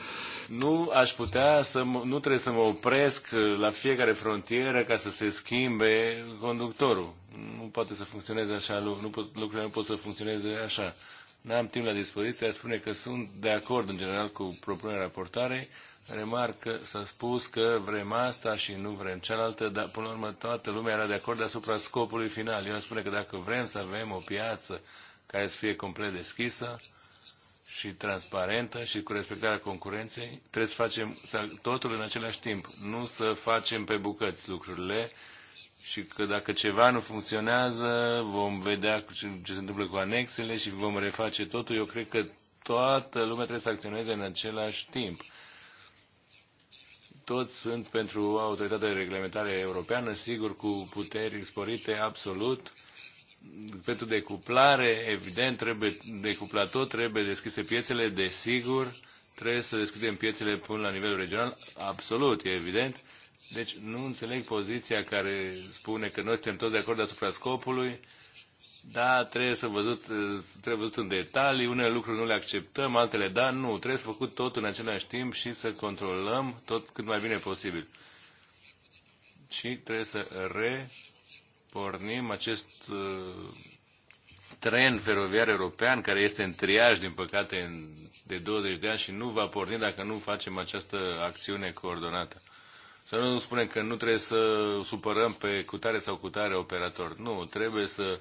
Nu aș putea să nu trebuie să mă opresc la fiecare frontieră ca să se schimbe conductorul. Nu poate să funcționeze așa, nu pot, lucrurile nu pot să funcționeze așa. N-am timp la dispoziție, spune că sunt de acord în general cu propunerea raportare. remarc că s-a spus că vrem asta și nu vrem cealaltă, dar până la urmă toată lumea era de acord asupra scopului final. Eu spune că dacă vrem să avem o piață care să fie complet deschisă, și transparentă și cu respectarea concurenței, trebuie să facem totul în același timp, nu să facem pe bucăți lucrurile și că dacă ceva nu funcționează, vom vedea ce se întâmplă cu anexele și vom reface totul. Eu cred că toată lumea trebuie să acționeze în același timp. Toți sunt pentru autoritatea de reglementare europeană, sigur, cu puteri sporite absolut pentru decuplare, evident, trebuie decuplat tot, trebuie deschise piețele, desigur, trebuie să deschidem piețele până la nivel regional, absolut, e evident. Deci nu înțeleg poziția care spune că noi suntem tot de acord asupra scopului, da, trebuie să văzut, trebuie văzut în detalii, unele lucruri nu le acceptăm, altele da, nu, trebuie să făcut tot în același timp și să controlăm tot cât mai bine posibil. Și trebuie să re pornim acest uh, tren feroviar european care este în triaj, din păcate, de 20 de ani și nu va porni dacă nu facem această acțiune coordonată. Să nu spunem că nu trebuie să supărăm pe cutare sau cutare operator. Nu, trebuie să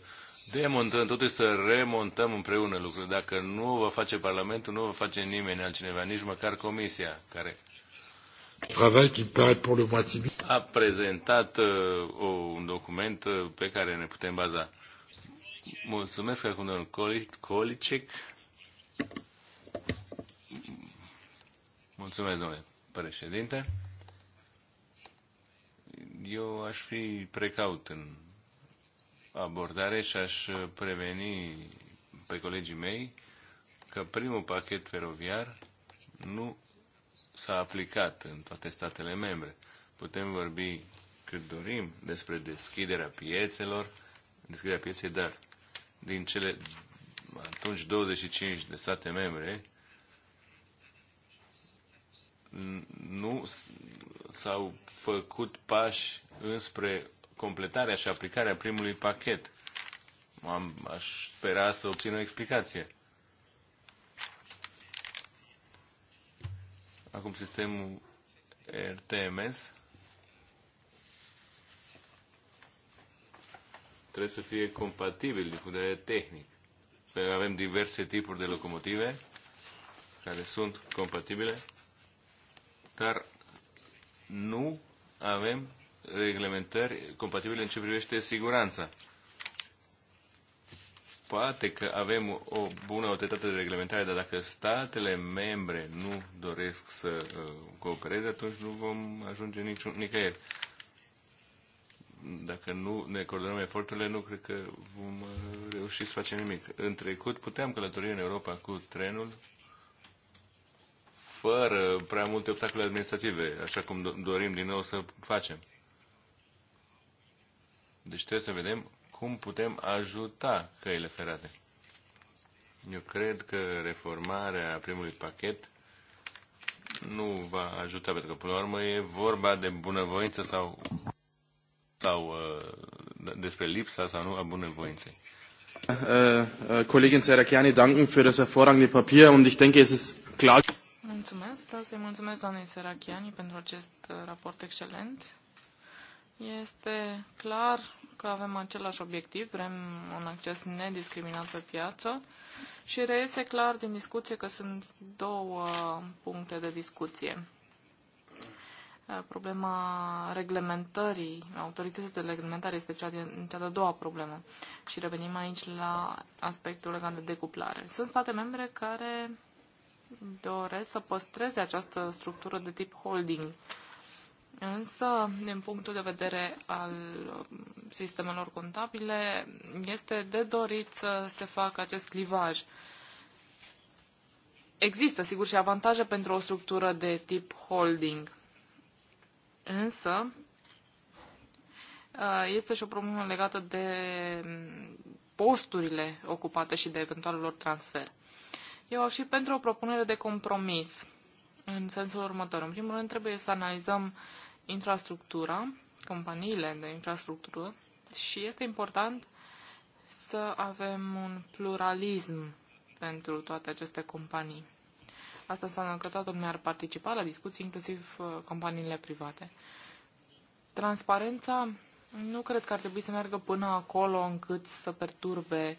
demontăm, totuși să remontăm împreună lucrurile. Dacă nu o va face Parlamentul, nu o va face nimeni altcineva, nici măcar Comisia, care Travail qui paraît pour le moins timide. A prezentat uh, un document uh, pe care ne putem baza. Mulțumesc acum domnul Colicic. Mulțumesc, domnule președinte. Eu aș fi precaut în abordare și aș preveni pe colegii mei că primul pachet feroviar nu s-a aplicat în toate statele membre. Putem vorbi cât dorim despre deschiderea piețelor, deschiderea pieței, dar din cele atunci 25 de state membre nu s-au făcut pași înspre completarea și aplicarea primului pachet. Am, aș spera să obțin o explicație. Acum sistemul RTMS trebuie să fie compatibil din punct de vedere tehnic. Avem diverse tipuri de locomotive care sunt compatibile, dar nu avem reglementări compatibile în ce privește siguranța poate că avem o bună autoritate de reglementare, dar dacă statele membre nu doresc să uh, coopereze, atunci nu vom ajunge niciun, nicăieri. Dacă nu ne coordonăm eforturile, nu cred că vom uh, reuși să facem nimic. În trecut puteam călători în Europa cu trenul fără prea multe obstacole administrative, așa cum dorim din nou să facem. Deci trebuie să vedem cum putem ajuta căile ferate. Eu cred că reformarea primului pachet nu va ajuta, pentru că, până la urmă, e vorba de bunăvoință sau, sau uh, despre lipsa sau nu a bunăvoinței. Äh, äh, Kollegin Serachiani, danken für das hervorragende Papier und ich denke, es ist klar. Mulțumesc, vreau să-i mulțumesc doamnei Serachiani pentru acest uh, raport excelent. Este clar că avem același obiectiv, vrem un acces nediscriminat pe piață și reiese clar din discuție că sunt două puncte de discuție. Problema reglementării, autorității de reglementare este cea, din, cea de-a doua problemă și revenim aici la aspectul legat de decuplare. Sunt state membre care doresc să păstreze această structură de tip holding Însă, din punctul de vedere al um, sistemelor contabile, este de dorit să se facă acest clivaj. Există, sigur, și avantaje pentru o structură de tip holding. Însă, uh, este și o problemă legată de um, posturile ocupate și de lor transfer. Eu aș fi pentru o propunere de compromis în sensul următor. În primul rând, trebuie să analizăm infrastructura, companiile de infrastructură și este important să avem un pluralism pentru toate aceste companii. Asta înseamnă că toată lumea ar participa la discuții, inclusiv uh, companiile private. Transparența nu cred că ar trebui să meargă până acolo încât să perturbe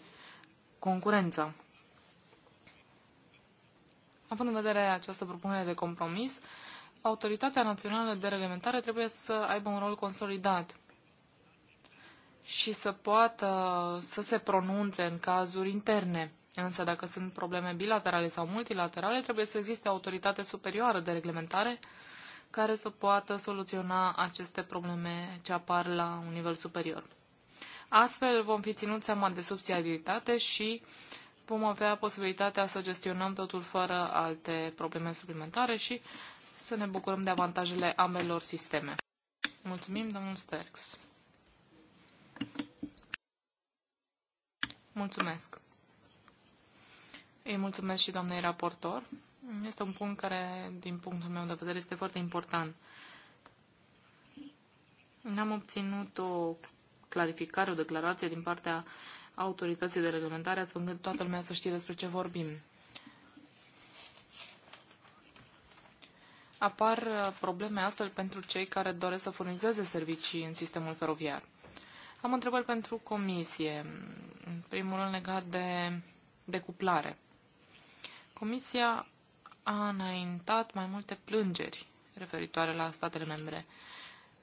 concurența. Având în vedere această propunere de compromis, Autoritatea Națională de Reglementare trebuie să aibă un rol consolidat și să poată să se pronunțe în cazuri interne. Însă dacă sunt probleme bilaterale sau multilaterale, trebuie să existe autoritate superioară de reglementare care să poată soluționa aceste probleme ce apar la un nivel superior. Astfel vom fi ținut seama de subsidiaritate și vom avea posibilitatea să gestionăm totul fără alte probleme suplimentare și să ne bucurăm de avantajele ambelor sisteme. Mulțumim, domnul Sterks. Mulțumesc. Îi mulțumesc și doamnei raportor. Este un punct care, din punctul meu de vedere, este foarte important. N-am obținut o clarificare, o declarație din partea autorității de reglementare, astfel încât toată lumea să știe despre ce vorbim. apar uh, probleme astfel pentru cei care doresc să furnizeze servicii în sistemul feroviar. Am întrebări pentru comisie. În primul rând legat de decuplare. Comisia a înaintat mai multe plângeri referitoare la statele membre.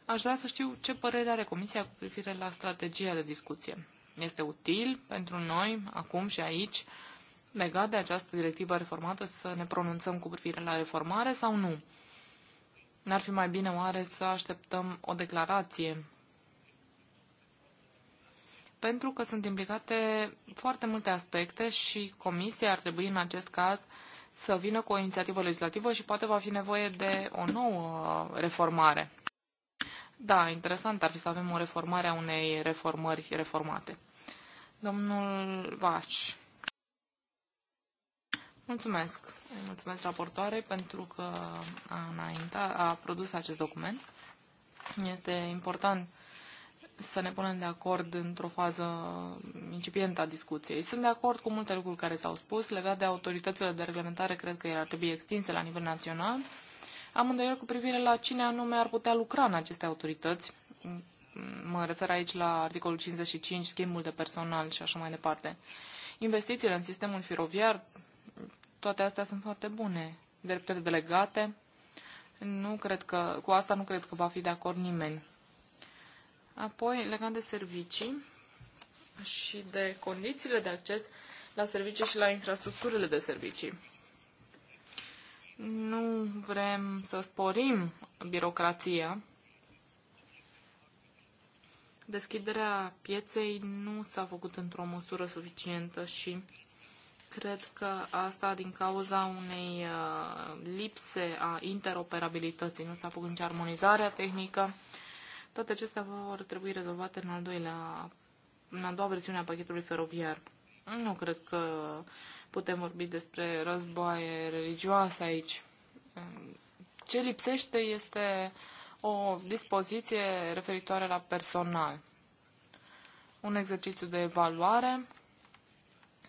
Aș vrea să știu ce părere are Comisia cu privire la strategia de discuție. Este util pentru noi, acum și aici, legat de această directivă reformată să ne pronunțăm cu privire la reformare sau nu? N-ar fi mai bine oare să așteptăm o declarație? Pentru că sunt implicate foarte multe aspecte și Comisia ar trebui în acest caz să vină cu o inițiativă legislativă și poate va fi nevoie de o nouă reformare. Da, interesant ar fi să avem o reformare a unei reformări reformate. Domnul Vaci. Mulțumesc. Mulțumesc raportoarei pentru că a, înaintat, a produs acest document. Este important să ne punem de acord într-o fază incipientă a discuției. Sunt de acord cu multe lucruri care s-au spus. legate de autoritățile de reglementare, cred că ele ar trebui extinse la nivel național. Am îndoiel cu privire la cine anume ar putea lucra în aceste autorități. Mă refer aici la articolul 55, schimbul de personal și așa mai departe. Investițiile în sistemul firoviar toate astea sunt foarte bune. Drepturile delegate, nu cred că, cu asta nu cred că va fi de acord nimeni. Apoi, legat de servicii și de condițiile de acces la servicii și la infrastructurile de servicii. Nu vrem să sporim birocrația. Deschiderea pieței nu s-a făcut într-o măsură suficientă și Cred că asta din cauza unei uh, lipse a interoperabilității, nu s-a făcut nici armonizarea tehnică. Toate acestea vor trebui rezolvate în, al doilea, în a doua versiune a pachetului feroviar. Nu cred că putem vorbi despre războaie religioase aici. Ce lipsește este o dispoziție referitoare la personal. Un exercițiu de evaluare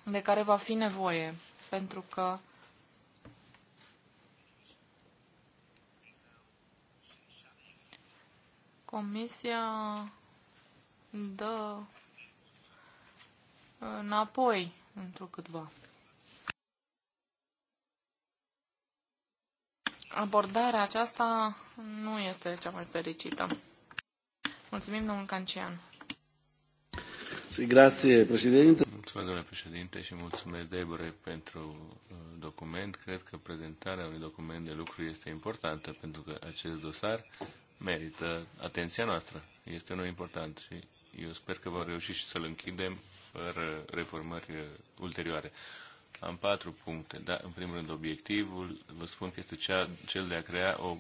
de care va fi nevoie, pentru că Comisia dă înapoi într-o câtva. Abordarea aceasta nu este cea mai fericită. Mulțumim, domnul Cancian. Sí, grazie, președinte. Mulțumesc, domnule președinte, și mulțumesc, Debore, pentru uh, document. Cred că prezentarea unui document de lucru este importantă, pentru că acest dosar merită atenția noastră. Este unul important și eu sper că vom reuși și să-l închidem fără reformări uh, ulterioare. Am patru puncte. Da, în primul rând, obiectivul, vă spun că este cea, cel de a crea o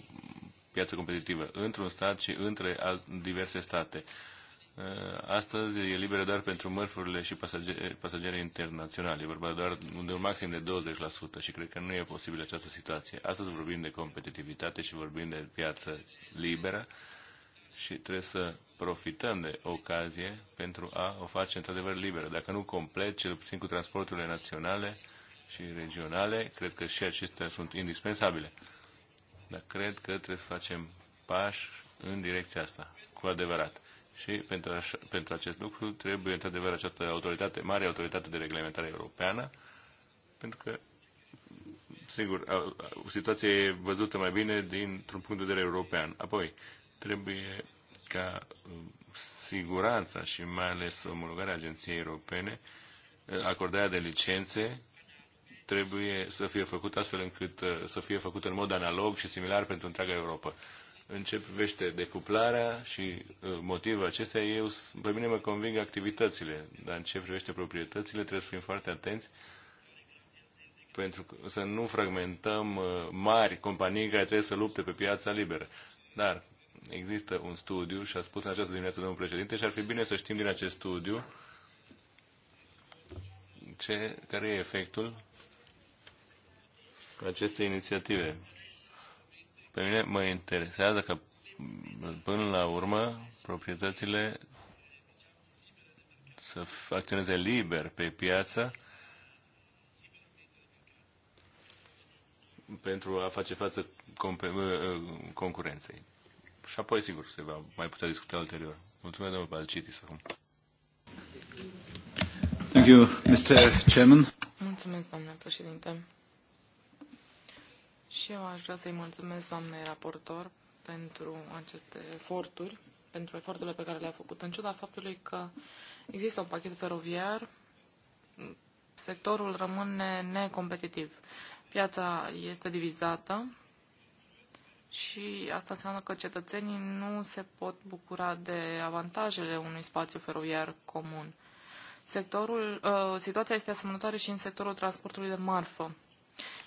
piață competitivă într-un stat și între diverse state. Uh, Eh, astăzi e liberă doar pentru mărfurile și pasagere, pasagere internaționale. E vorba doar de un maxim de 20% și cred că nu e posibil această situație. Astăzi vorbim de competitivitate și vorbim de piață liberă și trebuie să profităm de ocazie pentru a o face într-adevăr liberă. Dacă nu complet, cel puțin cu transporturile naționale și regionale, cred că și acestea sunt indispensabile. Dar cred că trebuie să facem pași în direcția asta, cu adevărat. Și pentru, aș, pentru acest lucru trebuie într-adevăr această autoritate, mare autoritate de reglementare europeană, pentru că, sigur, o situație e văzută mai bine dintr-un punct de vedere european. Apoi, trebuie ca um, siguranța și mai ales omologarea agenției europene, uh, acordarea de licențe, trebuie să fie făcută astfel încât uh, să fie făcută în mod analog și similar pentru întreaga Europa. În ce privește decuplarea și uh, motivul acestea, eu, pe mine mă conving activitățile, dar în ce privește proprietățile trebuie să fim foarte atenți pentru să nu fragmentăm uh, mari companii care trebuie să lupte pe piața liberă. Dar există un studiu și a spus în această dimineață domnul președinte și ar fi bine să știm din acest studiu ce, care e efectul acestei inițiative pe mine mă interesează că până la urmă proprietățile să acționeze liber pe piață pentru a face față ă, concurenței. Și apoi, sigur, se va mai putea discuta ulterior. Mulțumesc, domnul Balcitis, acum. Thank you, Mr. Chairman. Mulțumesc, domnule președinte. Și eu aș vrea să-i mulțumesc doamnei raportor pentru aceste eforturi, pentru eforturile pe care le-a făcut, în ciuda faptului că există un pachet feroviar, sectorul rămâne necompetitiv. Piața este divizată și asta înseamnă că cetățenii nu se pot bucura de avantajele unui spațiu feroviar comun. Sectorul, uh, situația este asemănătoare și în sectorul transportului de marfă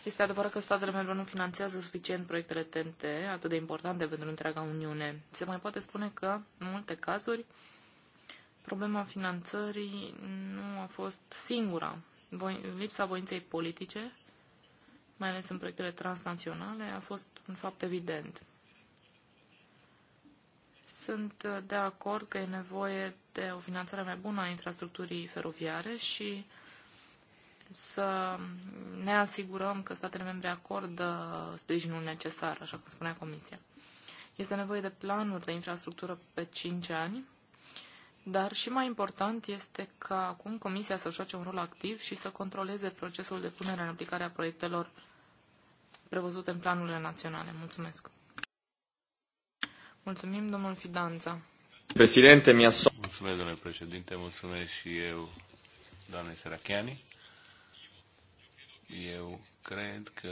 este adevărat că statele membre nu finanțează suficient proiectele TNT, atât de importante pentru întreaga Uniune. Se mai poate spune că, în multe cazuri, problema finanțării nu a fost singura. Lipsa voinței politice, mai ales în proiectele transnaționale, a fost un fapt evident. Sunt de acord că e nevoie de o finanțare mai bună a infrastructurii feroviare și să ne asigurăm că statele membre acordă sprijinul necesar, așa cum spunea Comisia. Este nevoie de planuri de infrastructură pe 5 ani, dar și mai important este ca acum Comisia să joace un rol activ și să controleze procesul de punere în aplicare a proiectelor prevăzute în planurile naționale. Mulțumesc! Mulțumim, domnul Fidanța! Președinte, mi-a Mulțumesc, domnule președinte, mulțumesc și eu, doamne Serachiani eu cred că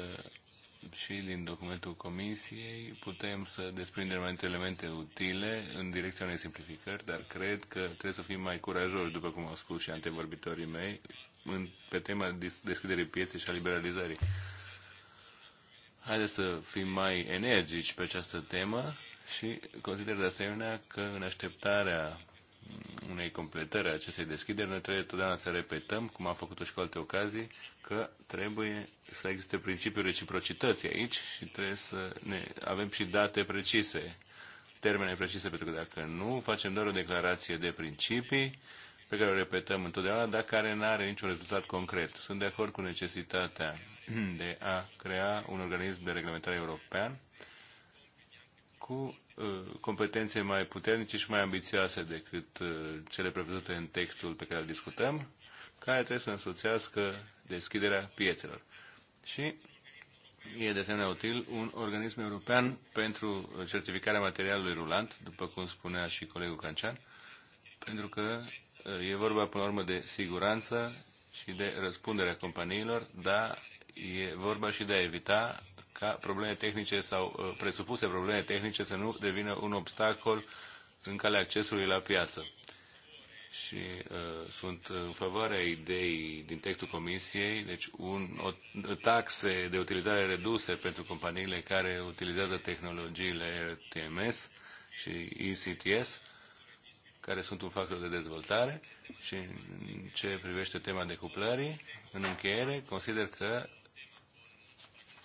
și din documentul Comisiei putem să desprindem mai multe elemente utile în direcția unei simplificări, dar cred că trebuie să fim mai curajoși, după cum au spus și antevorbitorii mei, în, pe tema deschiderii pieței și a liberalizării. Haideți să fim mai energici pe această temă și consider de asemenea că în așteptarea unei completări a acestei deschideri, noi trebuie totdeauna să repetăm, cum am făcut-o și cu alte ocazii, că trebuie să existe principiul reciprocității aici și trebuie să ne, avem și date precise, termene precise, pentru că dacă nu facem doar o declarație de principii, pe care o repetăm întotdeauna, dar care nu are niciun rezultat concret. Sunt de acord cu necesitatea de a crea un organism de reglementare european cu uh, competențe mai puternice și mai ambițioase decât uh, cele prevăzute în textul pe care îl discutăm, care trebuie să însoțească deschiderea piețelor. Și e de asemenea util un organism european pentru certificarea materialului rulant, după cum spunea și colegul Cancean, pentru că uh, e vorba până la urmă de siguranță și de răspunderea companiilor, dar e vorba și de a evita ca probleme tehnice sau uh, presupuse probleme tehnice să nu devină un obstacol în calea accesului la piață și uh, sunt în favoarea ideii din textul Comisiei, deci un, o, taxe de utilizare reduse pentru companiile care utilizează tehnologiile RTMS și ECTS, care sunt un factor de dezvoltare și în ce privește tema decuplării, în încheiere, consider că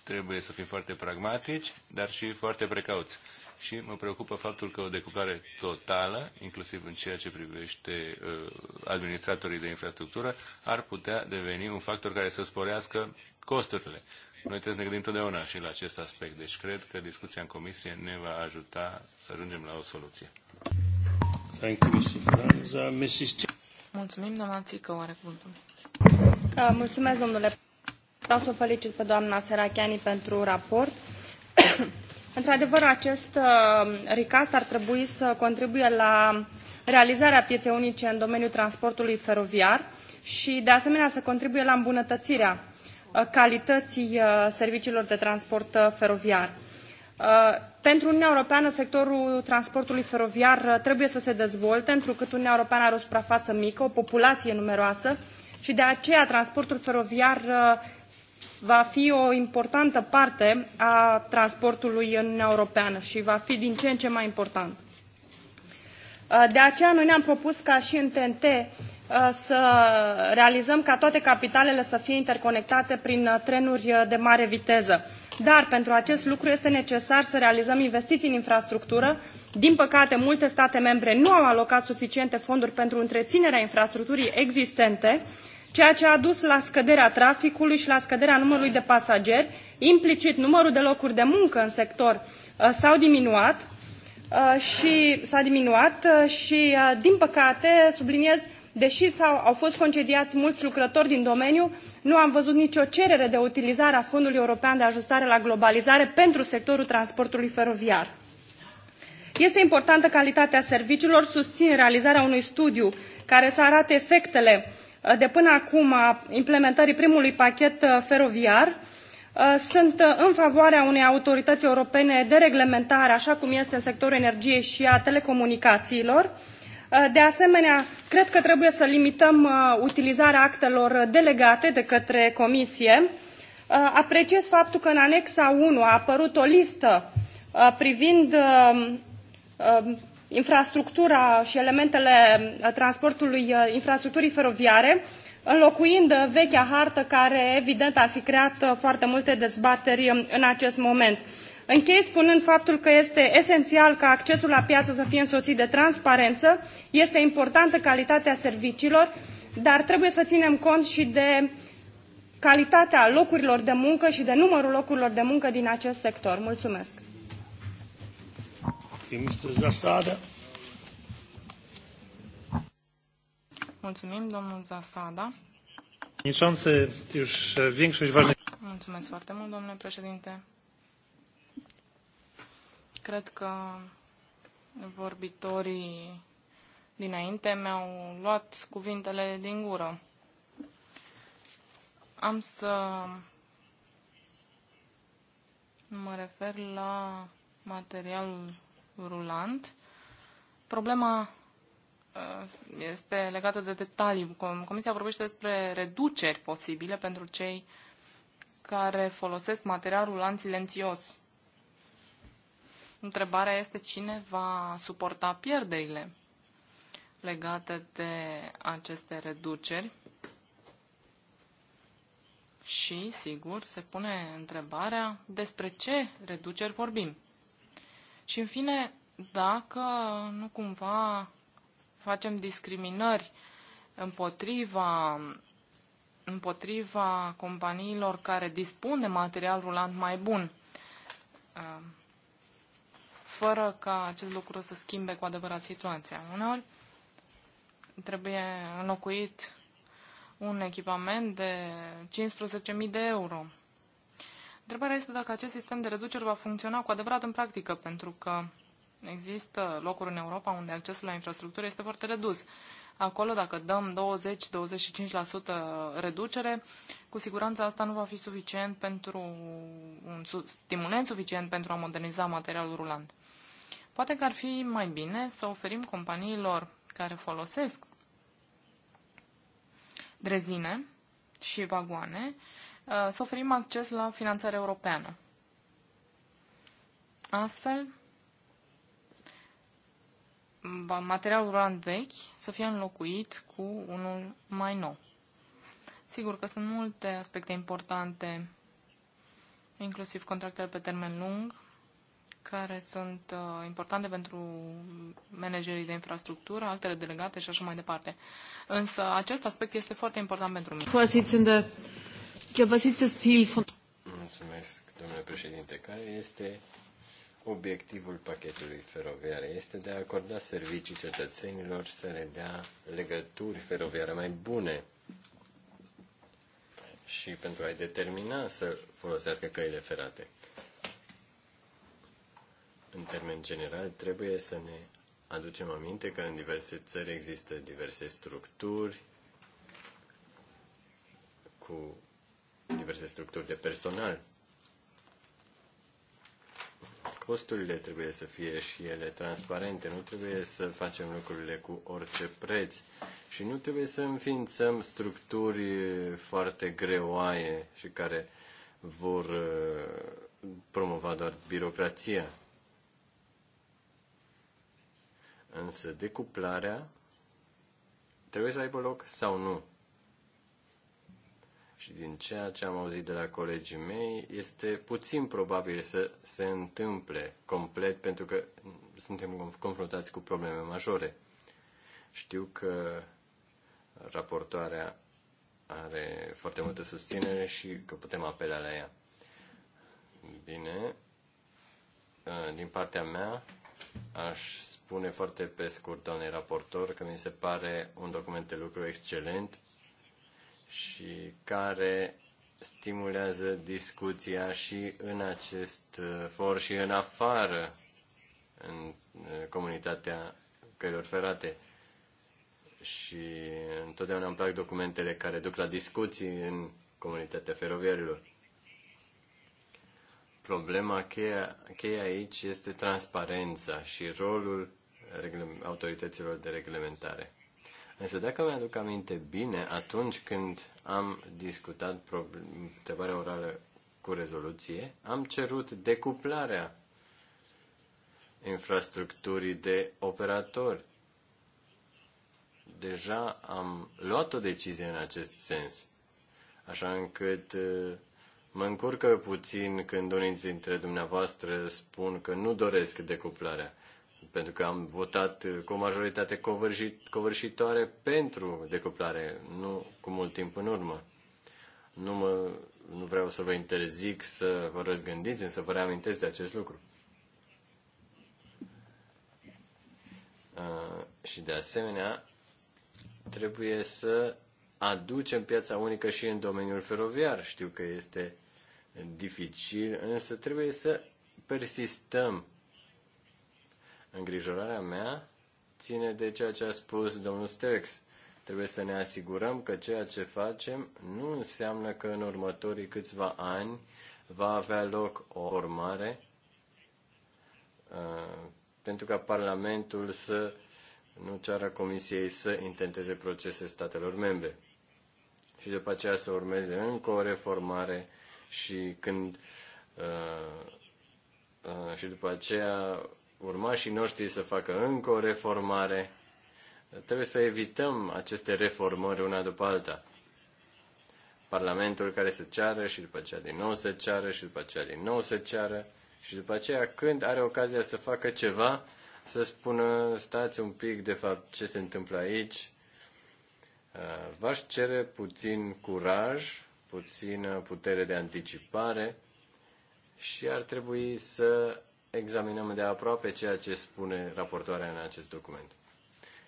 trebuie să fim foarte pragmatici, dar și foarte precauți și mă preocupă faptul că o decuplare totală, inclusiv în ceea ce privește uh, administratorii de infrastructură, ar putea deveni un factor care să sporească costurile. Noi trebuie să ne gândim întotdeauna și la acest aspect. Deci cred că discuția în comisie ne va ajuta să ajungem la o soluție. Thank you, Mr. Franza. Uh, Mrs. Mulțumim, doamna Țică, oare cuvântul. Da, mulțumesc, domnule. Vreau să o felicit pe doamna Serachiani pentru raport. Într-adevăr, acest uh, recast ar trebui să contribuie la realizarea pieței unice în domeniul transportului feroviar și, de asemenea, să contribuie la îmbunătățirea uh, calității uh, serviciilor de transport feroviar. Pentru Uniunea Europeană, sectorul transportului feroviar trebuie să se dezvolte, întrucât Uniunea Europeană are o suprafață mică, o populație numeroasă și de aceea transportul feroviar va fi o importantă parte a transportului în Uniunea Europeană și va fi din ce în ce mai important. Uh, de aceea noi ne-am propus ca și în TNT uh, să realizăm ca toate capitalele să fie interconectate prin uh, trenuri de mare viteză. Dar pentru acest lucru este necesar să realizăm investiții în infrastructură. Din păcate, multe state membre nu au alocat suficiente fonduri pentru întreținerea infrastructurii existente ceea ce a dus la scăderea traficului și la scăderea numărului de pasageri. Implicit, numărul de locuri de muncă în sector uh, s-au diminuat uh, și s-a diminuat uh, și, din păcate, subliniez, deși -au, au fost concediați mulți lucrători din domeniu, nu am văzut nicio cerere de utilizare a Fondului European de Ajustare la Globalizare pentru sectorul transportului feroviar. Este importantă calitatea serviciilor, susțin realizarea unui studiu care să arate efectele Uh, de până acum a uh, implementării primului pachet uh, feroviar, sunt în favoarea unei autorități europene de reglementare, așa cum este în sectorul energiei și a telecomunicațiilor. De asemenea, cred că trebuie să limităm utilizarea actelor delegate de către Comisie. Apreciez faptul că în anexa 1 a apărut o listă privind infrastructura și elementele uh, transportului uh, infrastructurii feroviare, înlocuind uh, vechea hartă care, evident, ar fi creat foarte multe dezbateri um, în acest moment. Închei spunând faptul că este esențial ca accesul la piață să fie însoțit de transparență, este importantă calitatea serviciilor, dar trebuie să ținem cont și de calitatea locurilor de muncă și de numărul locurilor de muncă din acest sector. Mulțumesc! you, Zasada. Mulțumim, domnul Zasada. Mulțumesc foarte mult, domnule președinte. Cred că vorbitorii dinainte mi-au luat cuvintele din gură. Am să mă refer la materialul rulant. Problema uh, este legată de detalii. Comisia vorbește despre reduceri posibile pentru cei care folosesc material rulant silențios. Întrebarea este cine va suporta pierderile legate de aceste reduceri. Și, sigur, se pune întrebarea despre ce reduceri vorbim. Și, în fine, dacă nu cumva facem discriminări împotriva, împotriva companiilor care dispun de material rulant mai bun, uh, fără ca acest lucru să schimbe cu adevărat situația. Uneori trebuie înlocuit un echipament de 15.000 de euro Întrebarea este dacă acest sistem de reduceri va funcționa cu adevărat în practică, pentru că există locuri în Europa unde accesul la infrastructură este foarte redus. Acolo, dacă dăm 20-25% reducere, cu siguranță asta nu va fi suficient pentru un stimulent suficient pentru a moderniza materialul rulant. Poate că ar fi mai bine să oferim companiilor care folosesc drezine și vagoane Uh, să oferim acces la finanțare europeană. Astfel, materialul rand vechi să fie înlocuit cu unul mai nou. Sigur că sunt multe aspecte importante, inclusiv contractele pe termen lung, care sunt uh, importante pentru managerii de infrastructură, altele delegate și așa mai departe. Însă acest aspect este foarte important pentru mine. Mulțumesc, domnule președinte. Care este obiectivul pachetului feroviar? Este de a acorda servicii cetățenilor, să le dea legături feroviare mai bune și pentru a-i determina să folosească căile ferate. În termen general, trebuie să ne aducem aminte că în diverse țări există diverse structuri cu diverse structuri de personal. Costurile trebuie să fie și ele transparente, nu trebuie să facem lucrurile cu orice preț și nu trebuie să înființăm structuri foarte greoaie și care vor uh, promova doar birocrația. Însă decuplarea trebuie să aibă loc sau nu și din ceea ce am auzit de la colegii mei, este puțin probabil să se întâmple complet pentru că suntem confruntați cu probleme majore. Știu că raportoarea are foarte multă susținere și că putem apela la ea. Bine. Din partea mea, aș spune foarte pe scurt, doamnei raportor, că mi se pare un document de lucru excelent și care stimulează discuția și în acest uh, for și în afară, în uh, comunitatea căilor ferate. Și întotdeauna îmi plac documentele care duc la discuții în comunitatea feroviarilor. Problema cheie, cheie aici este transparența și rolul autorităților de reglementare. Însă dacă mi-aduc aminte bine, atunci când am discutat întrebarea orală cu rezoluție, am cerut decuplarea infrastructurii de operatori. Deja am luat o decizie în acest sens, așa încât uh, mă încurcă puțin când unii dintre dumneavoastră spun că nu doresc decuplarea pentru că am votat uh, cu o majoritate covârșitoare pentru decuplare, nu cu mult timp în urmă. Nu, mă, nu vreau să vă interzic să vă răzgândiți, însă vă reamintesc de acest lucru. A, uh, și de asemenea, trebuie să aducem piața unică și în domeniul feroviar. Știu că este dificil, însă trebuie să persistăm Îngrijorarea mea ține de ceea ce a spus domnul Stex. Trebuie să ne asigurăm că ceea ce facem nu înseamnă că în următorii câțiva ani va avea loc o urmare uh, pentru ca Parlamentul să nu ceară Comisiei să intenteze procese statelor membre. Și după aceea să urmeze încă o reformare și când uh, uh, și după aceea urmașii noștri să facă încă o reformare. Trebuie să evităm aceste reformări una după alta. Parlamentul care se ceară și după aceea din nou se ceară și după aceea din nou se ceară și după aceea când are ocazia să facă ceva, să spună stați un pic de fapt ce se întâmplă aici. Uh, v-aș cere puțin curaj, puțină putere de anticipare și ar trebui să examinăm de aproape ceea ce spune raportoarea în acest document.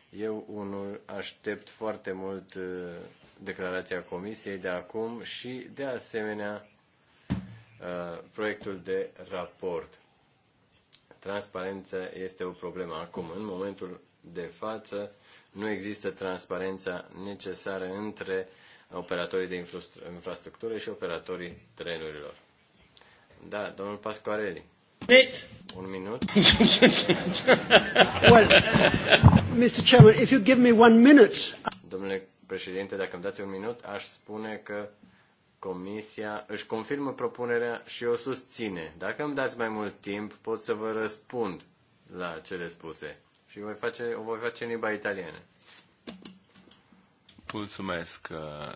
Eu, unul, aștept foarte mult uh, declarația Comisiei de acum și, de asemenea, uh, proiectul de raport. Transparența este o problemă acum. În momentul de față nu există transparența necesară între operatorii de infrastructură și operatorii trenurilor. Da, domnul Pascoarelli. It. Un minut. well, uh, Mr. Chairman, if you give me one minute... Domnule președinte, dacă îmi dați un minut, aș spune că Comisia își confirmă propunerea și o susține. Dacă îmi dați mai mult timp, pot să vă răspund la cele spuse. Și voi face, o voi face în limba italiană. Mulțumesc, uh,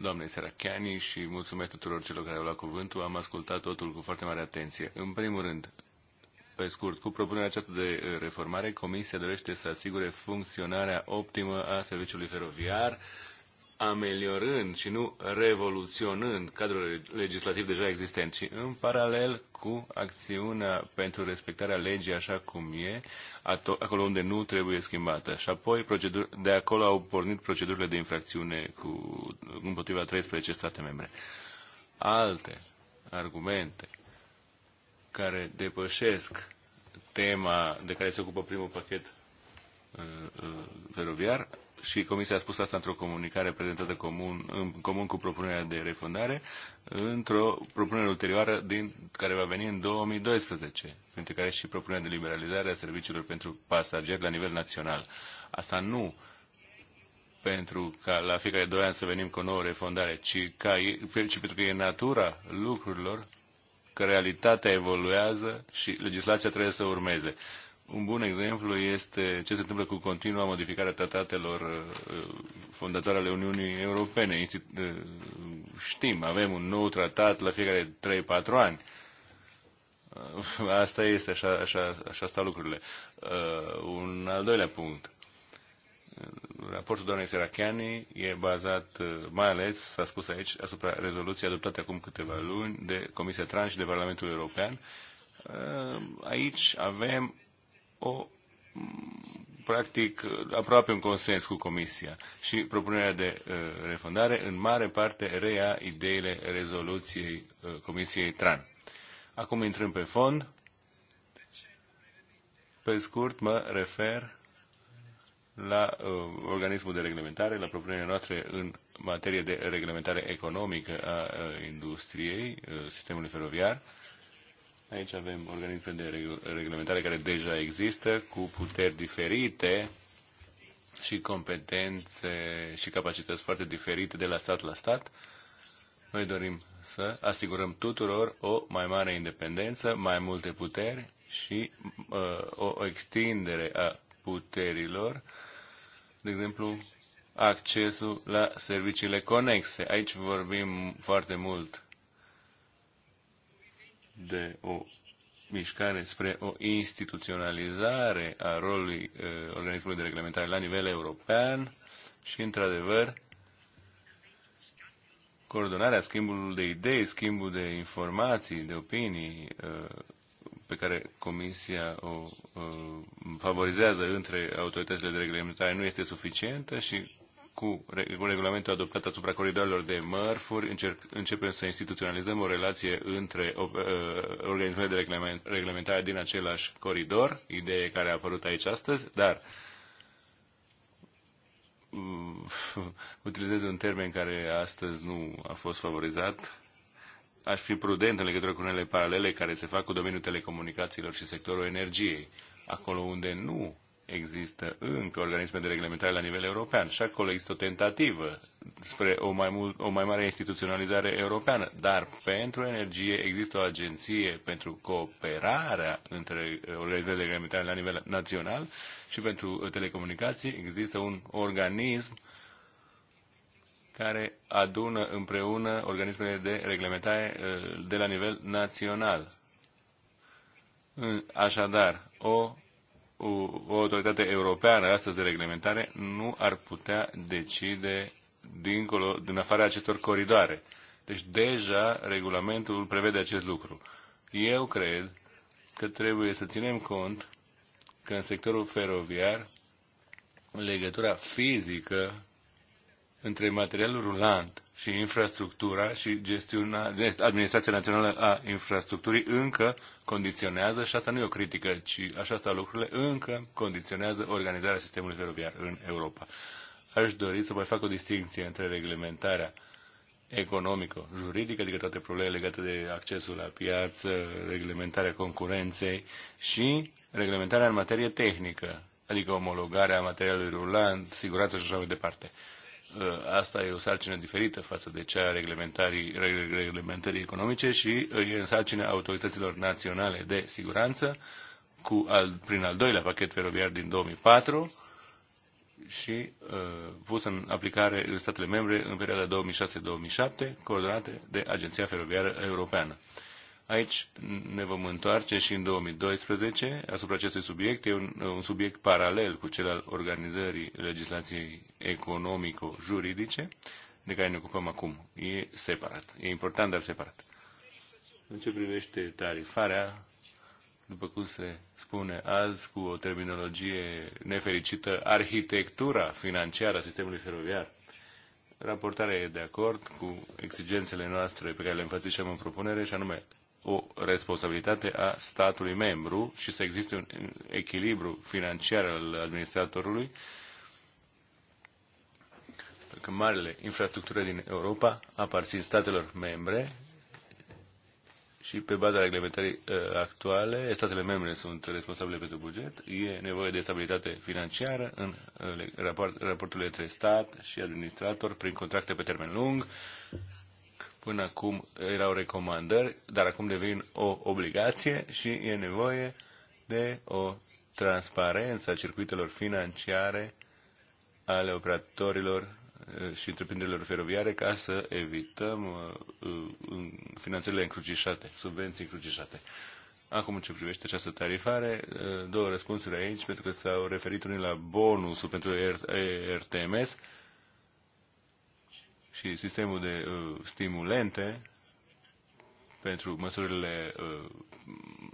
doamnei Serachiani și mulțumesc tuturor celor care au luat cuvântul. Am ascultat totul cu foarte mare atenție. În primul rând, pe scurt, cu propunerea aceasta de uh, reformare, Comisia dorește să asigure funcționarea optimă a serviciului feroviar ameliorând și nu revoluționând cadrul legislativ deja existent, ci în paralel cu acțiunea pentru respectarea legii așa cum e, acolo unde nu trebuie schimbată. Și apoi de acolo au pornit procedurile de infracțiune cu, împotriva 13 state membre. Alte argumente care depășesc tema de care se ocupă primul pachet uh, uh, feroviar și Comisia a spus asta într-o comunicare prezentată comun, în comun cu propunerea de refundare, într-o propunere ulterioară din, care va veni în 2012, printre care și propunerea de liberalizare a serviciilor pentru pasageri la nivel național. Asta nu pentru ca la fiecare doi ani să venim cu o nouă refundare, ci, ca, ci pentru că e natura lucrurilor că realitatea evoluează și legislația trebuie să urmeze. Un bun exemplu este ce se întâmplă cu continua modificarea tratatelor uh, fondatoare ale Uniunii Europene. Uh, știm, avem un nou tratat la fiecare 3-4 ani. Uh, asta este, așa, așa, așa stau lucrurile. Un al doilea punct. Raportul doamnei Seracheani e bazat, mai ales, s-a spus aici, asupra rezoluției adoptate acum câteva luni de Comisia Trans și de Parlamentul European. Aici avem o practic aproape un consens cu Comisia și propunerea de uh, refundare în mare parte rea ideile rezoluției uh, Comisiei TRAN. Acum intrăm pe fond. Pe scurt mă refer la uh, organismul de reglementare, la propunerea noastră în materie de reglementare economică a uh, industriei, uh, sistemului feroviar. Uh, Aici avem organisme de reglementare care deja există, cu puteri diferite și competențe și capacități foarte diferite de la stat la stat. Noi dorim să asigurăm tuturor o mai mare independență, mai multe puteri și uh, o extindere a puterilor, de exemplu, accesul la serviciile conexe. Aici vorbim foarte mult de o mișcare spre o instituționalizare a rolului uh, organismului de reglementare la nivel european și, într-adevăr, coordonarea schimbului de idei, schimbul de informații, de opinii uh, pe care Comisia o uh, favorizează între autoritățile de reglementare nu este suficientă și cu regulamentul adoptat asupra coridoarelor de mărfuri, încerc, începem să instituționalizăm o relație între uh, organismele de reglement, reglementare din același coridor, idee care a apărut aici astăzi, dar uh, utilizez un termen care astăzi nu a fost favorizat. Aș fi prudent în legătură cu unele paralele care se fac cu domeniul telecomunicațiilor și sectorul energiei, acolo unde nu există încă organisme de reglementare la nivel european și acolo există o tentativă spre o mai, mult, o mai mare instituționalizare europeană, dar pentru energie există o agenție pentru cooperarea între organismele de reglementare la nivel național și pentru telecomunicații există un organism care adună împreună organismele de reglementare eh, de la nivel național. Așadar, o o autoritate europeană astăzi de reglementare nu ar putea decide dincolo, din afara acestor coridoare. Deci deja regulamentul prevede acest lucru. Eu cred că trebuie să ținem cont că în sectorul feroviar legătura fizică între materialul rulant și infrastructura și gestiunea, administrația națională a infrastructurii încă condiționează, și asta nu e o critică, ci așa stau lucrurile, încă condiționează organizarea sistemului feroviar în Europa. Aș dori să mai fac o distinție între reglementarea economică, juridică, adică toate problemele legate de accesul la piață, reglementarea concurenței și reglementarea în materie tehnică, adică omologarea materialului rulant, siguranță și așa mai departe. Uh, Ă, asta e o sarcină diferită față de cea a reglementării, reglementării economice și ă, e în sarcina autorităților naționale de siguranță cu al, prin al doilea pachet feroviar din 2004 și uh, pus în aplicare în statele membre în perioada 2006-2007, coordonate de Agenția Feroviară Europeană. Aici ne vom întoarce și în 2012 asupra acestui subiect. E un, un subiect paralel cu cel al organizării legislației economico-juridice de care ne ocupăm acum. E separat. E important, dar separat. În ce privește tarifarea, după cum se spune azi cu o terminologie nefericită, arhitectura financiară a sistemului feroviar, raportarea e de acord cu exigențele noastre pe care le înfățișăm în propunere, și anume o responsabilitate a statului membru și să existe un echilibru financiar al administratorului, pentru că marile infrastructuri din Europa aparțin statelor membre și pe baza reglementării uh, actuale, statele membre sunt responsabile pentru buget, e nevoie de stabilitate financiară în uh, raport, raporturile între stat și administrator prin contracte pe termen lung până acum erau recomandări, dar acum devin o obligație și e nevoie de o transparență a circuitelor financiare ale operatorilor eh, și întreprinderilor feroviare ca să evităm eh, finanțările încrucișate, subvenții încrucișate. Acum, în ce privește această tarifare, eh, două răspunsuri aici, pentru că s-au referit unii la bonusul pentru RTMS și sistemul de uh, stimulente pentru măsurile uh,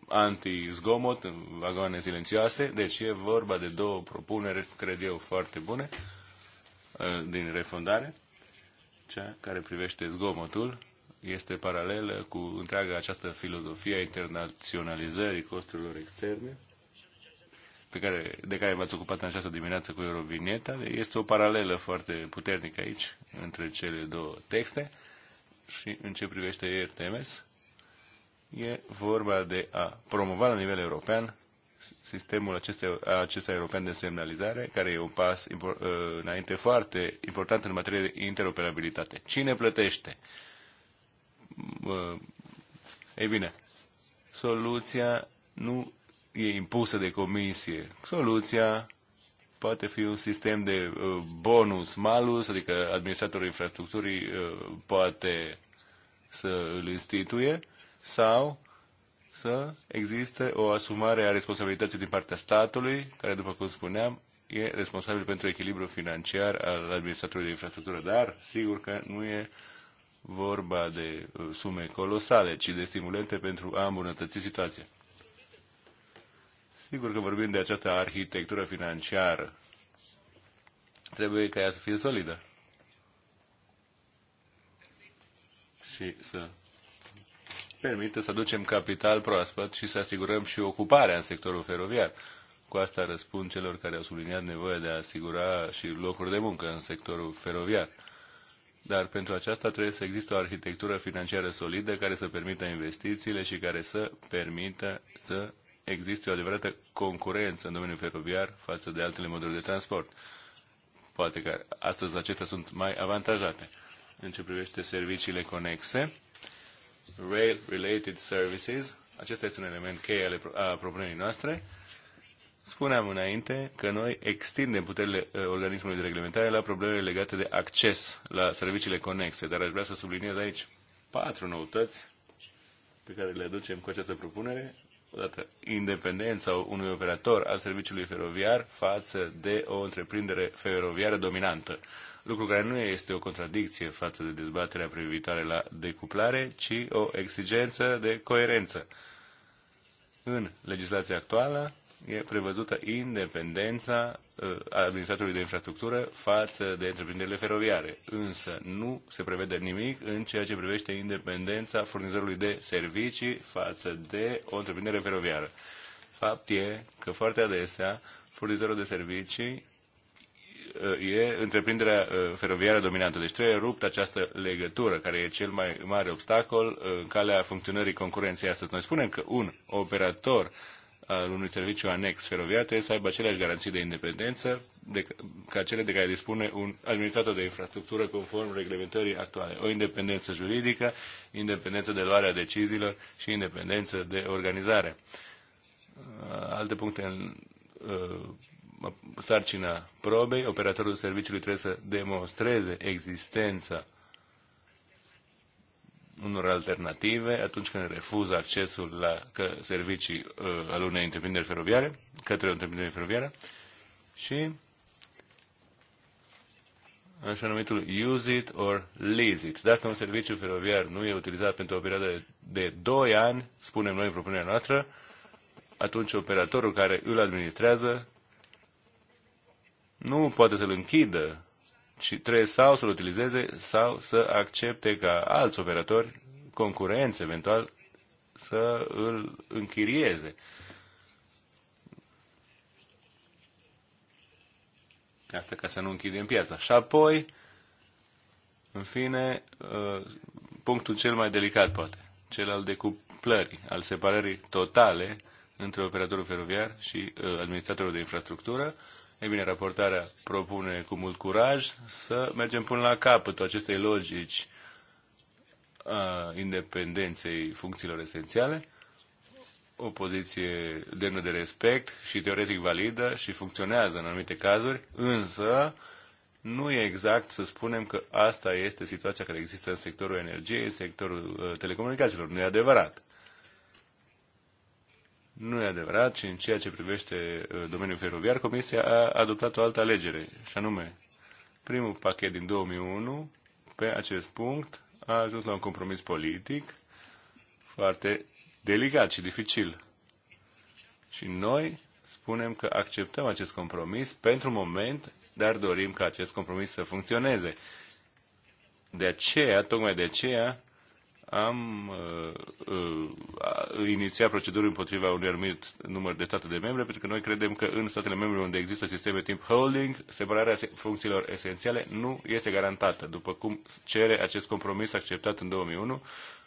anti-zgomot, vagoane silențioase. Deci e vorba de două propuneri, cred eu, foarte bune uh, din refundare. Cea care privește zgomotul este paralelă cu întreaga această filozofie a internaționalizării costurilor externe pe care, de care v-ați ocupat în această dimineață cu Eurovineta. Este o paralelă foarte puternică aici, între cele două texte. Și în ce privește ERTMS, e vorba de a promova la nivel european sistemul acesta, acesta european de semnalizare, care e un pas impor, ă, înainte foarte important în materie de interoperabilitate. Cine plătește? Ă, ei bine, soluția nu e impusă de comisie. Soluția poate fi un sistem de uh, bonus-malus, adică administratorul infrastructurii uh, poate să îl instituie sau să existe o asumare a responsabilității din partea statului, care, după cum spuneam, e responsabil pentru echilibrul financiar al administratorului de infrastructură, dar sigur că nu e vorba de uh, sume colosale, ci de stimulente pentru a îmbunătăți situația. Sigur că vorbim de această arhitectură financiară. Trebuie ca ea să fie solidă. Și să permită să ducem capital proaspăt și să asigurăm și ocuparea în sectorul feroviar. Cu asta răspund celor care au subliniat nevoia de a asigura și locuri de muncă în sectorul feroviar. Dar pentru aceasta trebuie să existe o arhitectură financiară solidă care să permită investițiile și care să permită să există o adevărată concurență în domeniul feroviar față de altele moduri de transport. Poate că astăzi acestea sunt mai avantajate. În ce privește serviciile conexe, rail-related services, acesta este un element cheie a problemei noastre, Spuneam înainte că noi extindem puterile uh, organismului de reglementare la problemele legate de acces la serviciile conexe, dar aș vrea să subliniez aici patru noutăți pe care le aducem cu această propunere odată, independența unui operator al serviciului feroviar față de o întreprindere feroviară dominantă. Lucru care nu este o contradicție față de dezbaterea privitoare la decuplare, ci o exigență de coerență. În legislația actuală e prevăzută independența Uh, administratorului de infrastructură față de întreprinderile feroviare. Însă nu se prevede nimic în ceea ce privește independența furnizorului de servicii față de o întreprindere feroviară. Fapt e că foarte adesea furnizorul de servicii uh, e întreprinderea uh, feroviară dominantă. Deci trebuie rupt această legătură, care e cel mai mare obstacol în calea funcționării concurenței astăzi. Noi spunem că un operator al unui serviciu anex feroviar trebuie să aibă aceleași garanții de independență de, ca cele de care dispune un administrator de infrastructură conform reglementării actuale. O independență juridică, independență de luarea deciziilor și independență de organizare. Uh, alte puncte în uh, sarcina probei, operatorul serviciului trebuie să demonstreze existența unor alternative atunci când refuză accesul la că, servicii uh, al unei întreprinderi feroviare, către o întreprindere feroviară și așa numitul use it or lease it. Dacă un serviciu feroviar nu e utilizat pentru o perioadă de 2 ani, spunem noi în propunerea noastră, atunci operatorul care îl administrează nu poate să-l închidă ci trebuie sau să-l utilizeze sau să accepte ca alți operatori, concurenți eventual, să îl închirieze. Asta ca să nu închidem piața. Și apoi, în fine, uh, punctul cel mai delicat, poate, cel al decuplării, al separării totale între operatorul feroviar și uh, administratorul de infrastructură, ei bine, raportarea propune cu mult curaj să mergem până la capătul acestei logici a independenței funcțiilor esențiale, o poziție demnă de respect și teoretic validă și funcționează în anumite cazuri, însă nu e exact să spunem că asta este situația care există în sectorul energiei, în sectorul uh, telecomunicațiilor. Nu e adevărat. Nu e adevărat ci în ceea ce privește uh, domeniul feroviar, Comisia a adoptat o altă alegere, și anume primul pachet din 2001, pe acest punct, a ajuns la un compromis politic foarte delicat și dificil. Și noi spunem că acceptăm acest compromis pentru moment, dar dorim ca acest compromis să funcționeze. De aceea, tocmai de aceea, am uh, uh, inițiat proceduri împotriva unui anumit număr de state de membre, pentru că noi credem că în statele membre unde există sisteme timp holding, separarea funcțiilor esențiale nu este garantată, după cum cere acest compromis acceptat în 2001,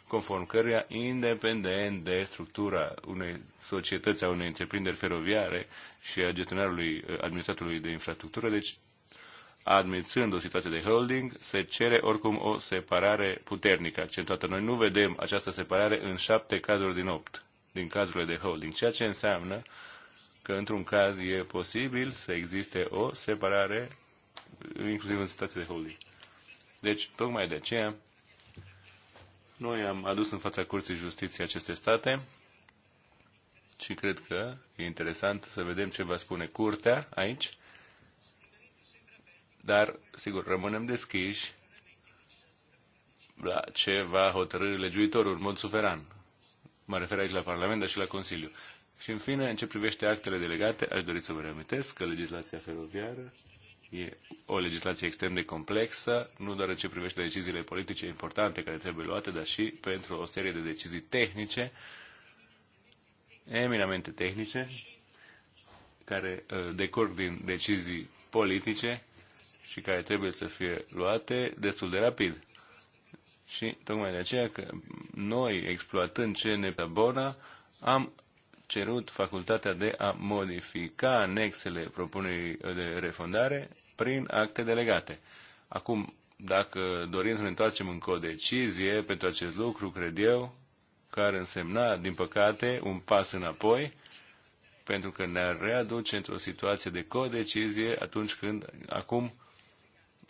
conform căruia, independent de structura unei societăți, a unei întreprinderi feroviare și a gestionarului uh, administratului de infrastructură, deci admițând o situație de holding, se cere oricum o separare puternică, accentuată. Noi nu vedem această separare în șapte cazuri din opt, din cazurile de holding, ceea ce înseamnă că într-un caz e posibil să existe o separare, inclusiv în situație de holding. Deci, tocmai de aceea, noi am adus în fața Curții Justiției aceste state și cred că e interesant să vedem ce va spune Curtea aici dar, sigur, rămânem deschiși la ce va hotărâ legiuitorul în mod suveran. Mă refer aici la Parlament, dar și la Consiliu. Și, în fine, în ce privește actele delegate, aș dori să vă reamintesc că legislația feroviară e o legislație extrem de complexă, nu doar în ce privește deciziile politice importante care trebuie luate, dar și pentru o serie de decizii tehnice, eminamente tehnice, care uh, decurg din decizii politice și care trebuie să fie luate destul de rapid. Și tocmai de aceea că noi, exploatând ce ne abona, am cerut facultatea de a modifica anexele propunerii de refundare prin acte delegate. Acum, dacă dorim să ne întoarcem încă o decizie pentru acest lucru, cred eu, că ar însemna, din păcate, un pas înapoi, pentru că ne-ar readuce într-o situație de codecizie atunci când acum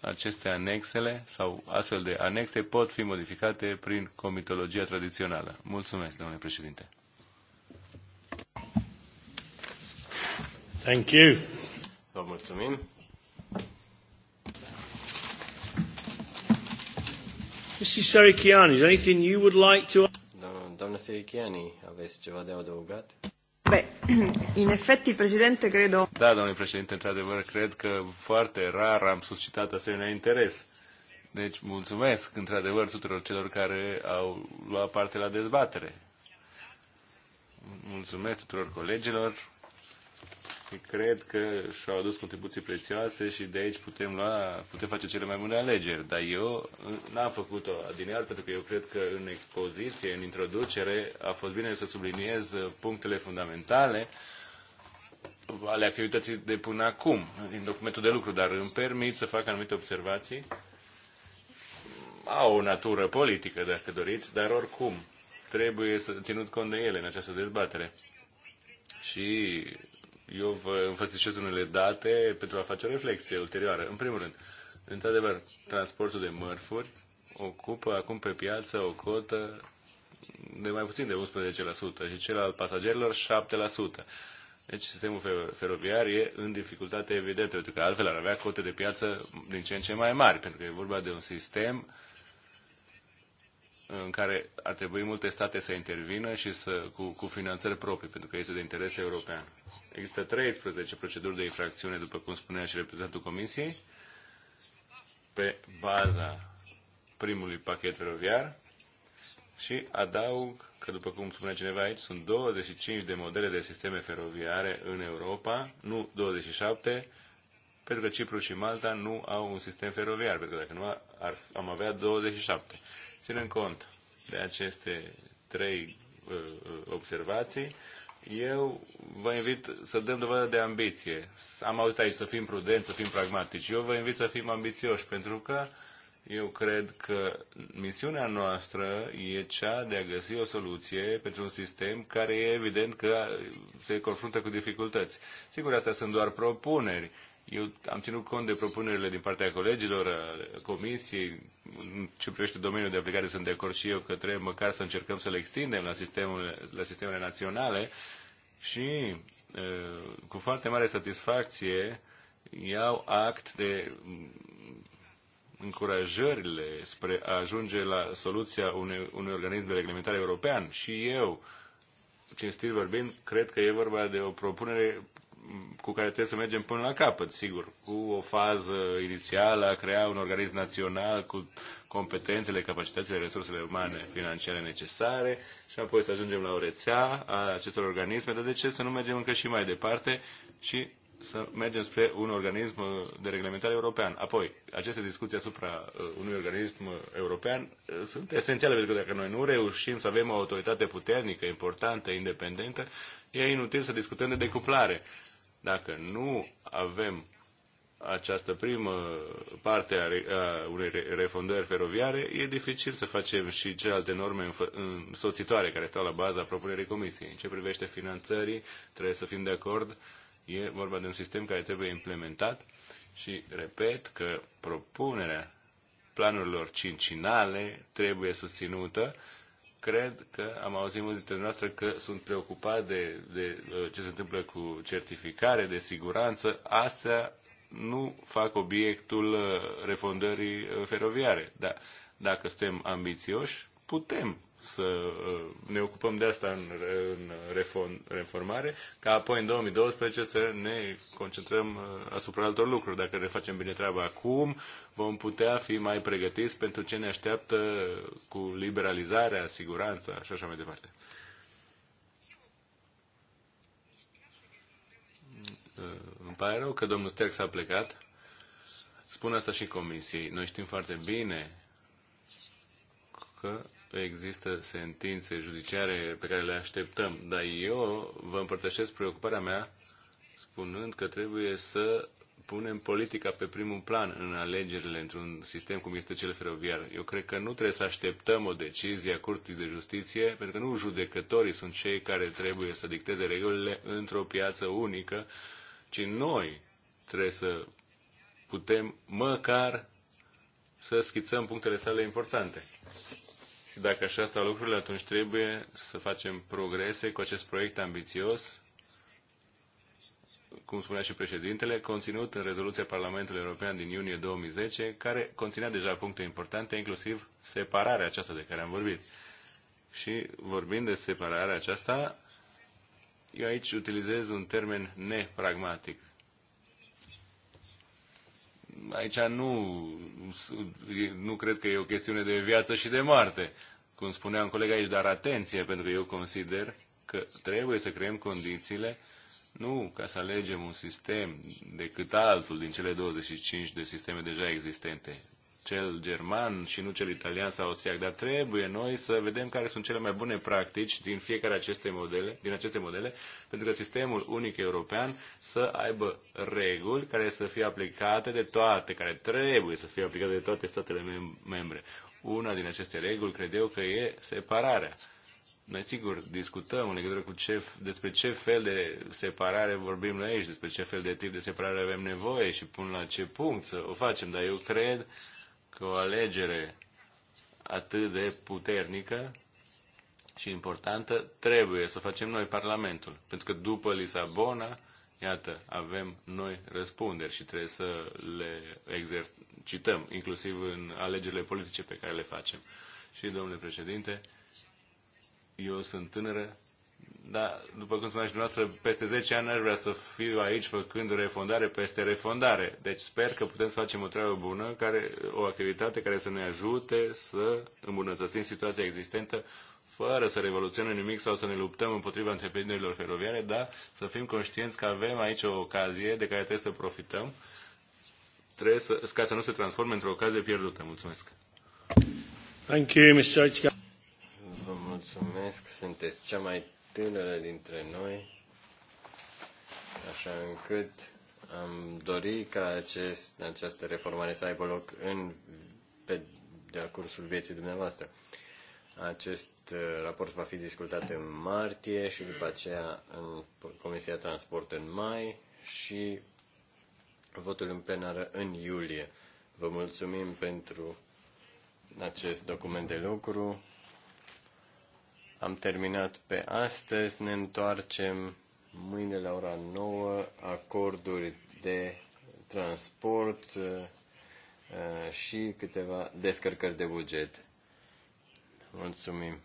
aceste anexele sau astfel de anexe pot fi modificate prin comitologia tradițională. Mulțumesc, domnule președinte. Thank you. Vă mulțumim. Mrs. Sarikiani, is anything you would like to... Doamna Sirichiani, aveți ceva de adăugat? Da, domnule președinte, într-adevăr, cred că foarte rar am suscitat asemenea interes. Deci, mulțumesc, într-adevăr, tuturor celor care au luat parte la dezbatere. Mulțumesc tuturor colegilor cred că și-au adus contribuții prețioase și de aici putem lua, putem face cele mai bune alegeri. Dar eu n-am făcut-o adinear pentru că eu cred că în expoziție, în introducere, a fost bine să subliniez punctele fundamentale ale activității de până acum, din documentul de lucru, dar îmi permit să fac anumite observații. Au o natură politică, dacă doriți, dar oricum trebuie să ținut cont de ele în această dezbatere. Și eu vă înfățișez unele date pentru a face o reflexie ulterioară. În primul rând, într-adevăr, transportul de mărfuri ocupă acum pe piață o cotă de mai puțin de 11% și cel al pasagerilor 7%. Deci sistemul feroviar e în dificultate evidentă, pentru că altfel ar avea cote de piață din ce în ce mai mari, pentru că e vorba de un sistem în care ar trebui multe state să intervină și să, cu, cu finanțări proprii, pentru că este de interes european. Există 13 proceduri de infracțiune, după cum spunea și reprezentantul Comisiei, pe baza primului pachet feroviar și adaug că, după cum spunea cineva aici, sunt 25 de modele de sisteme feroviare în Europa, nu 27, pentru că Cipru și Malta nu au un sistem feroviar, pentru că dacă nu ar, am avea 27. Ținând cont de aceste trei uh, uh, observații, eu vă invit să dăm dovadă de ambiție. Am auzit aici să fim prudenți, să fim pragmatici. Eu vă invit să fim ambițioși, pentru că eu cred că misiunea noastră e cea de a găsi o soluție pentru un sistem care e evident că se confruntă cu dificultăți. Sigur, astea sunt doar propuneri eu am ținut cont de propunerile din partea colegilor, comisiei, ce privește domeniul de aplicare sunt de acord și eu că trebuie măcar să încercăm să le extindem la, sistemul, la sistemele naționale și cu foarte mare satisfacție iau act de încurajările spre a ajunge la soluția unui, unui organism de reglementare european și eu, cinstit vorbind, cred că e vorba de o propunere cu care trebuie să mergem până la capăt, sigur, cu o fază inițială a crea un organism național cu competențele, capacitățile, resursele umane, financiare necesare și apoi să ajungem la o rețea a acestor organisme, dar de ce să nu mergem încă și mai departe și să mergem spre un organism de reglementare european. Apoi, aceste discuții asupra uh, unui organism uh, european uh, sunt esențiale, pentru că dacă noi nu reușim să avem o autoritate puternică, importantă, independentă, e inutil să discutăm de decuplare. Dacă nu avem această primă parte a unei refondări feroviare, e dificil să facem și celelalte norme însoțitoare care stau la baza propunerii Comisiei. În ce privește finanțării, trebuie să fim de acord, e vorba de un sistem care trebuie implementat și repet că propunerea planurilor cincinale trebuie susținută cred că am auzit mulți dintre noastre că sunt preocupați de, de uh, ce se întâmplă cu certificare, de siguranță. Astea nu fac obiectul uh, refondării uh, feroviare. Dar dacă suntem ambițioși, putem să uh, ne ocupăm de asta în, în reformare, ca apoi în 2012 să ne concentrăm uh, asupra altor lucruri. Dacă ne facem bine treaba acum, vom putea fi mai pregătiți pentru ce ne așteaptă cu liberalizarea, siguranța și așa mai departe. Uh, îmi pare rău că domnul Sterk s-a plecat. Spun asta și comisiei. Noi știm foarte bine că există sentințe judiciare pe care le așteptăm, dar eu vă împărtășesc preocuparea mea spunând că trebuie să punem politica pe primul plan în alegerile într-un sistem cum este cel feroviar. Eu cred că nu trebuie să așteptăm o decizie a Curții de Justiție, pentru că nu judecătorii sunt cei care trebuie să dicteze regulile într-o piață unică, ci noi trebuie să putem măcar să schițăm punctele sale importante. Și dacă așa stau lucrurile, atunci trebuie să facem progrese cu acest proiect ambițios, cum spunea și președintele, conținut în rezoluția Parlamentului European din iunie 2010, care conținea deja puncte importante, inclusiv separarea aceasta de care am vorbit. Și vorbind de separarea aceasta, eu aici utilizez un termen nepragmatic aici nu, nu cred că e o chestiune de viață și de moarte, cum spunea un coleg aici, dar atenție, pentru că eu consider că trebuie să creăm condițiile nu ca să alegem un sistem decât altul din cele 25 de sisteme deja existente, cel german și nu cel italian sau austriac, dar trebuie noi să vedem care sunt cele mai bune practici din fiecare aceste modele, din aceste modele, pentru că sistemul unic european să aibă reguli care să fie aplicate de toate, care trebuie să fie aplicate de toate statele mem- membre. Una din aceste reguli, cred eu, că e separarea. Noi, sigur, discutăm în legătură cu ce, despre ce fel de separare vorbim noi aici, despre ce fel de tip de separare avem nevoie și până la ce punct să o facem, dar eu cred că o alegere atât de puternică și importantă trebuie să facem noi, Parlamentul. Pentru că după Lisabona, iată, avem noi răspunderi și trebuie să le exercităm, inclusiv în alegerile politice pe care le facem. Și, domnule președinte, eu sunt tânără, da, după cum spuneați dumneavoastră, peste 10 ani ar vrea să fiu aici făcând refondare peste refondare. Deci sper că putem să facem o treabă bună, care, o activitate care să ne ajute să îmbunătățim situația existentă fără să revoluționăm nimic sau să ne luptăm împotriva întreprinderilor feroviare, dar să fim conștienți că avem aici o ocazie de care trebuie să profităm trebuie să, ca să nu se transforme într-o ocazie pierdută. Mulțumesc. Thank you, Mr. Vă mulțumesc, sunteți cea mai tânără dintre noi, așa încât am dori ca acest, această reformare să aibă loc în, pe de-a cursul vieții dumneavoastră. Acest uh, raport va fi discutat în martie și după aceea în Comisia Transport în mai și votul în plenară în iulie. Vă mulțumim pentru acest document de lucru am terminat pe astăzi, ne întoarcem mâine la ora 9, acorduri de transport uh, uh, și câteva descărcări de buget. Mulțumim!